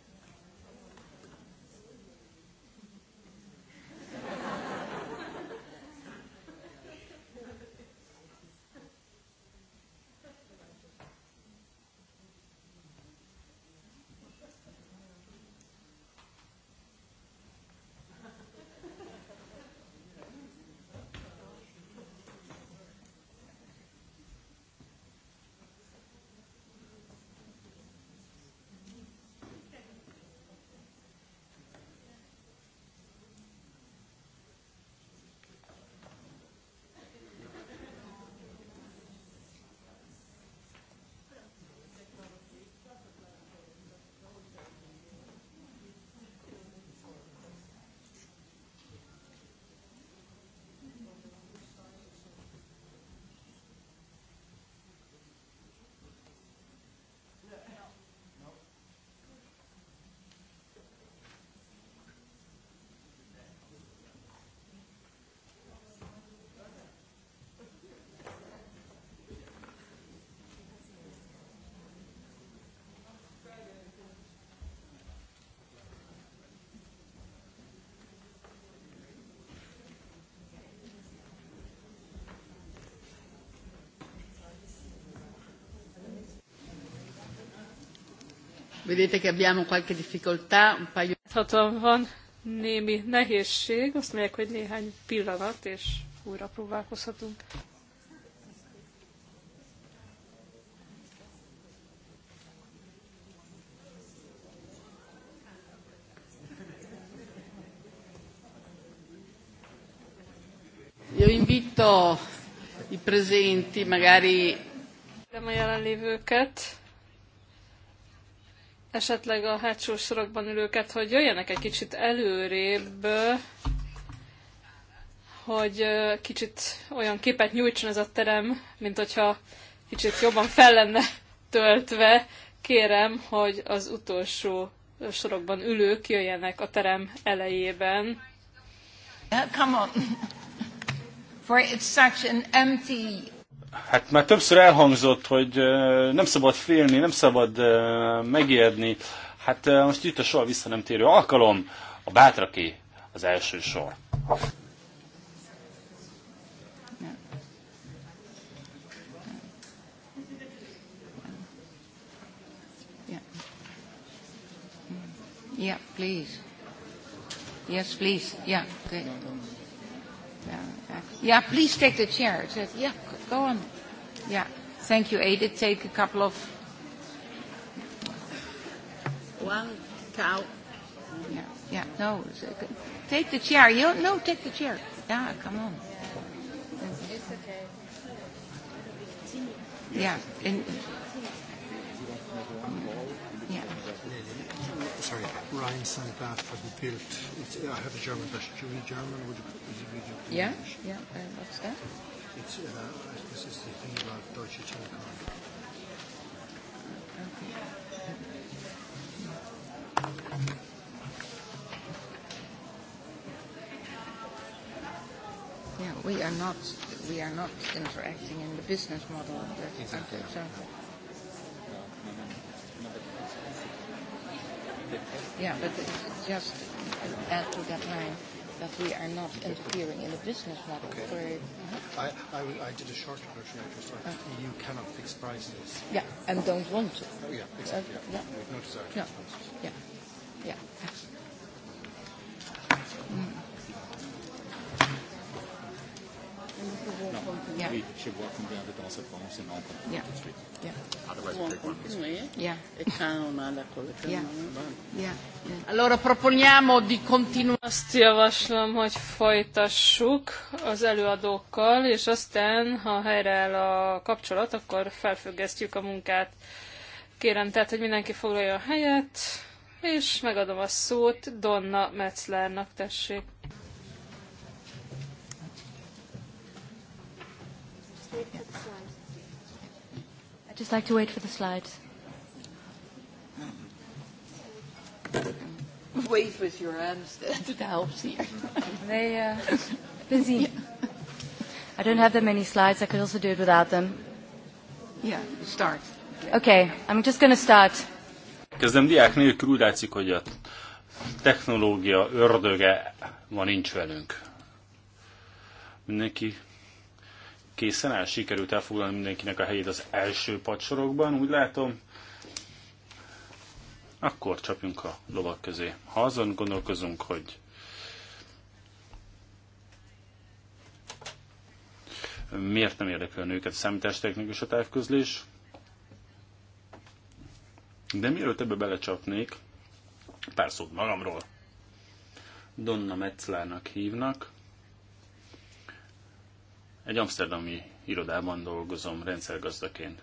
Speaker 2: Vedete che abbiamo qualche difficoltá, un paio... Láthatóan van
Speaker 3: némi nehézség, azt mondják, hogy
Speaker 2: néhány pillanat, és újra
Speaker 3: próbálkozhatunk.
Speaker 2: Io invito i presenti, magari...
Speaker 3: Köszönöm a jelenlévőket esetleg a hátsó sorokban ülőket, hogy jöjjenek egy kicsit előrébb, hogy kicsit olyan képet nyújtson ez a terem, mint hogyha kicsit jobban fel lenne töltve. Kérem, hogy az utolsó sorokban ülők jöjjenek a terem elejében. Come on. For
Speaker 2: it's such an empty
Speaker 4: Hát már többször elhangzott, hogy nem szabad félni, nem szabad megijedni. Hát most itt a soha vissza nem térő alkalom, a bátraki az első sor.
Speaker 2: Yeah, please. Yes, please. Yeah, okay. Yeah, please take the chair. Yeah, go on. Yeah, thank you, Edith. Take a couple of. One cow. Yeah,
Speaker 1: yeah, no. Take the chair. You, no, take the chair. Yeah, come on. It's okay. Yeah, and. sorry, Ryan sent that for
Speaker 5: the build. It's, I have a German question. Do you read German or would you read it? Yeah, yeah, what's that? It's, uh, this is the thing about Deutsche Telekom.
Speaker 2: Okay. Yeah, we are not we are not interacting in the business model. That's exactly. So. Yeah, but it's just
Speaker 1: add to that line that we are not interfering in the business model. Okay. For,
Speaker 2: uh-huh. I, I, I did a short version of just like uh. you cannot fix prices. Yeah, and don't want to. Oh, yeah, exactly. Uh, yeah. Yeah. no desire to yeah. yeah. Yeah. Yeah. No, yeah. we should work on the also promotion on yeah. yeah. Otherwise, we'll take one piece. Yeah. Yeah. Yeah. Allora proponiamo
Speaker 3: di continuare. Azt javaslom, hogy folytassuk az előadókkal, és aztán, ha helyreáll a kapcsolat, akkor felfüggesztjük a munkát. Kérem tehát, hogy mindenki foglalja a helyet, és megadom a szót Donna Metzlernak, tessék.
Speaker 1: just like to wait for the slides.
Speaker 2: Wave with your hands. Dat helps hier. They, uh, busy. Yeah.
Speaker 1: I don't have that many slides. I could also do it without them.
Speaker 2: Yeah, start.
Speaker 1: Okay, I'm just going to start.
Speaker 4: Kezdem diák nélkül úgy látszik, hogy a technológia ördöge ma nincs velünk. Mindenki készen áll, sikerült elfoglalni mindenkinek a helyét az első padsorokban, úgy látom. Akkor csapjunk a lovak közé. Ha azon gondolkozunk, hogy miért nem érdekel a nőket a számítástechnikus a távközlés, de mielőtt ebbe belecsapnék, pár szót magamról. Donna Metzlának hívnak, egy amsterdami irodában dolgozom rendszergazdaként.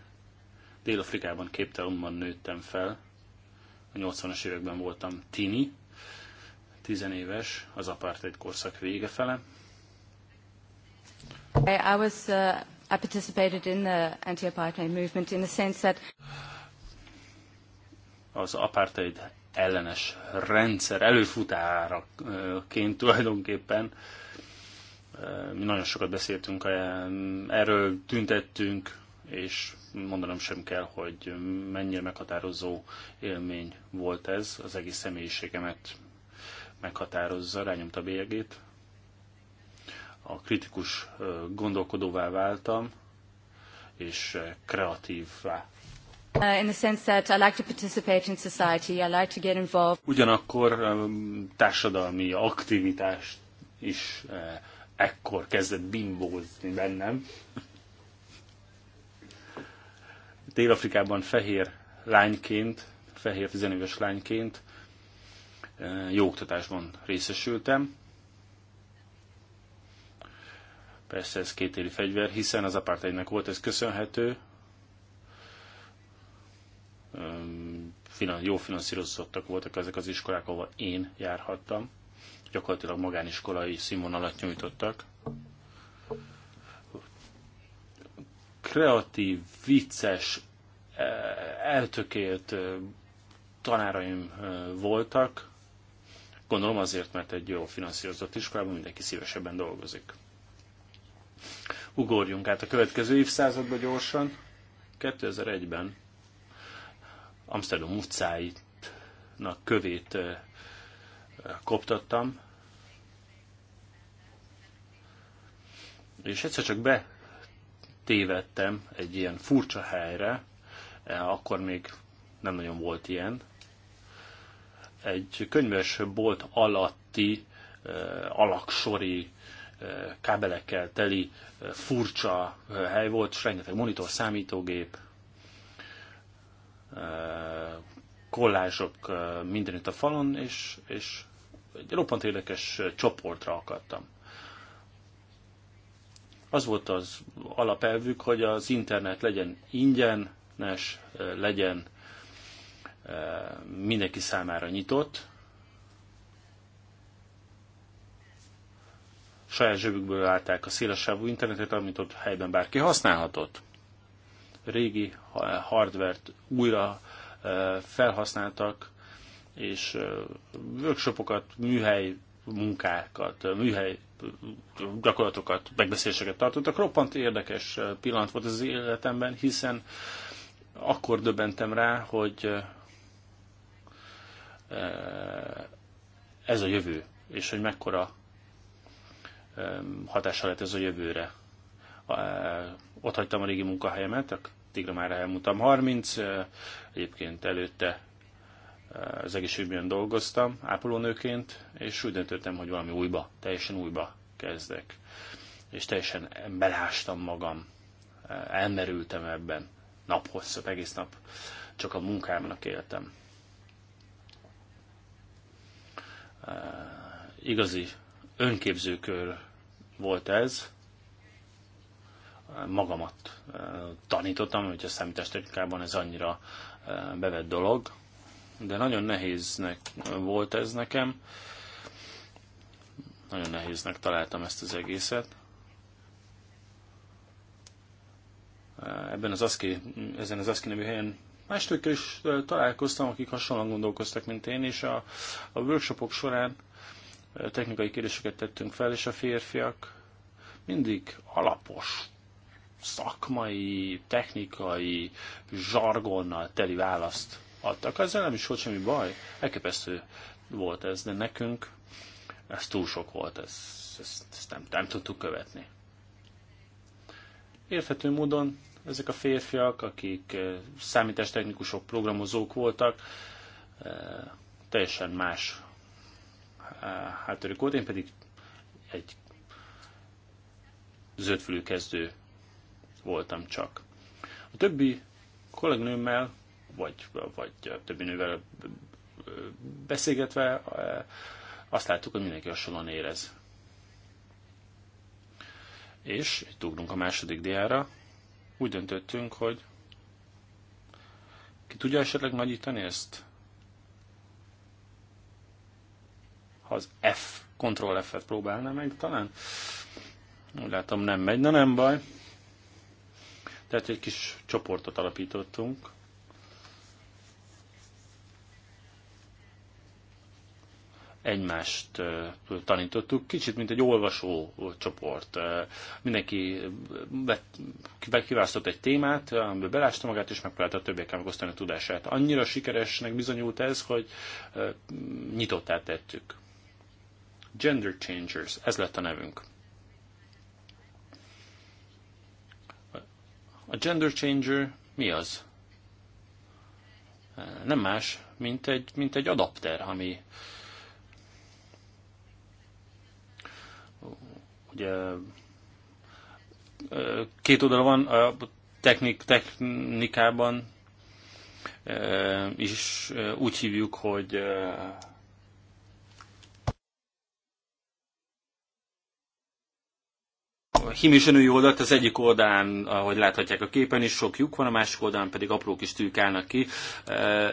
Speaker 4: Dél-Afrikában, képtelomban nőttem fel. A 80-as években voltam tini, tizenéves, az apartheid korszak vége fele.
Speaker 1: I was, uh, I participated in the anti-apartheid movement in the sense that
Speaker 4: az apartheid ellenes rendszer előfutáraként tulajdonképpen uh, mi nagyon sokat beszéltünk erről, tüntettünk, és mondanom sem kell, hogy mennyire meghatározó élmény volt ez, az egész személyiségemet meghatározza, rányomta bélyegét. A kritikus gondolkodóvá váltam, és kreatívvá.
Speaker 1: Uh, in the sense that I like to participate in society, I like to get involved.
Speaker 4: Ugyanakkor társadalmi aktivitást is ekkor kezdett bimbózni bennem. Dél-Afrikában fehér lányként, fehér 10 lányként eh, jó oktatásban részesültem. Persze ez két éli fegyver, hiszen az apartheidnek volt ez köszönhető. Ehm, jó finanszírozottak voltak ezek az iskolák, ahol én járhattam gyakorlatilag magániskolai színvonalat nyújtottak. Kreatív, vicces, e, eltökélt e, tanáraim e, voltak, gondolom azért, mert egy jó finanszírozott iskolában mindenki szívesebben dolgozik. Ugorjunk át a következő évszázadba gyorsan. 2001-ben Amsterdam utcáitnak kövét koptattam, és egyszer csak be egy ilyen furcsa helyre, e, akkor még nem nagyon volt ilyen. Egy könyves bolt alatti e, alaksori e, kábelekkel teli furcsa hely volt, és rengeteg monitor, számítógép, kollázsok mindenütt a falon, és, és egy roppant érdekes csoportra akadtam. Az volt az alapelvük, hogy az internet legyen ingyenes, legyen e, mindenki számára nyitott, saját zsebükből állták a szélesávú internetet, amit ott helyben bárki használhatott. Régi hardvert újra e, felhasználtak, és workshopokat, műhely munkákat, műhely gyakorlatokat, megbeszéléseket tartottak. Roppant érdekes pillanat volt az életemben, hiszen akkor döbbentem rá, hogy ez a jövő, és hogy mekkora hatása lett ez a jövőre. Ott hagytam a régi munkahelyemet, a Tigra már elmúltam 30, egyébként előtte az egészségügyben dolgoztam, ápolónőként, és úgy döntöttem, hogy valami újba, teljesen újba kezdek. És teljesen belástam magam, elmerültem ebben, naphosszat, egész nap csak a munkámnak éltem. Igazi önképzőkör volt ez, magamat tanítottam, hogy a számítástechnikában ez annyira bevett dolog, de nagyon nehéznek volt ez nekem. Nagyon nehéznek találtam ezt az egészet. Ebben az ASCII, ezen az ASCII nevű helyen másokkal is találkoztam, akik hasonlóan gondolkoztak, mint én, és a, a workshopok során technikai kérdéseket tettünk fel, és a férfiak mindig alapos szakmai, technikai zsargonnal teli választ adtak. Ezzel nem is volt semmi baj, elképesztő volt ez, de nekünk ez túl sok volt, ezt, ezt, ezt nem, nem tudtuk követni. Érthető módon ezek a férfiak, akik eh, számítástechnikusok, programozók voltak, eh, teljesen más eh, háttörük volt, én pedig egy zöldfülű kezdő voltam csak. A többi kolléganőmmel vagy, vagy többi nővel beszélgetve azt láttuk, hogy mindenki hasonlóan érez. És itt ugrunk a második diára, úgy döntöttünk, hogy ki tudja esetleg nagyítani ezt? Ha az F, Ctrl F-et próbálná meg talán? Úgy látom nem megy, na nem baj. Tehát egy kis csoportot alapítottunk, egymást tanítottuk, kicsit mint egy olvasó csoport. Mindenki kiválasztott egy témát, amiből belásta magát, és megpróbálta a többiekkel megosztani a tudását. Annyira sikeresnek bizonyult ez, hogy nyitottá tettük. Gender Changers, ez lett a nevünk. A Gender Changer mi az? Nem más, mint egy, mint egy adapter, ami Ugye két oldal van, a technik, technikában is úgy hívjuk, hogy himis női oldalt az egyik oldalán, ahogy láthatják a képen is, sok lyuk van, a másik oldalán pedig apró kis tűk állnak ki.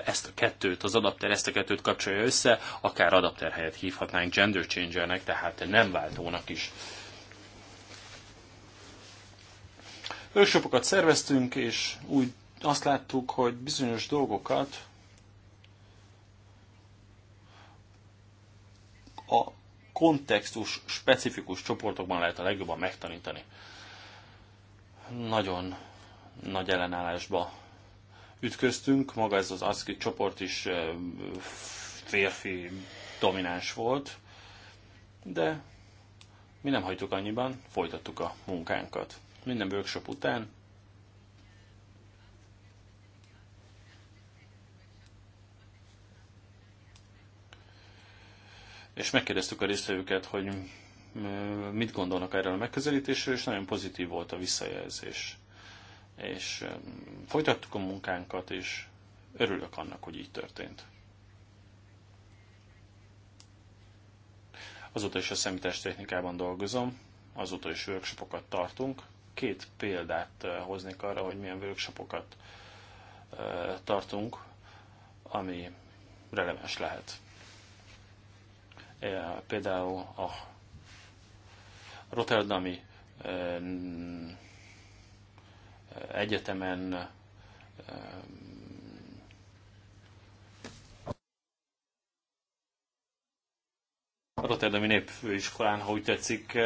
Speaker 4: Ezt a kettőt, az adapter ezt a kettőt kapcsolja össze, akár adapter helyett hívhatnánk gender changernek, tehát nem váltónak is. Workshopokat szerveztünk, és úgy azt láttuk, hogy bizonyos dolgokat a kontextus specifikus csoportokban lehet a legjobban megtanítani. Nagyon nagy ellenállásba ütköztünk, maga ez az ASCII csoport is férfi domináns volt, de mi nem hagytuk annyiban, folytattuk a munkánkat. Minden workshop után és megkérdeztük a résztvevőket, hogy mit gondolnak erről a megközelítésről, és nagyon pozitív volt a visszajelzés. És folytattuk a munkánkat, és örülök annak, hogy így történt. Azóta is a technikában dolgozom, azóta is workshopokat tartunk. Két példát hoznék arra, hogy milyen workshopokat tartunk, ami releváns lehet. Például a Rotterdami egyetemen a Rotterdami Népfőiskolán, ha úgy tetszik,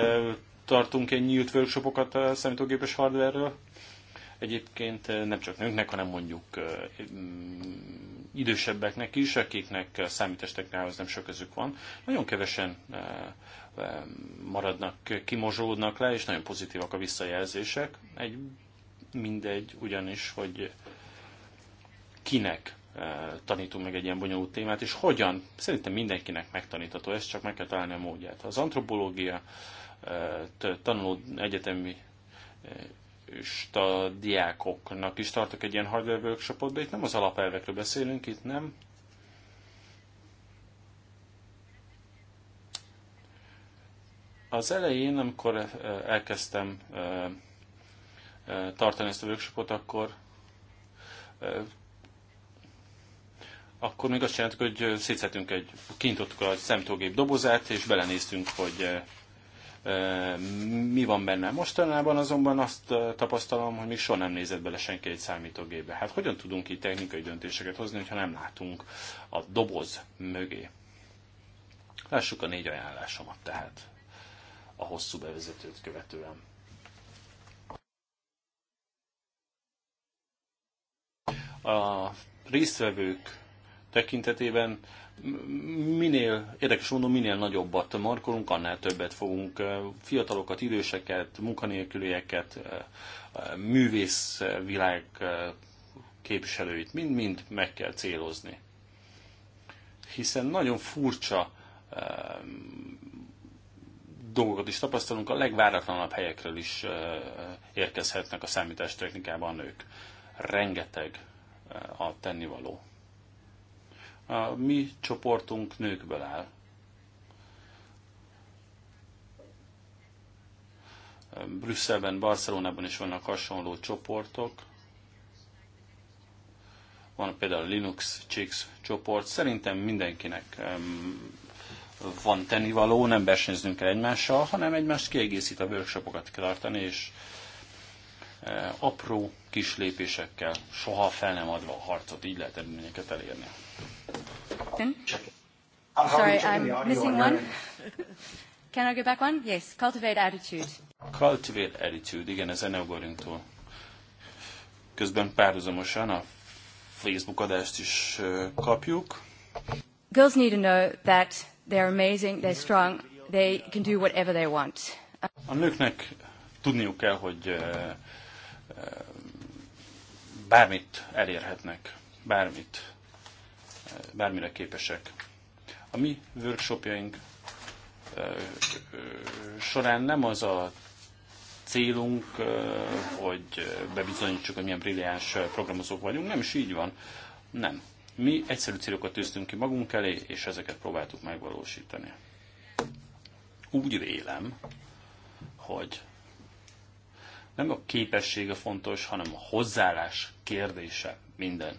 Speaker 4: tartunk egy nyílt workshopokat a eh, számítógépes hardware-ről. Egyébként eh, nem csak nőknek, hanem mondjuk eh, mm, idősebbeknek is, akiknek számítástechnikához nem sok közük van. Nagyon kevesen maradnak, kimozsódnak le, és nagyon pozitívak a visszajelzések. Egy mindegy, ugyanis, hogy kinek tanítunk meg egy ilyen bonyolult témát, és hogyan. Szerintem mindenkinek megtanítható, ezt csak meg kell találni a módját. Az antropológia, tanuló egyetemi diákoknak is tartok egy ilyen hardware workshopot, de itt nem az alapelvekről beszélünk, itt nem. Az elején, amikor elkezdtem tartani ezt a workshopot, akkor akkor még azt csináltuk, hogy szétszettünk egy, kintottuk a szemtógép dobozát, és belenéztünk, hogy mi van benne. Mostanában azonban azt tapasztalom, hogy még soha nem nézett bele senki egy számítógépbe. Hát hogyan tudunk így technikai döntéseket hozni, ha nem látunk a doboz mögé? Lássuk a négy ajánlásomat tehát a hosszú bevezetőt követően. A résztvevők tekintetében minél, érdekes mondom, minél nagyobbat markolunk, annál többet fogunk fiatalokat, időseket, munkanélkülieket, művészvilág képviselőit mind-mind meg kell célozni. Hiszen nagyon furcsa dolgokat is tapasztalunk, a legváratlanabb helyekről is érkezhetnek a számítástechnikában nők. Rengeteg a tennivaló. A mi csoportunk nőkből áll. Brüsszelben, Barcelonában is vannak hasonló csoportok. Van például a Linux Chicks csoport. Szerintem mindenkinek van tennivaló, nem versenyzünk el egymással, hanem egymást kiegészít a workshopokat kell tartani, és e, apró kis lépésekkel, soha fel nem adva a harcot, így lehet eredményeket elérni. Sorry, I'm missing one.
Speaker 1: Can I go back one? Yes, cultivate attitude.
Speaker 4: Cultivate attitude, igen, ez a Goringtól. Közben párhuzamosan a Facebook adást is kapjuk.
Speaker 1: Girls need to know that they're amazing, they're strong, they can do whatever they want.
Speaker 4: A nőknek tudniuk kell, hogy bármit elérhetnek, bármit bármire képesek. A mi workshopjaink során nem az a célunk, hogy bebizonyítsuk, hogy milyen brilliáns programozók vagyunk, nem is így van. Nem. Mi egyszerű célokat tűztünk ki magunk elé, és ezeket próbáltuk megvalósítani. Úgy vélem, hogy nem a képessége fontos, hanem a hozzáállás kérdése minden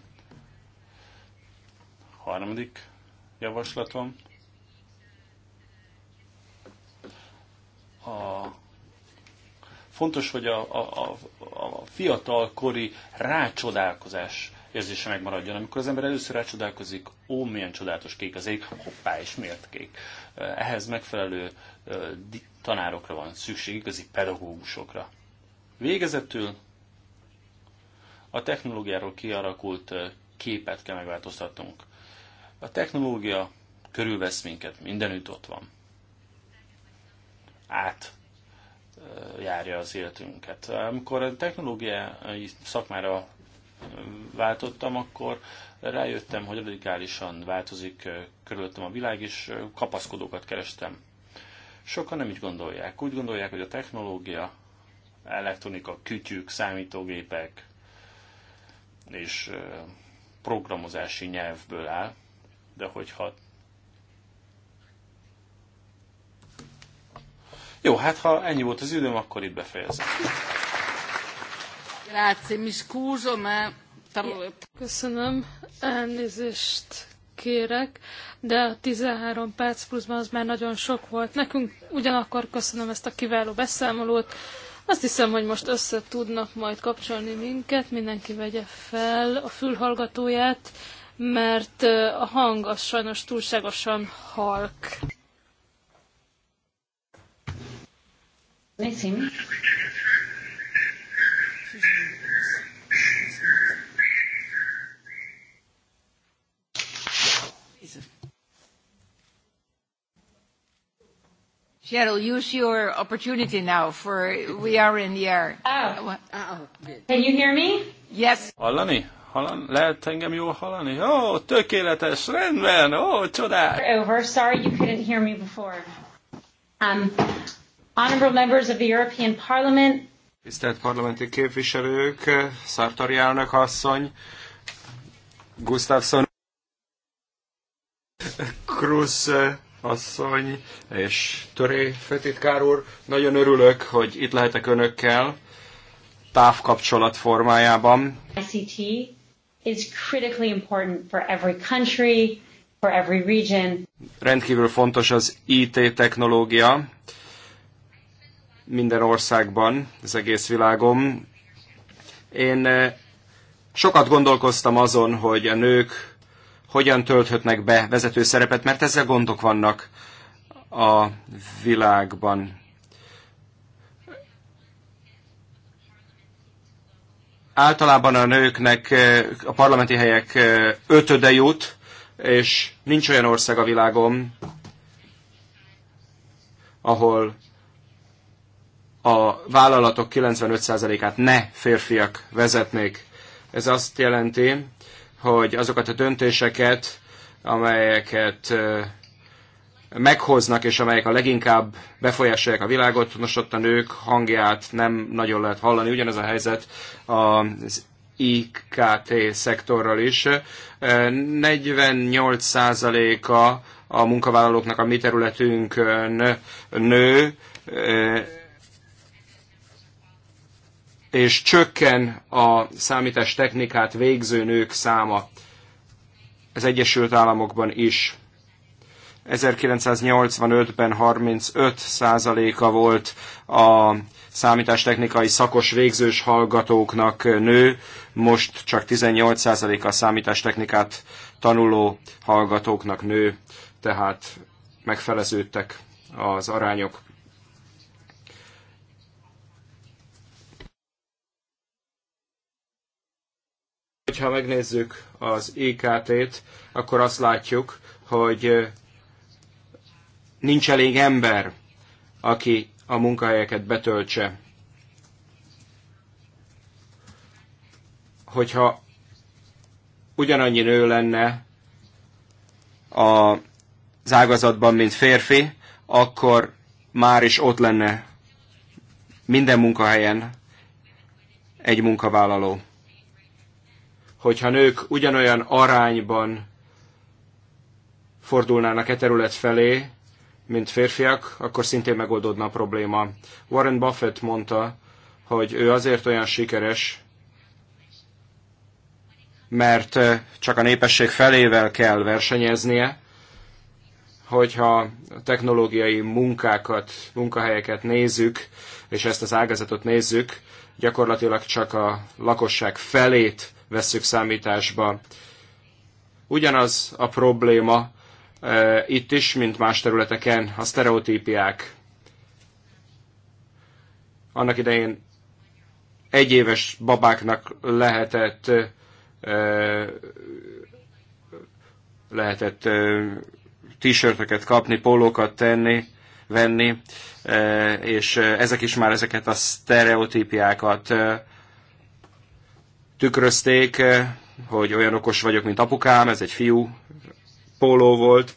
Speaker 4: harmadik javaslatom a fontos, hogy a, a, a, a fiatalkori rácsodálkozás érzése megmaradjon. Amikor az ember először rácsodálkozik, ó, milyen csodálatos kék az ég, hoppá, és miért kék? Ehhez megfelelő tanárokra van szükség, igazi pedagógusokra. Végezetül a technológiáról kialakult képet kell megváltoztatnunk. A technológia körülvesz minket, mindenütt ott van. Át járja az életünket. Amikor a technológiai szakmára váltottam, akkor rájöttem, hogy radikálisan változik körülöttem a világ, és kapaszkodókat kerestem. Sokan nem így gondolják. Úgy gondolják, hogy a technológia, elektronika, kütyük, számítógépek és programozási nyelvből áll, de hogyha... Jó, hát ha ennyi volt az időm, akkor itt befejezem.
Speaker 2: Grazie, mi scuso, ma... Köszönöm,
Speaker 3: elnézést kérek, de a 13 perc pluszban az már nagyon sok volt nekünk. Ugyanakkor köszönöm ezt a kiváló beszámolót. Azt hiszem, hogy most össze tudnak majd kapcsolni minket, mindenki vegye fel a fülhallgatóját, mert a hang az sajnos túlságosan halk.
Speaker 2: Nézzünk. Cheryl, use your opportunity now, for we are in the air. Ah. Ah, oh. oh. Can you hear me? Yes.
Speaker 4: Hallani? hallani? Lehet engem jól hallani? Ó, oh, tökéletes, rendben, ó, oh, csodás!
Speaker 1: Over, sorry you couldn't hear me before. Um, honorable members of the European Parliament.
Speaker 5: Tisztelt parlamenti képviselők, Szartari elnök asszony, Gustafsson, Krusz asszony és Töré főtitkár úr, nagyon örülök, hogy itt lehetek önökkel távkapcsolat formájában.
Speaker 1: ICT is critically important for every country, for every region.
Speaker 5: Rendkívül fontos az IT technológia minden országban, az egész világon. Én eh, sokat gondolkoztam azon, hogy a nők hogyan tölthetnek be vezető szerepet, mert ezzel gondok vannak a világban. általában a nőknek eh, a parlamenti helyek eh, ötöde jut, és nincs olyan ország a világon, ahol a vállalatok 95%-át ne férfiak vezetnék. Ez azt jelenti, hogy azokat a döntéseket, amelyeket eh, meghoznak, és amelyek a leginkább befolyásolják a világot, nos ott a nők hangját nem nagyon lehet hallani. Ugyanez a helyzet az IKT szektorral is. 48%-a a munkavállalóknak a mi területünkön nő, és csökken a számítástechnikát végző nők száma az Egyesült Államokban is. 1985-ben 35 százaléka volt a számítástechnikai szakos végzős hallgatóknak nő, most csak 18 százaléka a számítástechnikát tanuló hallgatóknak nő, tehát megfeleződtek az arányok. Ha megnézzük az IKT-t, akkor azt látjuk, hogy nincs elég ember, aki a munkahelyeket betöltse. Hogyha ugyanannyi nő lenne az ágazatban, mint férfi, akkor már is ott lenne minden munkahelyen egy munkavállaló. Hogyha nők ugyanolyan arányban fordulnának e terület felé, mint férfiak, akkor szintén megoldódna a probléma. Warren Buffett mondta, hogy ő azért olyan sikeres, mert eh, csak a népesség felével kell versenyeznie, hogyha a technológiai munkákat, munkahelyeket nézzük, és ezt az ágazatot nézzük, gyakorlatilag csak a lakosság felét vesszük számításba. Ugyanaz a probléma Eh, itt is, mint más területeken, a sztereotípiák. Annak idején egyéves babáknak lehetett eh, lehetett eh, t-shirtöket kapni, pólókat tenni, venni, és ezek is már ezeket a sztereotípiákat tükrözték, hogy olyan okos vagyok, mint apukám, ez egy fiú póló volt,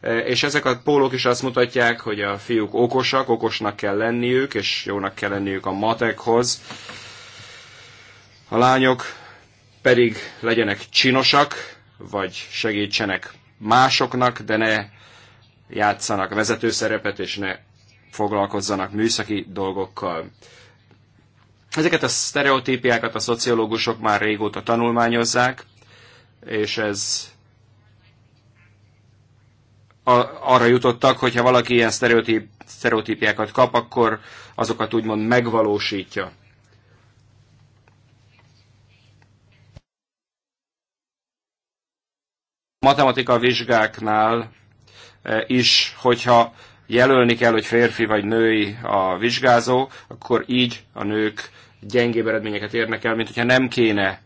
Speaker 5: e, és ezek a pólók is azt mutatják, hogy a fiúk okosak, okosnak kell lenniük, és jónak kell lenniük a matekhoz. A lányok pedig legyenek csinosak, vagy segítsenek másoknak, de ne játszanak vezetőszerepet, és ne foglalkozzanak műszaki dolgokkal. Ezeket a sztereotípiákat a szociológusok már régóta tanulmányozzák, és ez arra jutottak, hogy ha valaki ilyen sztereotíp, sztereotípiákat kap, akkor azokat úgymond megvalósítja. matematika vizsgáknál e, is, hogyha jelölni kell, hogy férfi vagy női a vizsgázó, akkor így a nők gyengébb eredményeket érnek el, mint hogyha nem kéne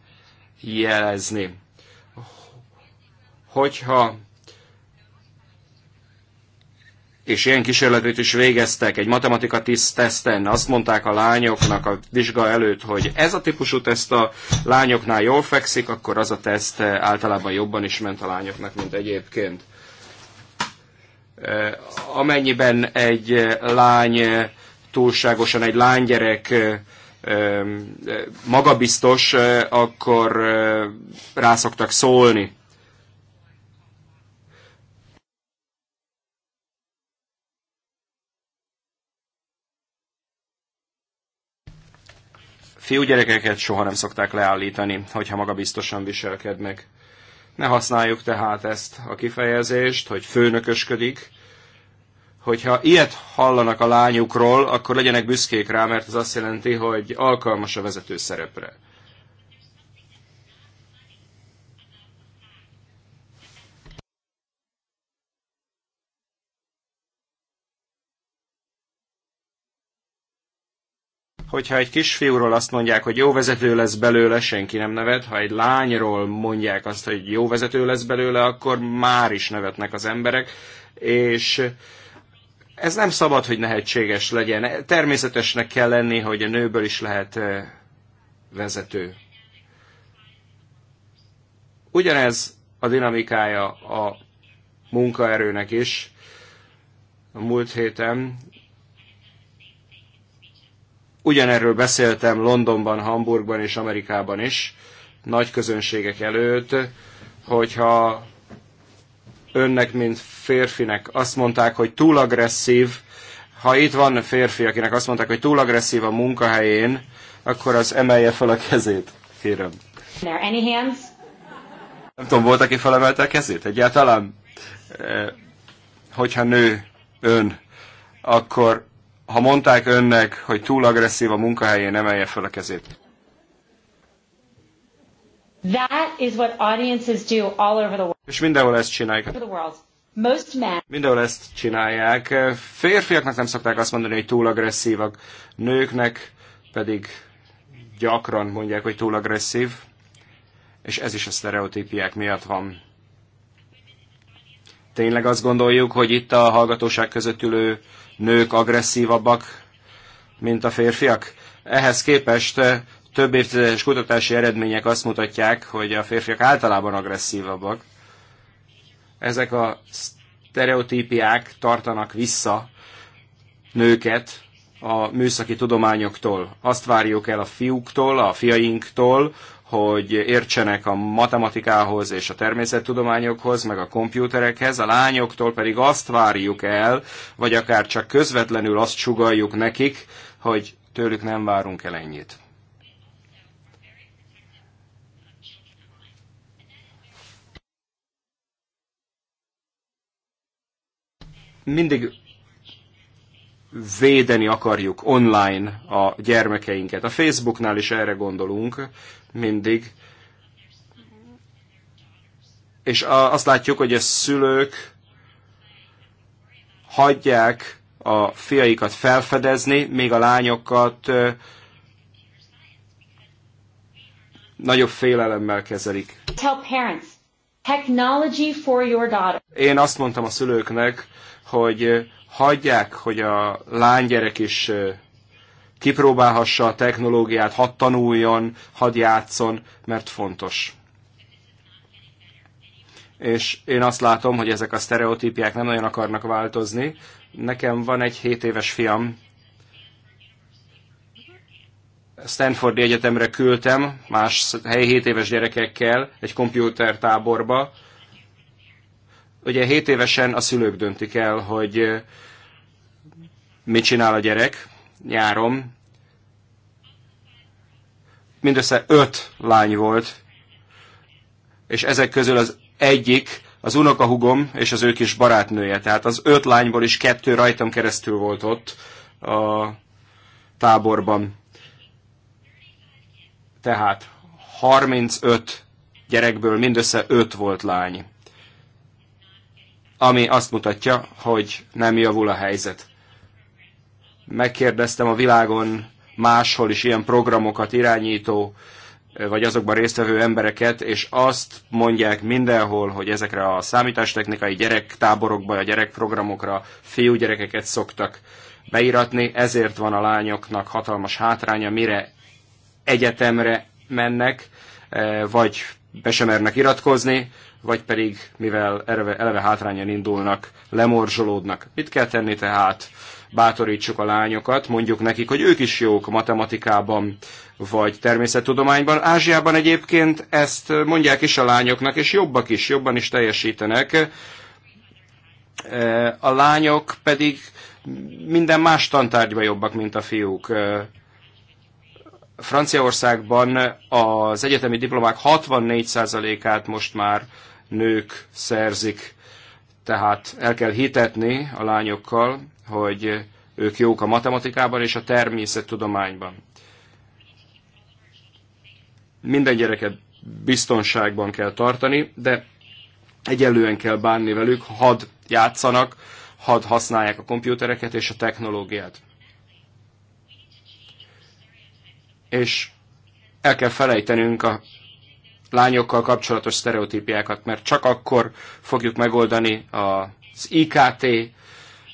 Speaker 5: jelezni. Hogyha és ilyen kísérletet is végeztek egy matematika teszten, azt mondták a lányoknak a vizsga előtt, hogy ez a típusú teszt a lányoknál jól fekszik, akkor az a teszt eh, általában jobban is ment a lányoknak, mint egyébként. Eh, amennyiben egy eh, lány túlságosan egy lánygyerek magabiztos, akkor rászoktak szólni Fiúgyerekeket soha nem szokták leállítani, hogyha magabiztosan viselkednek. Ne használjuk tehát ezt a kifejezést, hogy főnökösködik. Hogyha ilyet hallanak a lányukról, akkor legyenek büszkék rá, mert ez azt jelenti, hogy alkalmas a vezető szerepre. hogyha egy kisfiúról azt mondják, hogy jó vezető lesz belőle, senki nem nevet, ha egy lányról mondják azt, hogy jó vezető lesz belőle, akkor már is nevetnek az emberek, és ez nem szabad, hogy nehetséges legyen. Természetesnek kell lenni, hogy a nőből is lehet eh, vezető. Ugyanez a dinamikája a munkaerőnek is. A múlt héten Ugyanerről beszéltem Londonban, Hamburgban és Amerikában is, nagy közönségek előtt, hogyha önnek, mint férfinek azt mondták, hogy túl agresszív, ha itt van férfi, akinek azt mondták, hogy túl agresszív a munkahelyén, akkor az emelje fel a kezét, kérem.
Speaker 1: Nem
Speaker 5: tudom, volt, aki felemelte a kezét egyáltalán? Eh, hogyha nő ön, akkor ha mondták önnek, hogy túl agresszív a munkahelyén, emelje fel a kezét.
Speaker 1: That is what audiences do all over the world.
Speaker 5: És mindenhol ezt csinálják. Mindenhol ezt csinálják. Férfiaknak nem szokták azt mondani, hogy túl agresszívak. Nőknek pedig gyakran mondják, hogy túl agresszív. És ez is a sztereotípiák miatt van. Tényleg azt gondoljuk, hogy itt a hallgatóság között ülő nők agresszívabbak, mint a férfiak? Ehhez képest eh, több évtizedes kutatási eredmények azt mutatják, hogy a férfiak általában agresszívabbak. Ezek a sztereotípiák tartanak vissza nőket a műszaki tudományoktól. Azt várjuk el a fiúktól, a fiainktól, hogy értsenek a matematikához és a természettudományokhoz, meg a kompjúterekhez, a lányoktól pedig azt várjuk el, vagy akár csak közvetlenül azt sugaljuk nekik, hogy tőlük nem várunk el ennyit. Mindig védeni akarjuk online a gyermekeinket. A Facebooknál is erre gondolunk mindig. És azt látjuk, hogy a szülők hagyják a fiaikat felfedezni, még a lányokat nagyobb félelemmel kezelik. Én azt mondtam a szülőknek, hogy hagyják, hogy a lánygyerek is kipróbálhassa a technológiát, hadd tanuljon, hadd játszon, mert fontos. És én azt látom, hogy ezek a sztereotípiák nem nagyon akarnak változni. Nekem van egy 7 éves fiam, Stanfordi Egyetemre küldtem más helyi 7 éves gyerekekkel egy komputertáborba, Ugye 7 évesen a szülők döntik el, hogy mit csinál a gyerek nyáron. Mindössze öt lány volt, és ezek közül az egyik az unokahugom és az ő kis barátnője. Tehát az öt lányból is kettő rajtam keresztül volt ott a táborban. Tehát 35 gyerekből mindössze 5 volt lány ami azt mutatja, hogy nem javul a helyzet. Megkérdeztem a világon máshol is ilyen programokat irányító, vagy azokban résztvevő embereket, és azt mondják mindenhol, hogy ezekre a számítástechnikai gyerektáborokba, a gyerekprogramokra fiúgyerekeket szoktak beiratni, ezért van a lányoknak hatalmas hátránya, mire egyetemre mennek, eh, vagy be sem mernek iratkozni, vagy pedig, mivel eleve hátrányan indulnak, lemorzsolódnak. Mit kell tenni tehát? Bátorítsuk a lányokat, mondjuk nekik, hogy ők is jók matematikában, vagy természettudományban. Ázsiában egyébként ezt mondják is a lányoknak, és jobbak is, jobban is teljesítenek. E, a lányok pedig minden más tantárgyban jobbak, mint a fiúk. E, Franciaországban az egyetemi diplomák 64%-át most már nők szerzik. Tehát el kell hitetni a lányokkal, hogy ők jók a matematikában és a természettudományban. Minden gyereket biztonságban kell tartani, de egyelően kell bánni velük, had játszanak, had használják a komputereket és a technológiát. És el kell felejtenünk a lányokkal kapcsolatos sztereotípiákat, mert csak akkor fogjuk megoldani az IKT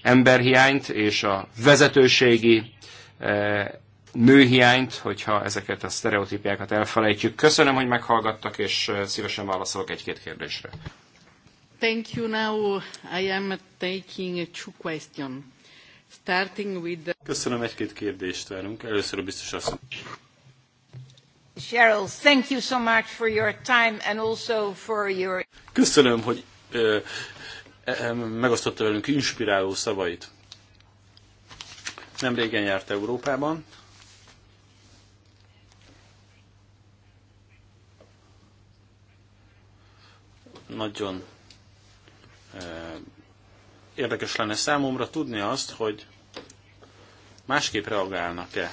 Speaker 5: emberhiányt és a vezetőségi eh, nőhiányt, hogyha ezeket a sztereotípiákat elfelejtjük. Köszönöm, hogy meghallgattak, és eh, szívesen válaszolok egy-két kérdésre.
Speaker 2: Thank you. Now I am taking two questions. Starting with the... Köszönöm,
Speaker 4: egy-két kérdést várunk. Először a biztos asszony.
Speaker 2: Cheryl, thank you so much for your time and also for your...
Speaker 4: Köszönöm, hogy ö, e, megosztotta velünk inspiráló szavait. Nem régen járt Európában. Nagyon érdekes lenne számomra tudni azt, hogy másképp reagálnak-e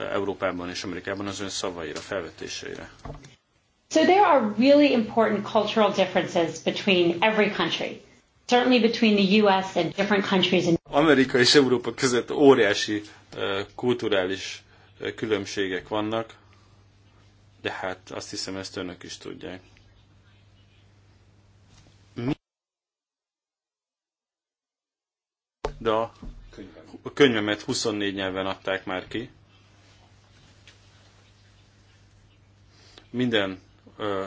Speaker 4: Európában és Amerikában az ön szavaira, felvetéseire.
Speaker 1: So there are really important cultural differences between every country. Certainly between the US and different countries in
Speaker 4: Amerika és Európa között óriási uh, kulturális uh, különbségek vannak, de hát azt hiszem ezt önök is tudják. Mi? De a könyvemet 24 nyelven adták már ki. Minden ö,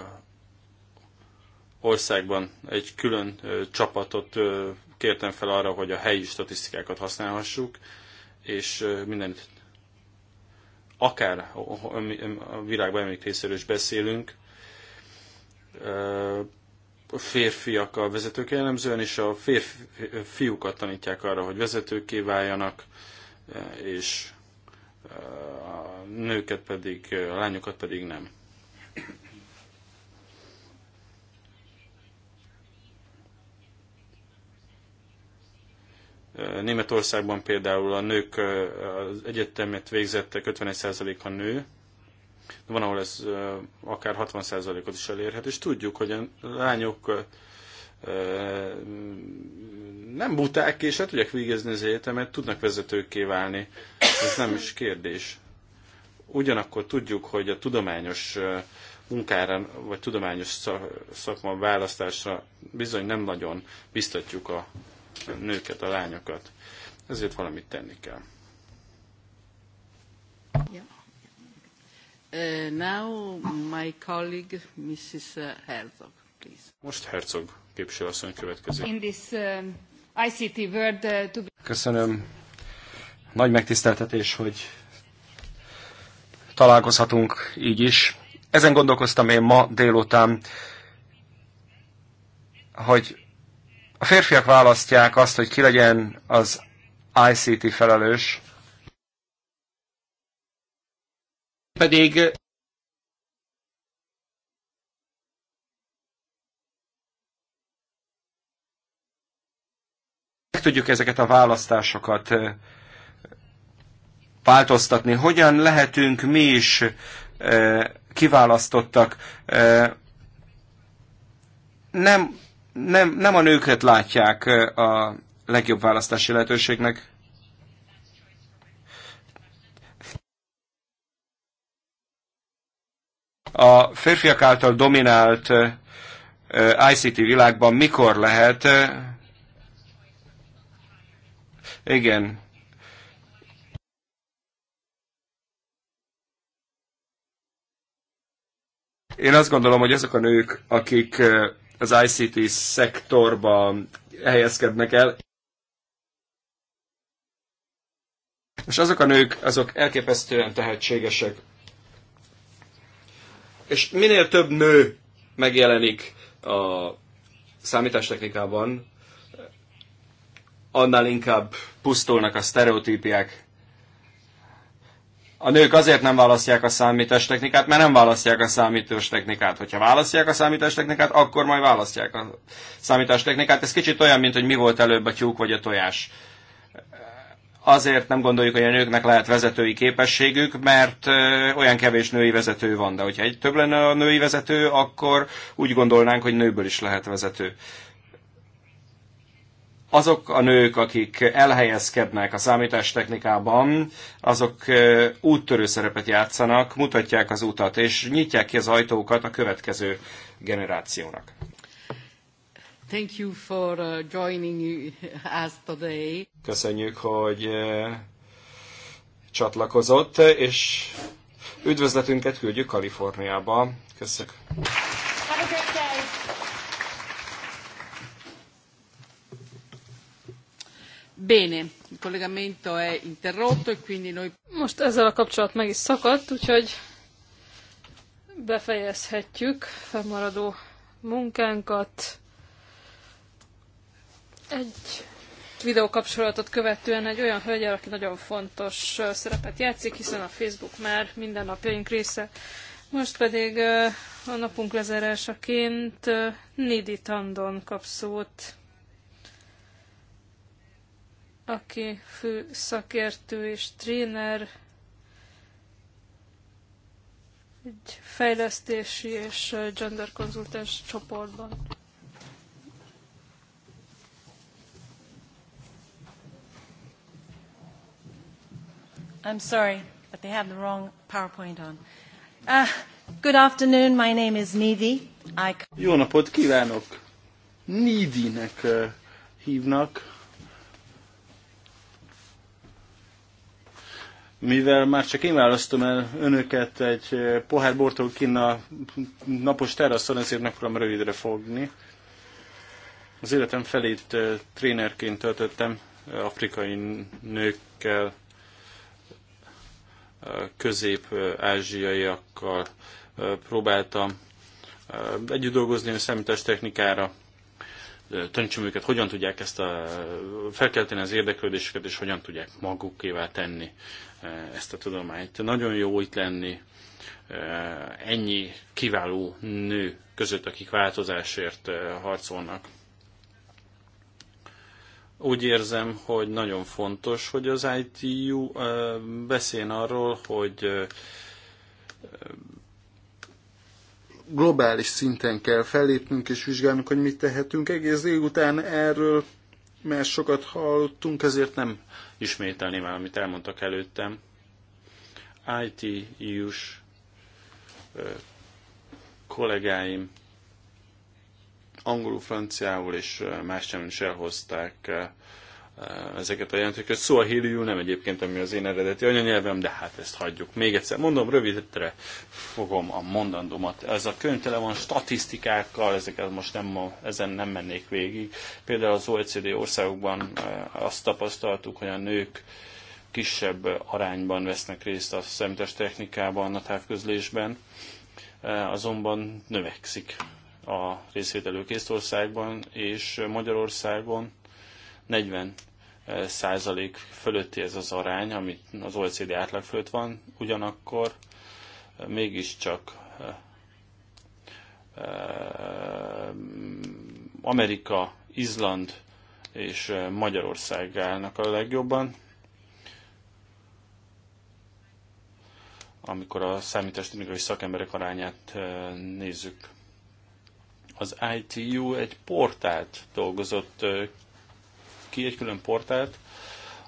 Speaker 4: országban egy külön ö, csapatot ö, kértem fel arra, hogy a helyi statisztikákat használhassuk, és ö, akár a világ bármelyik részéről is beszélünk, férfiak a vezetők jellemzően, és a férfi, fiúkat tanítják arra, hogy vezetőké váljanak, és a nőket pedig, a lányokat pedig nem. Németországban például a nők az egyetemet végzette 51%-a nő, de van, ahol ez akár 60%-ot is elérhet, és tudjuk, hogy a lányok nem buták, és el hát tudják végezni az egyetemet, tudnak vezetőkké válni. Ez nem is kérdés. Ugyanakkor tudjuk, hogy a tudományos munkára, vagy tudományos szakma választásra bizony nem nagyon biztatjuk a nőket, a lányokat. Ezért valamit tenni kell.
Speaker 2: Yeah. Uh, now my colleague, Mrs. Uh,
Speaker 4: Herzog, please. Most Herzog képviselőasszony következik.
Speaker 2: In this, um, uh, ICT world, uh, to be...
Speaker 5: Köszönöm. Nagy megtiszteltetés, hogy találkozhatunk így is. Ezen gondolkoztam én ma délután, hogy a férfiak választják azt, hogy ki legyen az ICT felelős, pedig tudjuk ezeket a választásokat változtatni. Hogyan lehetünk mi is eh, kiválasztottak? Eh, nem, nem, nem a nőket látják eh, a legjobb választási lehetőségnek. A férfiak által dominált ICT világban mikor lehet? Igen. Én azt gondolom, hogy ezek a nők, akik eh, az ICT szektorban helyezkednek el, és azok a nők, azok elképesztően tehetségesek. És minél több nő megjelenik a számítástechnikában, annál inkább pusztulnak a sztereotípiák a nők azért nem választják a számítástechnikát, mert nem választják a technikát. Hogyha választják a számítástechnikát, akkor majd választják a számítástechnikát. Ez kicsit olyan, mint hogy mi volt előbb a tyúk vagy a tojás. Azért nem gondoljuk, hogy a nőknek lehet vezetői képességük, mert olyan kevés női vezető van. De hogyha egy több lenne a női vezető, akkor úgy gondolnánk, hogy nőből is lehet vezető azok a nők, akik elhelyezkednek a számítástechnikában, azok úttörő szerepet játszanak, mutatják az utat, és nyitják ki az ajtókat a következő generációnak.
Speaker 2: Thank you for uh, joining us today.
Speaker 5: Köszönjük, hogy csatlakozott, és üdvözletünket küldjük Kaliforniába. Köszönjük.
Speaker 2: Bene, il collegamento è interrotto e quindi noi... Most ezzel a kapcsolat meg is
Speaker 3: szakadt, úgyhogy befejezhetjük fennmaradó munkánkat. Egy videókapcsolatot követően egy olyan hölgyel, aki nagyon fontos szerepet játszik, hiszen a Facebook már minden napjaink része. Most pedig a napunk lezárásaként Nidi Tandon kap szót aki fő szakértő és tréner egy fejlesztési és gender konzultáns
Speaker 1: csoportban. I'm sorry, but they have the wrong PowerPoint on. Uh, good afternoon, my name is Nidhi. I... Jó
Speaker 4: napot kívánok! Nidinek uh, hívnak, mivel már csak én választom el önöket egy eh, pohár bortól kinn a napos teraszon, ezért megpróbálom rövidre fogni. Az életem felét eh, trénerként töltöttem eh, afrikai nőkkel, közép-ázsiaiakkal próbáltam együtt dolgozni a technikára. töntsöm őket, hogyan tudják ezt a, felkelteni az érdeklődésüket, és hogyan tudják magukévá tenni E, ezt a tudományt. Nagyon jó itt lenni e, ennyi kiváló nő között, akik változásért e, harcolnak. Úgy érzem, hogy nagyon fontos, hogy az ITU beszél arról, hogy globális szinten kell fellépnünk és vizsgálnunk, hogy mit tehetünk. Egész délután erről mert sokat hallottunk, ezért nem ismételni már, amit elmondtak előttem. IT-jus kollégáim angolul, franciául és más sem is elhozták Eh, ezeket a jelentőket. Szó a híriül nem egyébként, ami az én eredeti anyanyelvem, de hát ezt hagyjuk. Még egyszer mondom, rövidre fogom a mondandómat. Ez a könyv tele van statisztikákkal, ezeket most nem, ezen nem mennék végig. Például az OECD országokban eh, azt tapasztaltuk, hogy a nők kisebb arányban vesznek részt a szemtes technikában, a távközlésben, eh, azonban növekszik a részvételő Készországban és Magyarországon 40 eh, százalék fölötti ez az arány, amit az OECD átlag fölött van, ugyanakkor eh, mégiscsak eh, Amerika, Izland és Magyarország állnak a legjobban. Amikor a számítástechnikai szakemberek arányát nézzük. Az ITU egy portált dolgozott ki egy külön portált,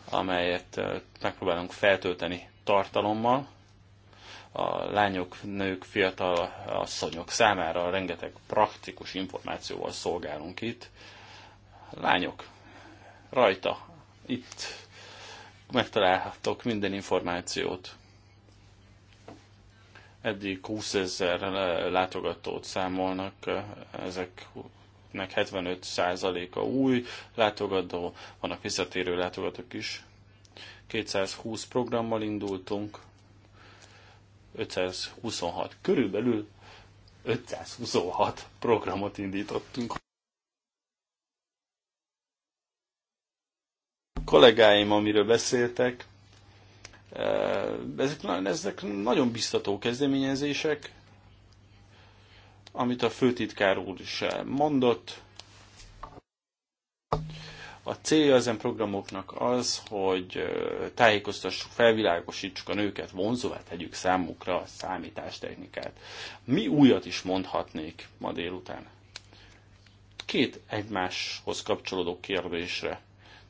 Speaker 4: amelyet megpróbálunk feltölteni tartalommal. A lányok, nők, fiatal asszonyok számára rengeteg praktikus információval szolgálunk itt. Lányok, rajta, itt megtalálhatok minden információt. Eddig 20 ezer látogatót számolnak, ezek akiknek 75%-a új látogató, van a visszatérő látogatók is. 220 programmal indultunk, 526 körülbelül 526 programot indítottunk. A kollégáim, amiről beszéltek, eh, ezek, ezek nagyon biztató kezdeményezések, amit a főtitkár úr is mondott. A célja ezen programoknak az, hogy tájékoztassuk, felvilágosítsuk a nőket, vonzóvá tegyük számukra a számítástechnikát. Mi újat is mondhatnék ma délután? Két egymáshoz kapcsolódó kérdésre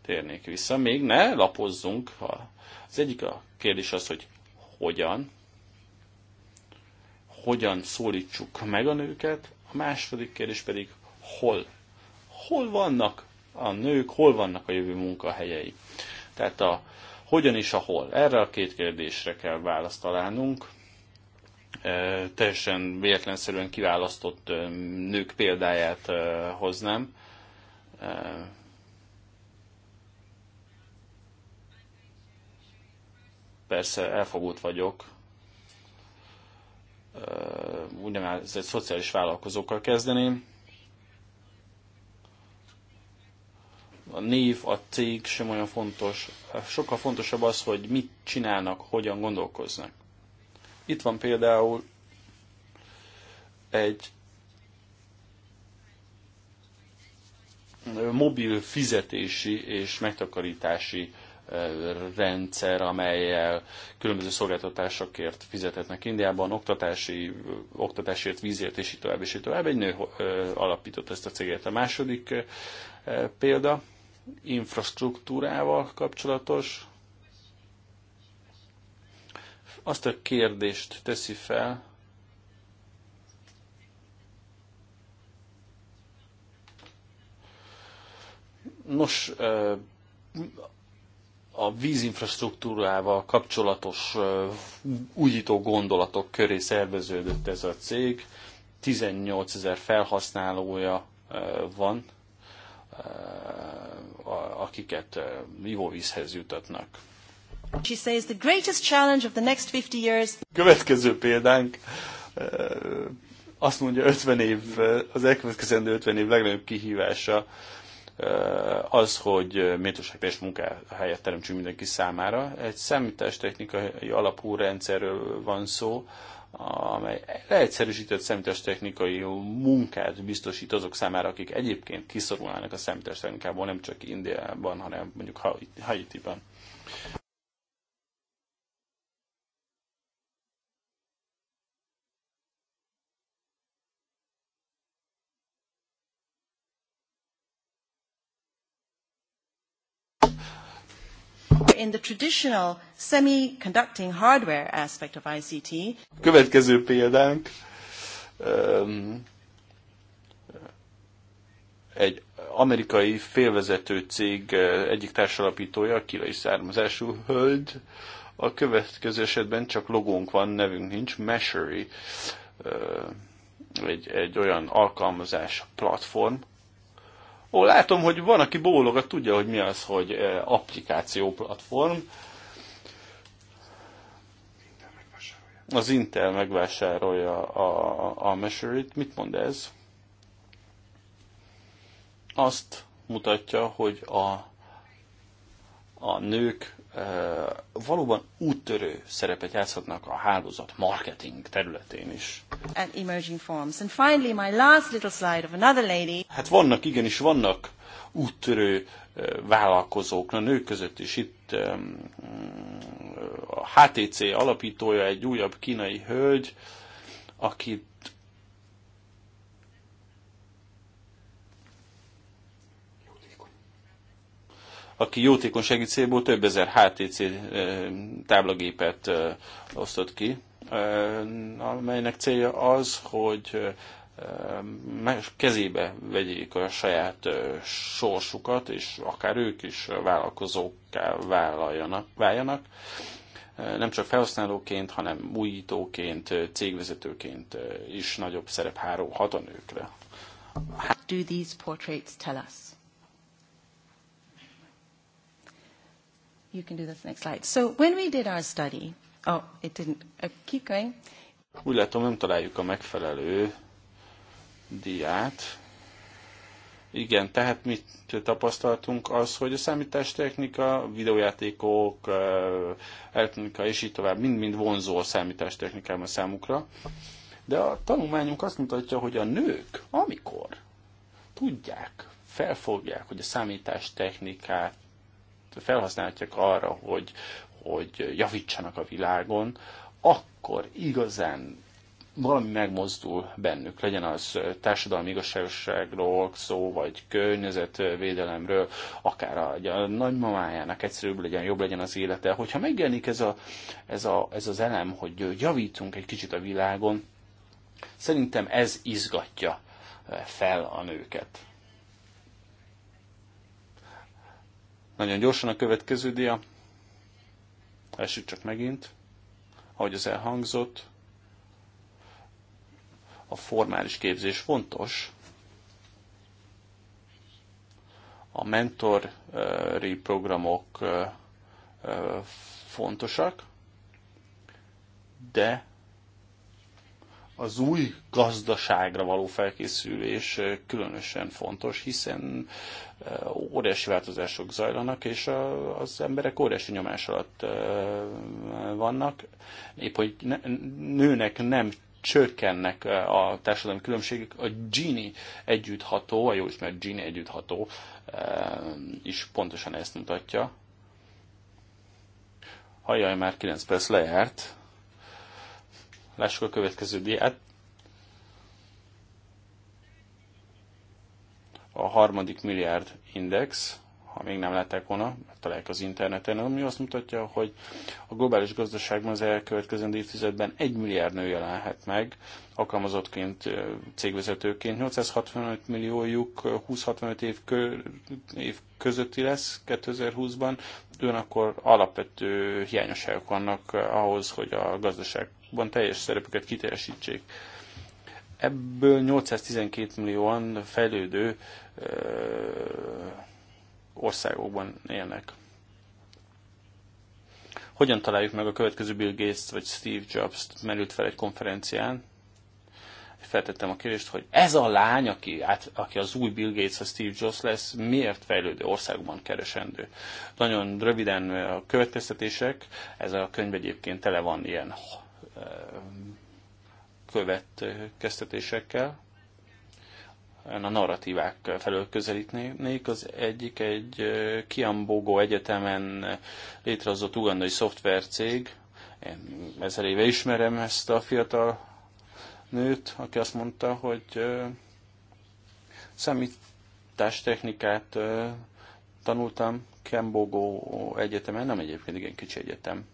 Speaker 4: térnék vissza. Még ne lapozzunk. Az egyik a kérdés az, hogy hogyan, hogyan szólítsuk meg a nőket, a második kérdés pedig hol. Hol vannak a nők, hol vannak a jövő munkahelyei? Tehát a hogyan és a hol. Erre a két kérdésre kell választ találnunk. teljesen véletlenszerűen kiválasztott nők példáját hoznám. persze elfogult vagyok, egy szociális vállalkozókkal kezdeném. A név, a cég sem olyan fontos. Sokkal fontosabb az, hogy mit csinálnak, hogyan gondolkoznak. Itt van például egy mobil fizetési és megtakarítási rendszer, amelyel különböző szolgáltatásokért fizethetnek Indiában, oktatási, oktatásért, vízért, és így tovább, és így tovább. Egy nő alapított ezt a céget. A második példa infrastruktúrával kapcsolatos. Azt a kérdést teszi fel, Nos, a vízinfrastruktúrával kapcsolatos újító gondolatok köré szerveződött ez a cég. 18 ezer felhasználója van, akiket ivóvízhez jutatnak.
Speaker 1: She says the greatest challenge of the next 50 years.
Speaker 4: Következő példánk azt mondja 50 év, az elkövetkezendő 50 év legnagyobb kihívása az, hogy és munkahelyet teremtsünk mindenki számára. Egy számítástechnikai alapú rendszerről van szó, amely leegyszerűsített számítástechnikai munkát biztosít azok számára, akik egyébként kiszorulnának a számítástechnikából, nem csak Indiában, hanem mondjuk Haiti-ban.
Speaker 1: in the traditional semiconducting hardware aspect of
Speaker 4: ICT. Következő példánk um, egy amerikai félvezető cég uh, egyik társalapítója, kirai származású hölgy, a következő esetben csak logónk van, nevünk nincs, Meshery, uh, egy, egy olyan alkalmazás platform, Ó, látom, hogy van, aki bólogat, tudja, hogy mi az, hogy eh, applikáció platform. Az Intel megvásárolja a, a Measure-it. Mit mond ez? Azt mutatja, hogy a, a nők valóban úttörő szerepet játszhatnak a hálózat marketing területén is.
Speaker 1: And emerging forms. And finally, my last little slide of another lady.
Speaker 4: Hát vannak, igenis vannak úttörő vállalkozók, a nők között is itt a HTC alapítója egy újabb kínai hölgy, akit aki jótékonysági célból több ezer HTC eh, táblagépet eh, osztott ki, eh, amelynek célja az, hogy kezébe vegyék a saját sorsukat, és akár ők is vállalkozókká váljanak, váljanak nem csak felhasználóként, hanem újítóként, cégvezetőként is nagyobb szerep háró hatanőkre.
Speaker 1: Do these portraits tell us? you can do this next slide. So when we did our study, oh, it didn't, uh, keep going.
Speaker 4: Úgy látom, nem találjuk a megfelelő diát. Igen, tehát mit tapasztaltunk az, hogy a számítástechnika, videójátékok, elektronika és így tovább mind-mind vonzó a számítástechnikában számukra. De a tanulmányunk azt mutatja, hogy a nők, amikor tudják, felfogják, hogy a számítástechnikát felhasználhatják arra, hogy, hogy javítsanak a világon, akkor igazán valami megmozdul bennük, legyen az társadalmi igazságosságról szó, vagy környezetvédelemről, akár a, a nagymamájának egyszerűbb legyen, jobb legyen az élete. Hogyha megjelenik ez, a, ez, a, ez az elem, hogy javítunk egy kicsit a világon, szerintem ez izgatja fel a nőket. Nagyon gyorsan a következő dia. Esik csak megint, ahogy az elhangzott. A formális képzés fontos. A mentori programok fontosak, de az új gazdaságra való felkészülés különösen fontos, hiszen óriási változások zajlanak, és az emberek óriási nyomás alatt vannak. Épp, hogy nőnek nem csökkennek a társadalmi különbségek, a Gini együttható, a jó ismert Gini együttható is pontosan ezt mutatja. Hajjaj, már 9 perc lejárt Lássuk a következő diát. A harmadik milliárd index, ha még nem látták volna, megtalálják az interneten, ami azt mutatja, hogy a globális gazdaságban az elkövetkező évtizedben egy milliárd nő jelenhet meg, alkalmazottként, cégvezetőként. 865 milliójuk 20-65 év, kö, év közötti lesz 2020-ban, ön akkor alapvető hiányosságok vannak ahhoz, hogy a gazdaság országokban teljes szerepüket kiteljesítsék. Ebből 812 millióan fejlődő országokban élnek. Hogyan találjuk meg a következő Bill Gates-t vagy Steve Jobs-t? Merült fel egy konferencián, feltettem a kérdést, hogy ez a lány, aki, át, aki az új Bill Gates, a Steve Jobs lesz, miért fejlődő országban keresendő? Nagyon röviden a következtetések, ez a könyv egyébként tele van ilyen következtetésekkel. A narratívák felől közelítnék. Az egyik egy Kiambogó Egyetemen létrehozott ugandai szoftvercég. Én ezer éve ismerem ezt a fiatal nőt, aki azt mondta, hogy számítástechnikát tanultam Kiambogó Egyetemen, nem egyébként igen kicsi egyetem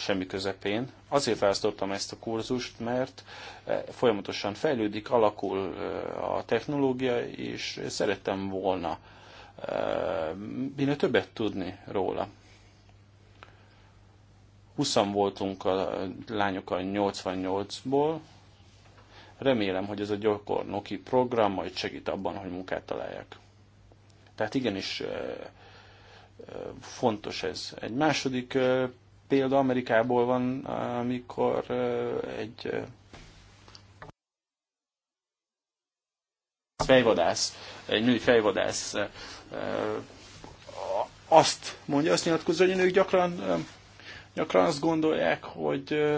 Speaker 4: semmi közepén. Azért választottam ezt a kurzust, mert eh, folyamatosan fejlődik, alakul eh, a technológia, és szerettem volna eh, minél többet tudni róla. 20 voltunk a lányokkal 88-ból, remélem, hogy ez a gyakornoki program majd segít abban, hogy munkát találják. Tehát igenis fontos ez. Egy második példa Amerikából van, amikor egy fejvadász, egy női fejvadász azt mondja, azt nyilatkozza, hogy a nők gyakran, gyakran azt gondolják, hogy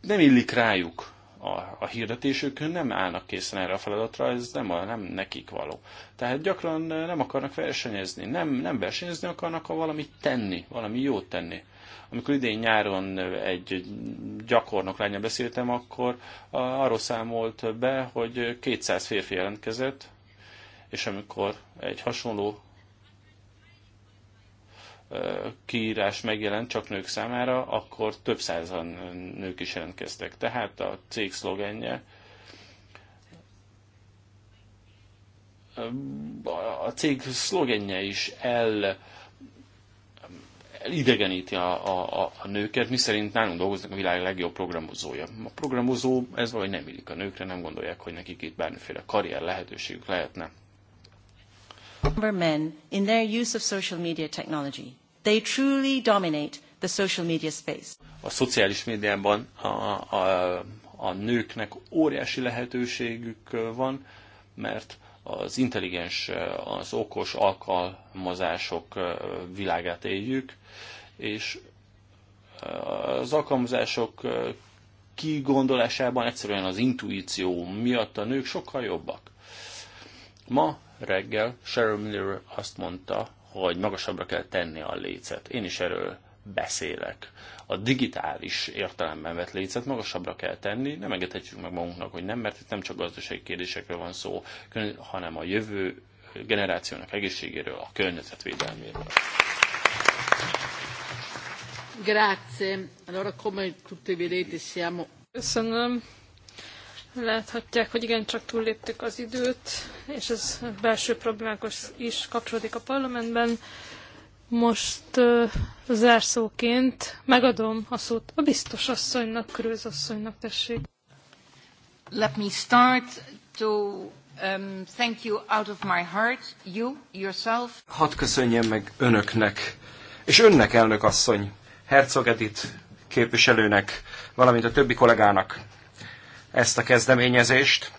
Speaker 4: nem illik rájuk a, a hirdetésük nem állnak készen erre a feladatra, ez nem, a, nem nekik való. Tehát gyakran nem akarnak versenyezni, nem, nem versenyezni akarnak, ha valamit tenni, valami jót tenni. Amikor idén nyáron egy gyakornok lánya beszéltem, akkor arról számolt be, hogy 200 férfi jelentkezett, és amikor egy hasonló kiírás megjelent csak nők számára, akkor több százan nők is jelentkeztek. Tehát a cég szlogenje a cég szlogenje is el idegeníti a, a, a, a nőket, szerint nálunk dolgoznak a világ legjobb programozója. A programozó, ez valahogy nem illik a nőkre, nem gondolják, hogy nekik itt bármiféle karrier lehetőségük lehetne.
Speaker 1: Men in their use of social media technology, they truly dominate the social media space.
Speaker 4: A szociális médiában a, a, a nőknek óriási lehetőségük van, mert az intelligens, az okos alkalmazások világát éljük, és az alkalmazások kigondolásában egyszerűen az intuíció miatt a nők sokkal jobbak. Ma reggel Sheryl Miller azt mondta, hogy magasabbra kell tenni a lécet. Én is erről beszélek. A digitális értelemben vett lécet magasabbra kell tenni, nem engedhetjük meg magunknak, hogy nem, mert itt nem csak gazdasági kérdésekről van szó, hanem a jövő generációnak egészségéről, a környezetvédelméről.
Speaker 2: Grazie. Allora, come tutti vedete, siamo... Köszönöm. Láthatják, hogy igen, csak túlléptük az időt, és ez belső problémákhoz is
Speaker 3: kapcsolódik a parlamentben. Most uh, zárszóként megadom a szót a biztos asszonynak, Krőz asszonynak, tessék. Let
Speaker 2: me start to um, thank you out of my heart, you,
Speaker 5: yourself. Hadd köszönjem meg önöknek, és önnek, elnök asszony, Herzog Edith képviselőnek, valamint a többi kollégának, ezt a kezdeményezést.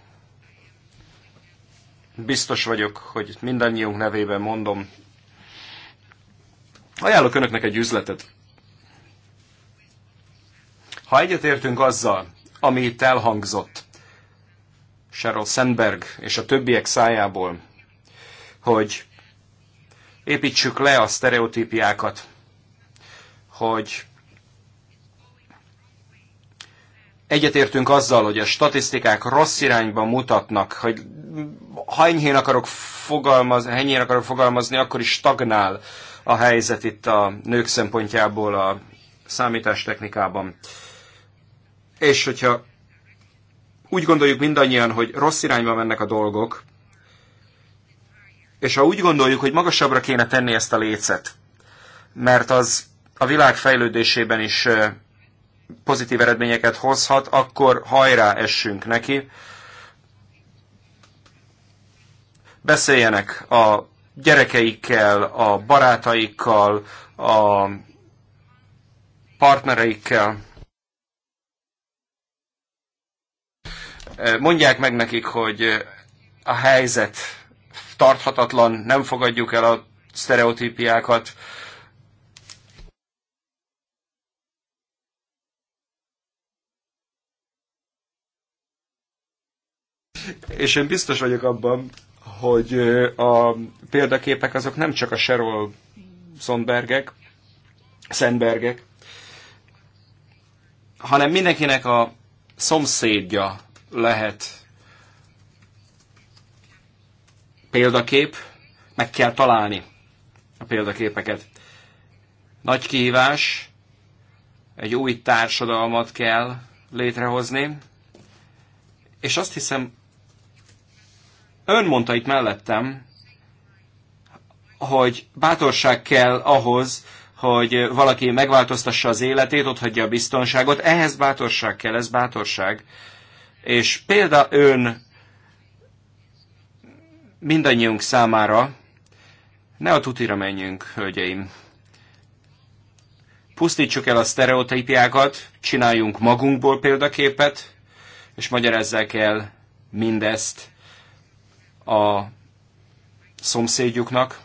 Speaker 5: Biztos vagyok, hogy mindannyiunk nevében mondom. Ajánlok önöknek egy üzletet. Ha egyetértünk azzal, ami itt elhangzott, Sheryl Sandberg és a többiek szájából, hogy építsük le a sztereotípiákat, hogy egyetértünk azzal, hogy a statisztikák rossz irányba mutatnak, hogy ha enyhén akarok, fogalmaz, akarok fogalmazni, akkor is stagnál a helyzet itt a nők szempontjából a számítástechnikában. És hogyha úgy gondoljuk mindannyian, hogy rossz irányba mennek a dolgok, és ha úgy gondoljuk, hogy magasabbra kéne tenni ezt a lécet, mert az a világ fejlődésében is pozitív eredményeket hozhat, akkor hajrá essünk neki. Beszéljenek a gyerekeikkel, a barátaikkal, a partnereikkel. Mondják meg nekik, hogy a helyzet tarthatatlan, nem fogadjuk el a sztereotípiákat, És én biztos vagyok abban, hogy a példaképek azok nem csak a Sheryl Szondbergek, Szentbergek, hanem mindenkinek a szomszédja lehet példakép, meg kell találni a példaképeket. Nagy kihívás, egy új társadalmat kell létrehozni, és azt hiszem Ön mondta itt mellettem, hogy bátorság kell ahhoz, hogy valaki megváltoztassa az életét, ott hagyja a biztonságot. Ehhez bátorság kell, ez bátorság. És példa ön mindannyiunk számára, ne a tutira menjünk, hölgyeim. Pusztítsuk el a sztereotípiákat, csináljunk magunkból példaképet, és magyarázzák el mindezt a szomszédjuknak.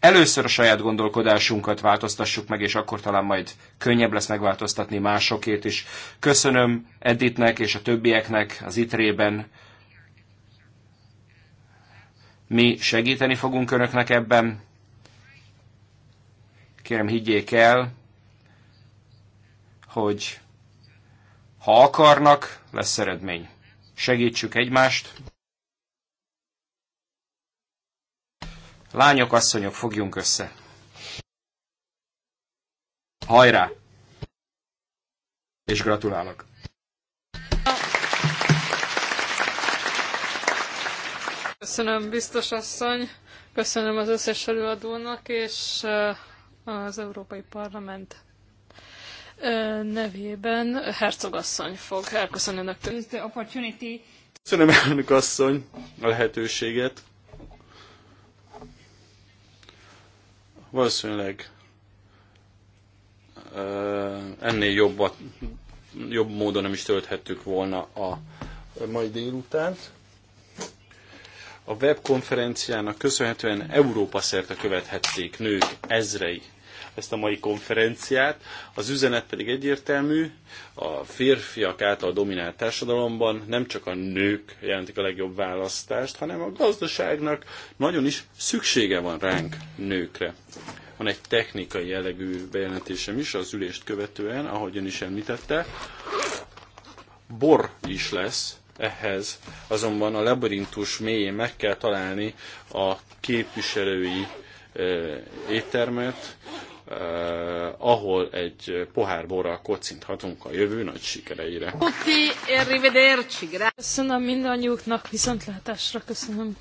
Speaker 5: Először a saját gondolkodásunkat változtassuk meg, és akkor talán majd könnyebb lesz megváltoztatni másokét is. Köszönöm Editnek és a többieknek az itrében. Mi segíteni fogunk önöknek ebben. Kérem, higgyék el, hogy ha akarnak, lesz eredmény segítsük egymást. Lányok, asszonyok, fogjunk össze! Hajrá! És gratulálok!
Speaker 3: Köszönöm, biztos asszony, köszönöm az összes előadónak és az Európai Parlament nevében Hercogasszony fog elköszönni önöktől.
Speaker 4: Köszönöm elnök asszony a lehetőséget. Valószínűleg ennél jobb, jobb módon nem is tölthettük volna a mai délutánt. A webkonferenciának köszönhetően Európa szerte követhették nők ezrei ezt a mai konferenciát. Az üzenet pedig egyértelmű, a férfiak által dominált társadalomban nem csak a nők jelentik a legjobb választást, hanem a gazdaságnak nagyon is szüksége van ránk nőkre. Van egy technikai jellegű bejelentésem is az ülést követően, ahogy ön is említette. Bor is lesz, ehhez, azonban a labirintus mélyén meg kell találni a képviselői eh, éttermet, Eh, ahol egy pohár borral kocinthatunk a jövő nagy sikereire.
Speaker 1: E köszönöm mindannyiuknak, viszontlátásra köszönöm.